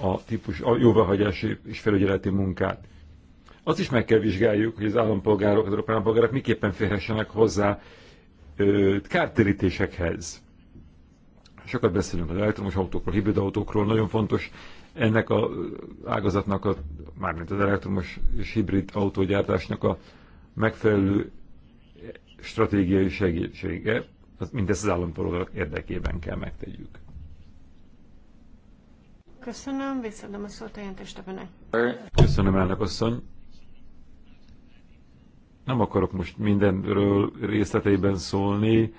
a típus, a jóváhagyási és felügyeleti munkát. Azt is meg kell vizsgáljuk, hogy az állampolgárok, az európai állampolgárok miképpen férhessenek hozzá ö, kártérítésekhez. Sokat beszélünk az elektromos autókról, hibrid autókról, nagyon fontos ennek a ágazatnak, a, mármint az elektromos és hibrid autógyártásnak a megfelelő stratégiai segítsége, az mindezt az állampolgárok érdekében kell megtegyük. Köszönöm, visszadom a szót a jelentéstevőnek. Köszönöm, elnök asszony. Nem akarok most mindenről részleteiben szólni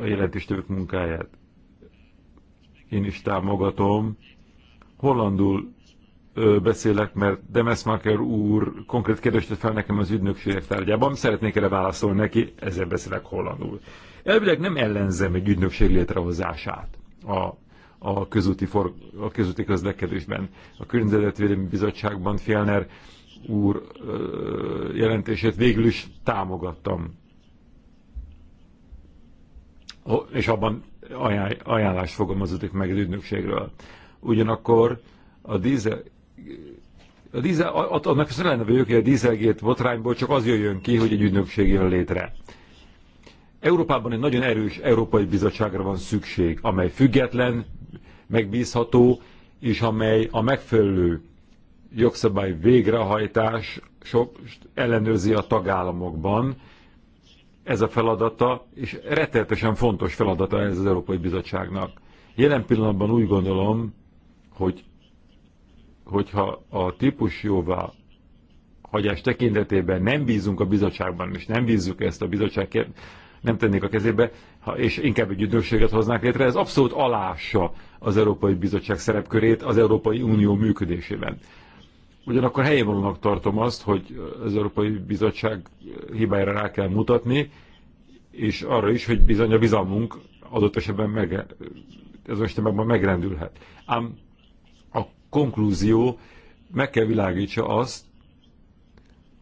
a jelentéstevők munkáját. Én is támogatom. Hollandul beszélek, mert Demesmaker úr konkrét kérdést fel nekem az ügynökségek tárgyában, szeretnék erre válaszolni neki, ezzel beszélek hollandul. Elvileg nem ellenzem egy ügynökség létrehozását a, a, közúti, for, a közúti közlekedésben. A Környezetvédelmi Bizottságban Fjellner úr jelentését végül is támogattam. És abban ajánlást fogalmazódik meg az ügynökségről. Ugyanakkor a dízel a dízel, annak az lenne vagyok, hogy a dízelgét botrányból csak az jöjjön ki, hogy egy ügynökség jön létre. Európában egy nagyon erős Európai Bizottságra van szükség, amely független, megbízható, és amely a megfelelő jogszabály végrehajtás sok ellenőrzi a tagállamokban. Ez a feladata, és rettenetesen fontos feladata ez az Európai Bizottságnak. Jelen pillanatban úgy gondolom, hogy hogyha a típus jóvá hagyás tekintetében nem bízunk a bizottságban, és nem bízzuk ezt a bizottság, nem tennék a kezébe, ha és inkább egy ügynökséget hoznák létre, ez abszolút alássa az Európai Bizottság szerepkörét az Európai Unió működésében. Ugyanakkor helyévalónak tartom azt, hogy az Európai Bizottság hibájára rá kell mutatni, és arra is, hogy bizony a bizalmunk adott esetben meg, ez esetben megrendülhet. Ám a konklúzió meg kell világítsa azt,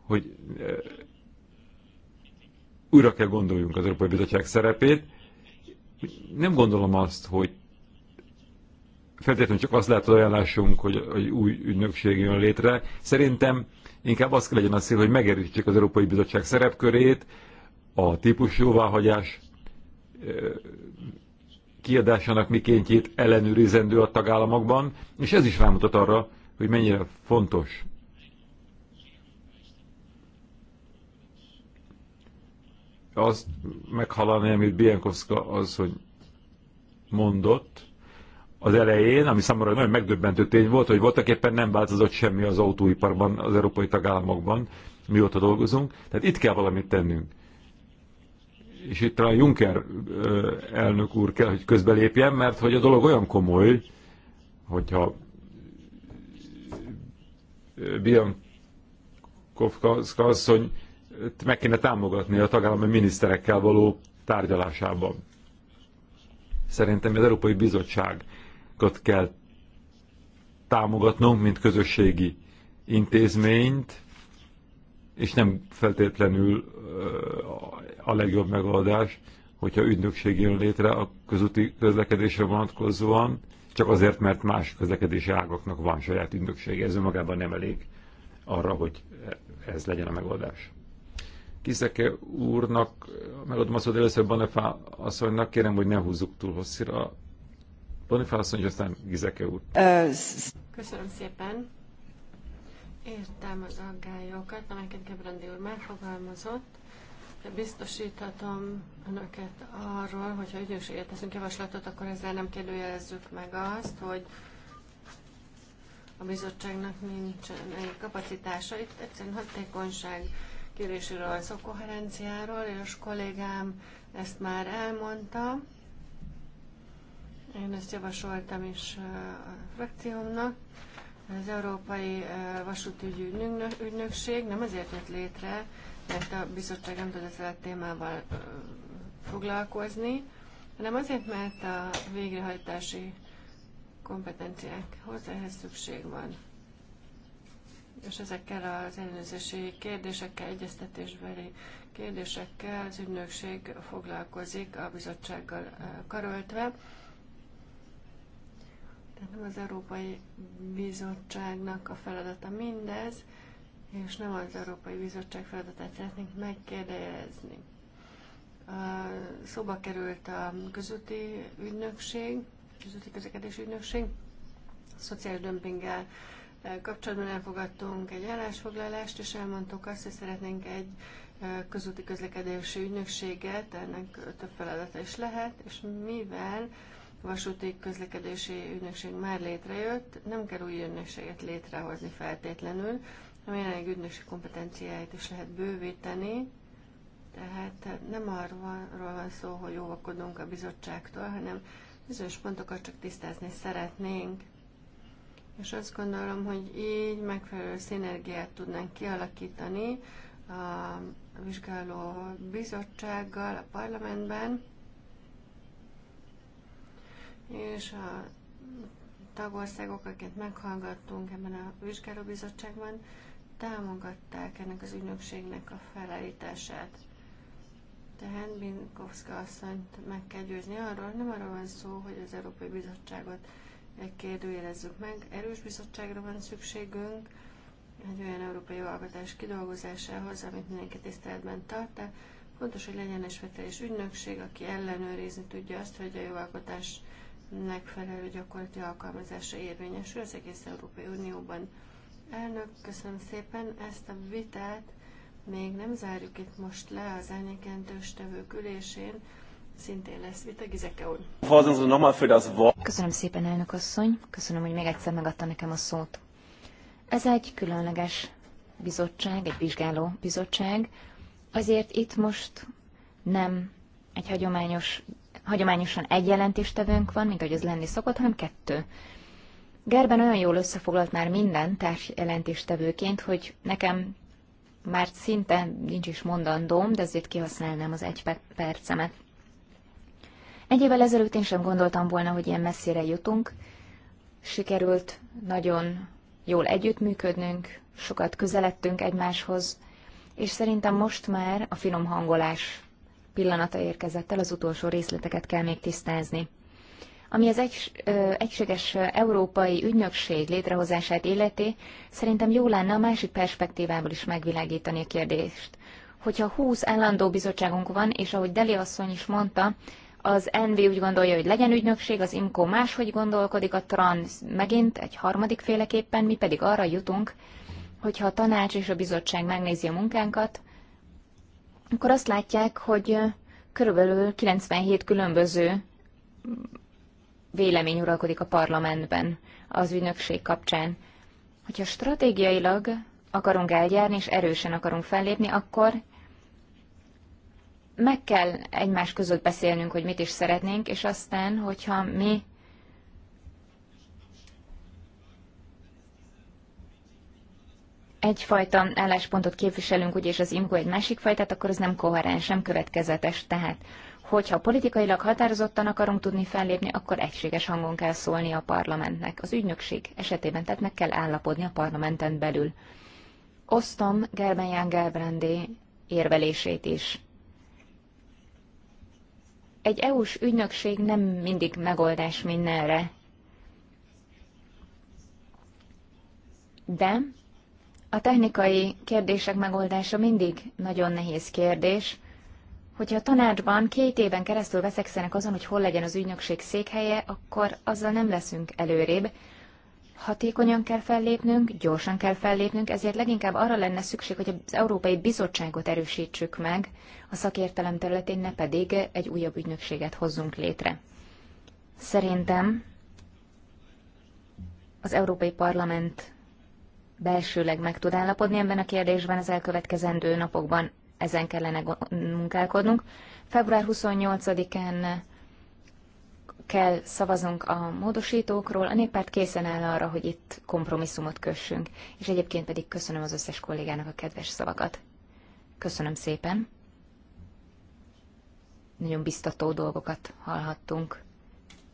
hogy eh, újra kell gondoljunk az Európai Bizottság szerepét. Nem gondolom azt, hogy feltétlenül csak azt lehet az ajánlásunk, hogy, hogy új ügynökség jön létre. Szerintem inkább az kell legyen a cél, hogy megerősítsük az Európai Bizottság szerepkörét, a típus jóváhagyás kiadásának mikéntjét ellenőrizendő a tagállamokban, és ez is rámutat arra, hogy mennyire fontos azt meghalani, amit Bienkowska az, hogy mondott, az elején, ami számomra nagyon megdöbbentő tény volt, hogy voltak éppen nem változott semmi az autóiparban, az európai tagállamokban, mióta dolgozunk. Tehát itt kell valamit tennünk. És itt talán Juncker elnök úr kell, hogy közbelépjen, mert hogy a dolog olyan komoly, hogyha Biankovka asszony meg kéne támogatni a tagállami miniszterekkel való tárgyalásában. Szerintem az Európai Bizottság célokat kell támogatnunk, mint közösségi intézményt, és nem feltétlenül a legjobb megoldás, hogyha ügynökség jön létre a közúti közlekedésre vonatkozóan, csak azért, mert más közlekedési ágaknak van saját ügynöksége, ez önmagában nem elég arra, hogy ez legyen a megoldás. Kiszeke úrnak, megadom azt, hogy először Banefa asszonynak, kérem, hogy ne húzzuk túl hosszira Bonifászony, és aztán Gizeke úr. Köszönöm szépen. Értem az aggályokat, amelyeket Gebrandi úr megfogalmazott. De biztosíthatom önöket arról, hogyha ügyőséget teszünk javaslatot, akkor ezzel nem kérdőjelezzük meg azt, hogy a bizottságnak nincsen egy kapacitása. Itt egyszerűen hatékonyság kéréséről, szokoherenciáról, és kollégám ezt már elmondta. Én ezt javasoltam is a frakciómnak. Az Európai Vasútügyi Ügynökség nem azért jött létre, mert a bizottság nem tud ezzel a témával foglalkozni, hanem azért, mert a végrehajtási kompetenciákhoz ehhez szükség van. És ezekkel az ellenőrzési kérdésekkel, egyeztetésbeli kérdésekkel az ügynökség foglalkozik a bizottsággal karöltve. Tehát nem az Európai Bizottságnak a feladata mindez, és nem az Európai Bizottság feladatát szeretnénk megkérdezni. Szóba került a közúti ügynökség, közúti közlekedési ügynökség, szociális dömpinggel kapcsolatban elfogadtunk egy állásfoglalást, és elmondtuk azt, hogy szeretnénk egy közúti közlekedési ügynökséget, ennek több feladata is lehet, és mivel vasúti közlekedési ügynökség már létrejött, nem kell új ügynökséget létrehozni feltétlenül, a jelenleg ügynökség kompetenciáit is lehet bővíteni, tehát nem arról van szó, hogy óvakodunk a bizottságtól, hanem bizonyos pontokat csak tisztázni szeretnénk. És azt gondolom, hogy így megfelelő szinergiát tudnánk kialakítani a vizsgáló bizottsággal a parlamentben, és a tagországok, akiket meghallgattunk ebben a vizsgálóbizottságban, támogatták ennek az ügynökségnek a felállítását. Tehát Binkowska asszonyt meg kell győzni arról, nem arról van szó, hogy az Európai Bizottságot kérdőjelezzük meg. Erős bizottságra van szükségünk, egy olyan európai alkotás kidolgozásához, amit mindenki tiszteletben tart, de fontos, hogy legyen egy ügynökség, aki ellenőrizni tudja azt, hogy a jogalkotás alkotás megfelelő gyakorlati alkalmazása érvényesül az egész Európai Unióban. Elnök, köszönöm szépen ezt a vitát. Még nem zárjuk itt most le az elnyekentős tevők ülésén. Szintén lesz vita Gizeke úr. Köszönöm szépen, elnök asszony. Köszönöm, hogy még egyszer megadta nekem a szót. Ez egy különleges bizottság, egy vizsgáló bizottság. Azért itt most nem egy hagyományos hagyományosan egy jelentéstevőnk van, mint ahogy az lenni szokott, hanem kettő. Gerben olyan jól összefoglalt már minden társ jelentéstevőként, hogy nekem már szinte nincs is mondandóm, de azért kihasználnám az egy percemet. Egy évvel ezelőtt én sem gondoltam volna, hogy ilyen messzire jutunk. Sikerült nagyon jól együttműködnünk, sokat közeledtünk egymáshoz, és szerintem most már a finom hangolás pillanata érkezett el, az utolsó részleteket kell még tisztázni. Ami az egy, ö, egységes európai ügynökség létrehozását életé, szerintem jó lenne a másik perspektívából is megvilágítani a kérdést. Hogyha 20 állandó bizottságunk van, és ahogy Deli asszony is mondta, az NV úgy gondolja, hogy legyen ügynökség, az IMCO máshogy gondolkodik, a TRAN megint egy harmadik féleképpen, mi pedig arra jutunk, hogyha a tanács és a bizottság megnézi a munkánkat, akkor azt látják, hogy körülbelül 97 különböző vélemény uralkodik a parlamentben az ügynökség kapcsán. Hogyha stratégiailag akarunk eljárni és erősen akarunk fellépni, akkor meg kell egymás között beszélnünk, hogy mit is szeretnénk, és aztán, hogyha mi egyfajta álláspontot képviselünk, ugye, és az imgó egy másik fajtát, akkor ez nem koherens, nem következetes. Tehát, hogyha politikailag határozottan akarunk tudni fellépni, akkor egységes hangon kell szólni a parlamentnek. Az ügynökség esetében, tehát meg kell állapodni a parlamenten belül. Osztom Gerben Ján Gerbrandi érvelését is. Egy EU-s ügynökség nem mindig megoldás mindenre. De a technikai kérdések megoldása mindig nagyon nehéz kérdés. Hogyha a tanácsban két éven keresztül veszekszenek azon, hogy hol legyen az ügynökség székhelye, akkor azzal nem leszünk előrébb. Hatékonyan kell fellépnünk, gyorsan kell fellépnünk, ezért leginkább arra lenne szükség, hogy az Európai Bizottságot erősítsük meg a szakértelem területén, ne pedig egy újabb ügynökséget hozzunk létre. Szerintem az Európai Parlament belsőleg meg tud állapodni ebben a kérdésben az elkövetkezendő napokban. Ezen kellene munkálkodnunk. Február 28-án kell szavazunk a módosítókról, a néppárt készen áll arra, hogy itt kompromisszumot kössünk, és egyébként pedig köszönöm az összes kollégának a kedves szavakat. Köszönöm szépen. Nagyon biztató dolgokat hallhattunk.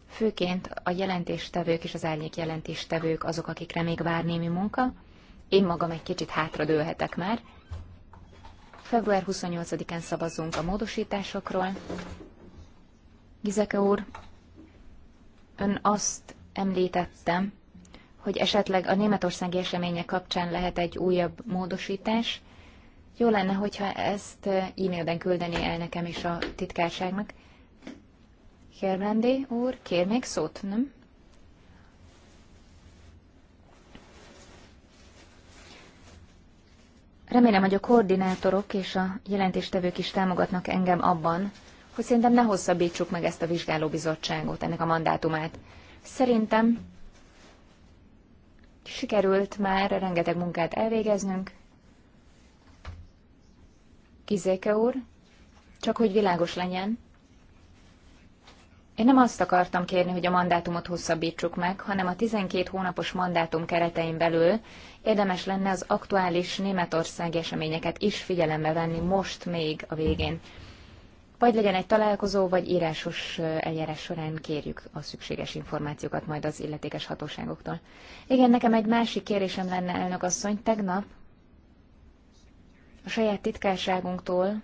Főként a jelentéstevők és az árnyék jelentéstevők azok, akikre még vár némi munka, én magam egy kicsit hátradőlhetek már. Február 28-án szavazunk a módosításokról. Gizeke úr, ön azt említettem, hogy esetleg a németországi események kapcsán lehet egy újabb módosítás. Jó lenne, hogyha ezt eh, e-mailben küldeni el nekem is a titkárságnak. Kérlendé úr, kér még szót, nem? Remélem, hogy a koordinátorok és a jelentéstevők is támogatnak engem abban, hogy szerintem ne hosszabbítsuk meg ezt a vizsgálóbizottságot, ennek a mandátumát. Szerintem sikerült már rengeteg munkát elvégeznünk. Kizéke úr, csak hogy világos legyen, én nem azt akartam kérni, hogy a mandátumot hosszabbítsuk meg, hanem a 12 hónapos mandátum keretein belül érdemes lenne az aktuális németországi eseményeket is figyelembe venni most még a végén. Vagy legyen egy találkozó, vagy írásos eljárás során kérjük a szükséges információkat majd az illetékes hatóságoktól. Igen, nekem egy másik kérésem lenne, elnök asszony, tegnap a saját titkárságunktól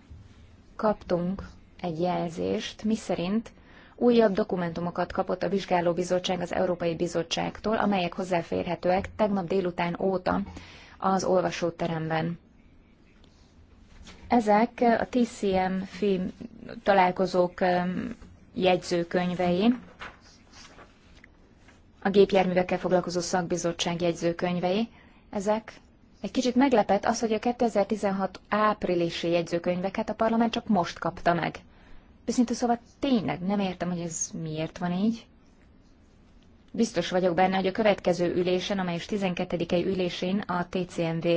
kaptunk egy jelzést, miszerint újabb dokumentumokat kapott a vizsgálóbizottság az Európai Bizottságtól, amelyek hozzáférhetőek tegnap délután óta az olvasóteremben. Ezek a TCM film találkozók um, jegyzőkönyvei, a gépjárművekkel foglalkozó szakbizottság jegyzőkönyvei. Ezek egy kicsit meglepett az, hogy a 2016 áprilisi jegyzőkönyveket a parlament csak most kapta meg. Őszintén szóval tényleg nem értem, hogy ez miért van így. Biztos vagyok benne, hogy a következő ülésen, amely is 12-i ülésén a TCMV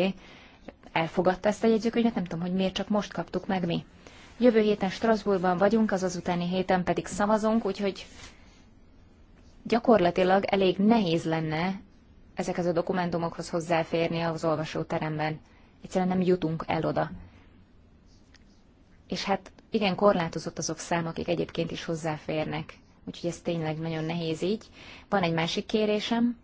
elfogadta ezt a jegyzőkönyvet, nem tudom, hogy miért csak most kaptuk meg mi. Jövő héten Strasbourgban vagyunk, az utáni héten pedig szavazunk, úgyhogy gyakorlatilag elég nehéz lenne ezekhez a dokumentumokhoz hozzáférni az olvasóteremben. Egyszerűen nem jutunk el oda. És hát igen korlátozott azok szám, akik egyébként is hozzáférnek. Úgyhogy ez tényleg nagyon nehéz így. Van egy másik kérésem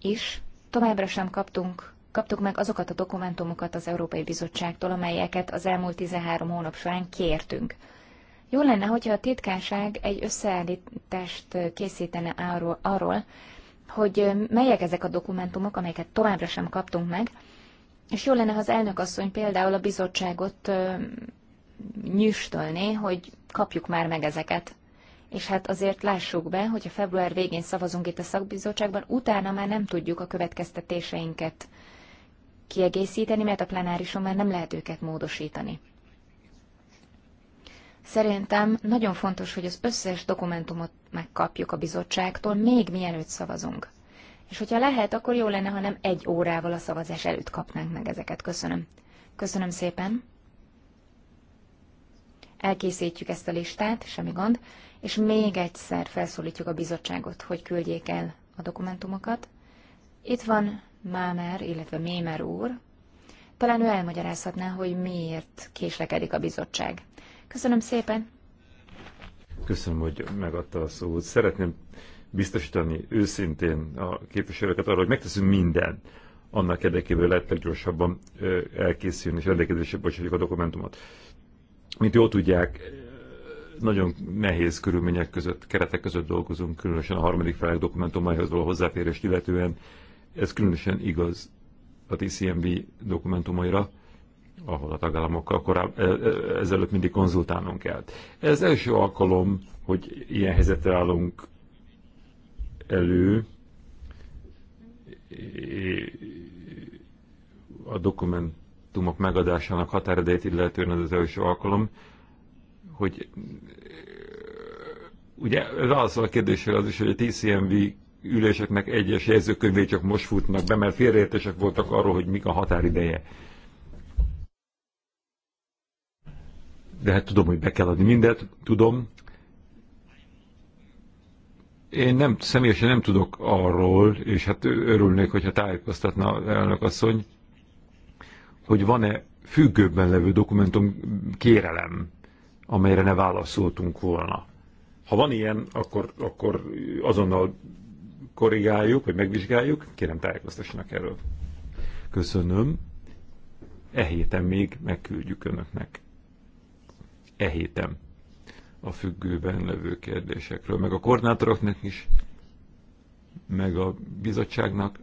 is. Továbbra sem kaptunk, kaptuk meg azokat a dokumentumokat az Európai Bizottságtól, amelyeket az elmúlt 13 hónap során kértünk. Jó lenne, hogyha a titkárság egy összeállítást készítene arról, arról, hogy melyek ezek a dokumentumok, amelyeket továbbra sem kaptunk meg, és jó lenne, ha az elnök asszony például a bizottságot nyüstölni, hogy kapjuk már meg ezeket. És hát azért lássuk be, hogy a február végén szavazunk itt a szakbizottságban, utána már nem tudjuk a következtetéseinket kiegészíteni, mert a plenárison már nem lehet őket módosítani. Szerintem nagyon fontos, hogy az összes dokumentumot megkapjuk a bizottságtól, még mielőtt szavazunk. És hogyha lehet, akkor jó lenne, ha nem egy órával a szavazás előtt kapnánk meg ezeket. Köszönöm. Köszönöm szépen. Elkészítjük ezt a listát, semmi gond, és még egyszer felszólítjuk a bizottságot, hogy küldjék el a dokumentumokat. Itt van Mámer, illetve Mémer úr. Talán ő elmagyarázhatná, hogy miért késlekedik a bizottság. Köszönöm szépen! Köszönöm, hogy megadta a szót. Szeretném biztosítani őszintén a képviselőket arra, hogy megteszünk mindent annak érdekében, hogy lehet leggyorsabban elkészülni és rendelkezésre bocsátjuk a dokumentumot. Mint jól tudják, nagyon nehéz körülmények között, keretek között dolgozunk, különösen a harmadik felek dokumentumaihoz való hozzáférést illetően. Ez különösen igaz a TCMB dokumentumaira, ahol a tagállamokkal korábban e- e- ezelőtt mindig konzultálnunk kell. Ez első alkalom, hogy ilyen helyzetre állunk elő, a dokument mandátumok megadásának határidejét illetően ez az első alkalom, hogy ugye az a kérdésre az is, hogy a TCMV üléseknek egyes jelzőkönyvé csak most futnak be, mert félreértések voltak arról, hogy mik a határideje. De hát tudom, hogy be kell adni mindet, tudom. Én nem, személyesen nem tudok arról, és hát örülnék, hogyha tájékoztatna elnök asszony, hogy van-e függőben levő dokumentum kérelem, amelyre ne válaszoltunk volna. Ha van ilyen, akkor, akkor azonnal korrigáljuk, vagy megvizsgáljuk. Kérem tájékoztassanak erről. Köszönöm. E héten még megküldjük Önöknek. E héten a függőben levő kérdésekről, meg a koordinátoroknak is, meg a bizottságnak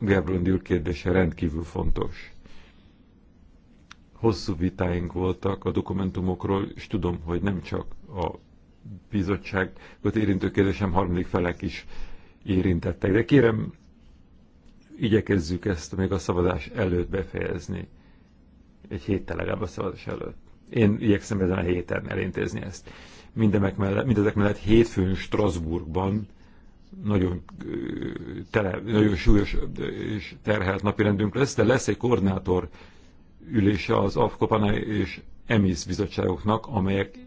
Gerbrandi úr kérdése rendkívül fontos. Hosszú vitáink voltak a dokumentumokról, és tudom, hogy nem csak a bizottságot érintő kérdésem harmadik felek is érintettek. De kérem, igyekezzük ezt még a szavazás előtt befejezni. Egy héttel legalább a szavazás előtt. Én igyekszem ezen a héten elintézni ezt. Mindemek mellett, mindezek mellett hétfőn Strasbourgban nagyon, tele, nagyon súlyos és terhelt napirendünk lesz, de lesz egy koordinátor ülése az AFKOPANA és EMIS bizottságoknak, amelyek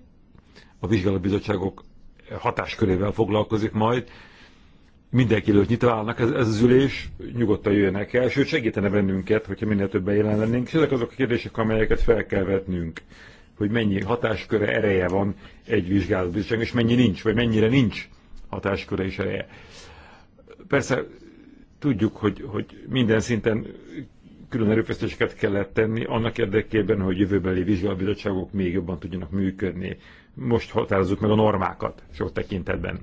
a vizsgálóbizottságok hatáskörével foglalkozik majd. Mindenki előtt nyitva állnak ez, ez az ülés, nyugodtan jöjjenek el, sőt segítene bennünket, hogyha minél többen jelen lennénk, és ezek azok a kérdések, amelyeket fel kell vetnünk, hogy mennyi hatásköre, ereje van egy bizottság és mennyi nincs, vagy mennyire nincs hatásköre és ereje. Persze tudjuk, hogy, hogy minden szinten külön erőfeszítéseket kellett tenni annak érdekében, hogy jövőbeli vizsgálóbizottságok még jobban tudjanak működni. Most határozzuk meg a normákat sok tekintetben.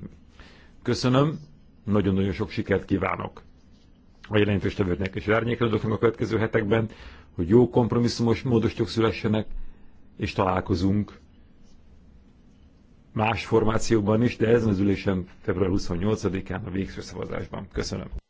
Köszönöm, nagyon-nagyon sok sikert kívánok a jelentéstevőknek és árnyékelődöknek a következő hetekben, hogy jó kompromisszumos módostok szülessenek, és találkozunk más formációban is, de ezen az ülésen február 28-án a végső szavazásban. Köszönöm.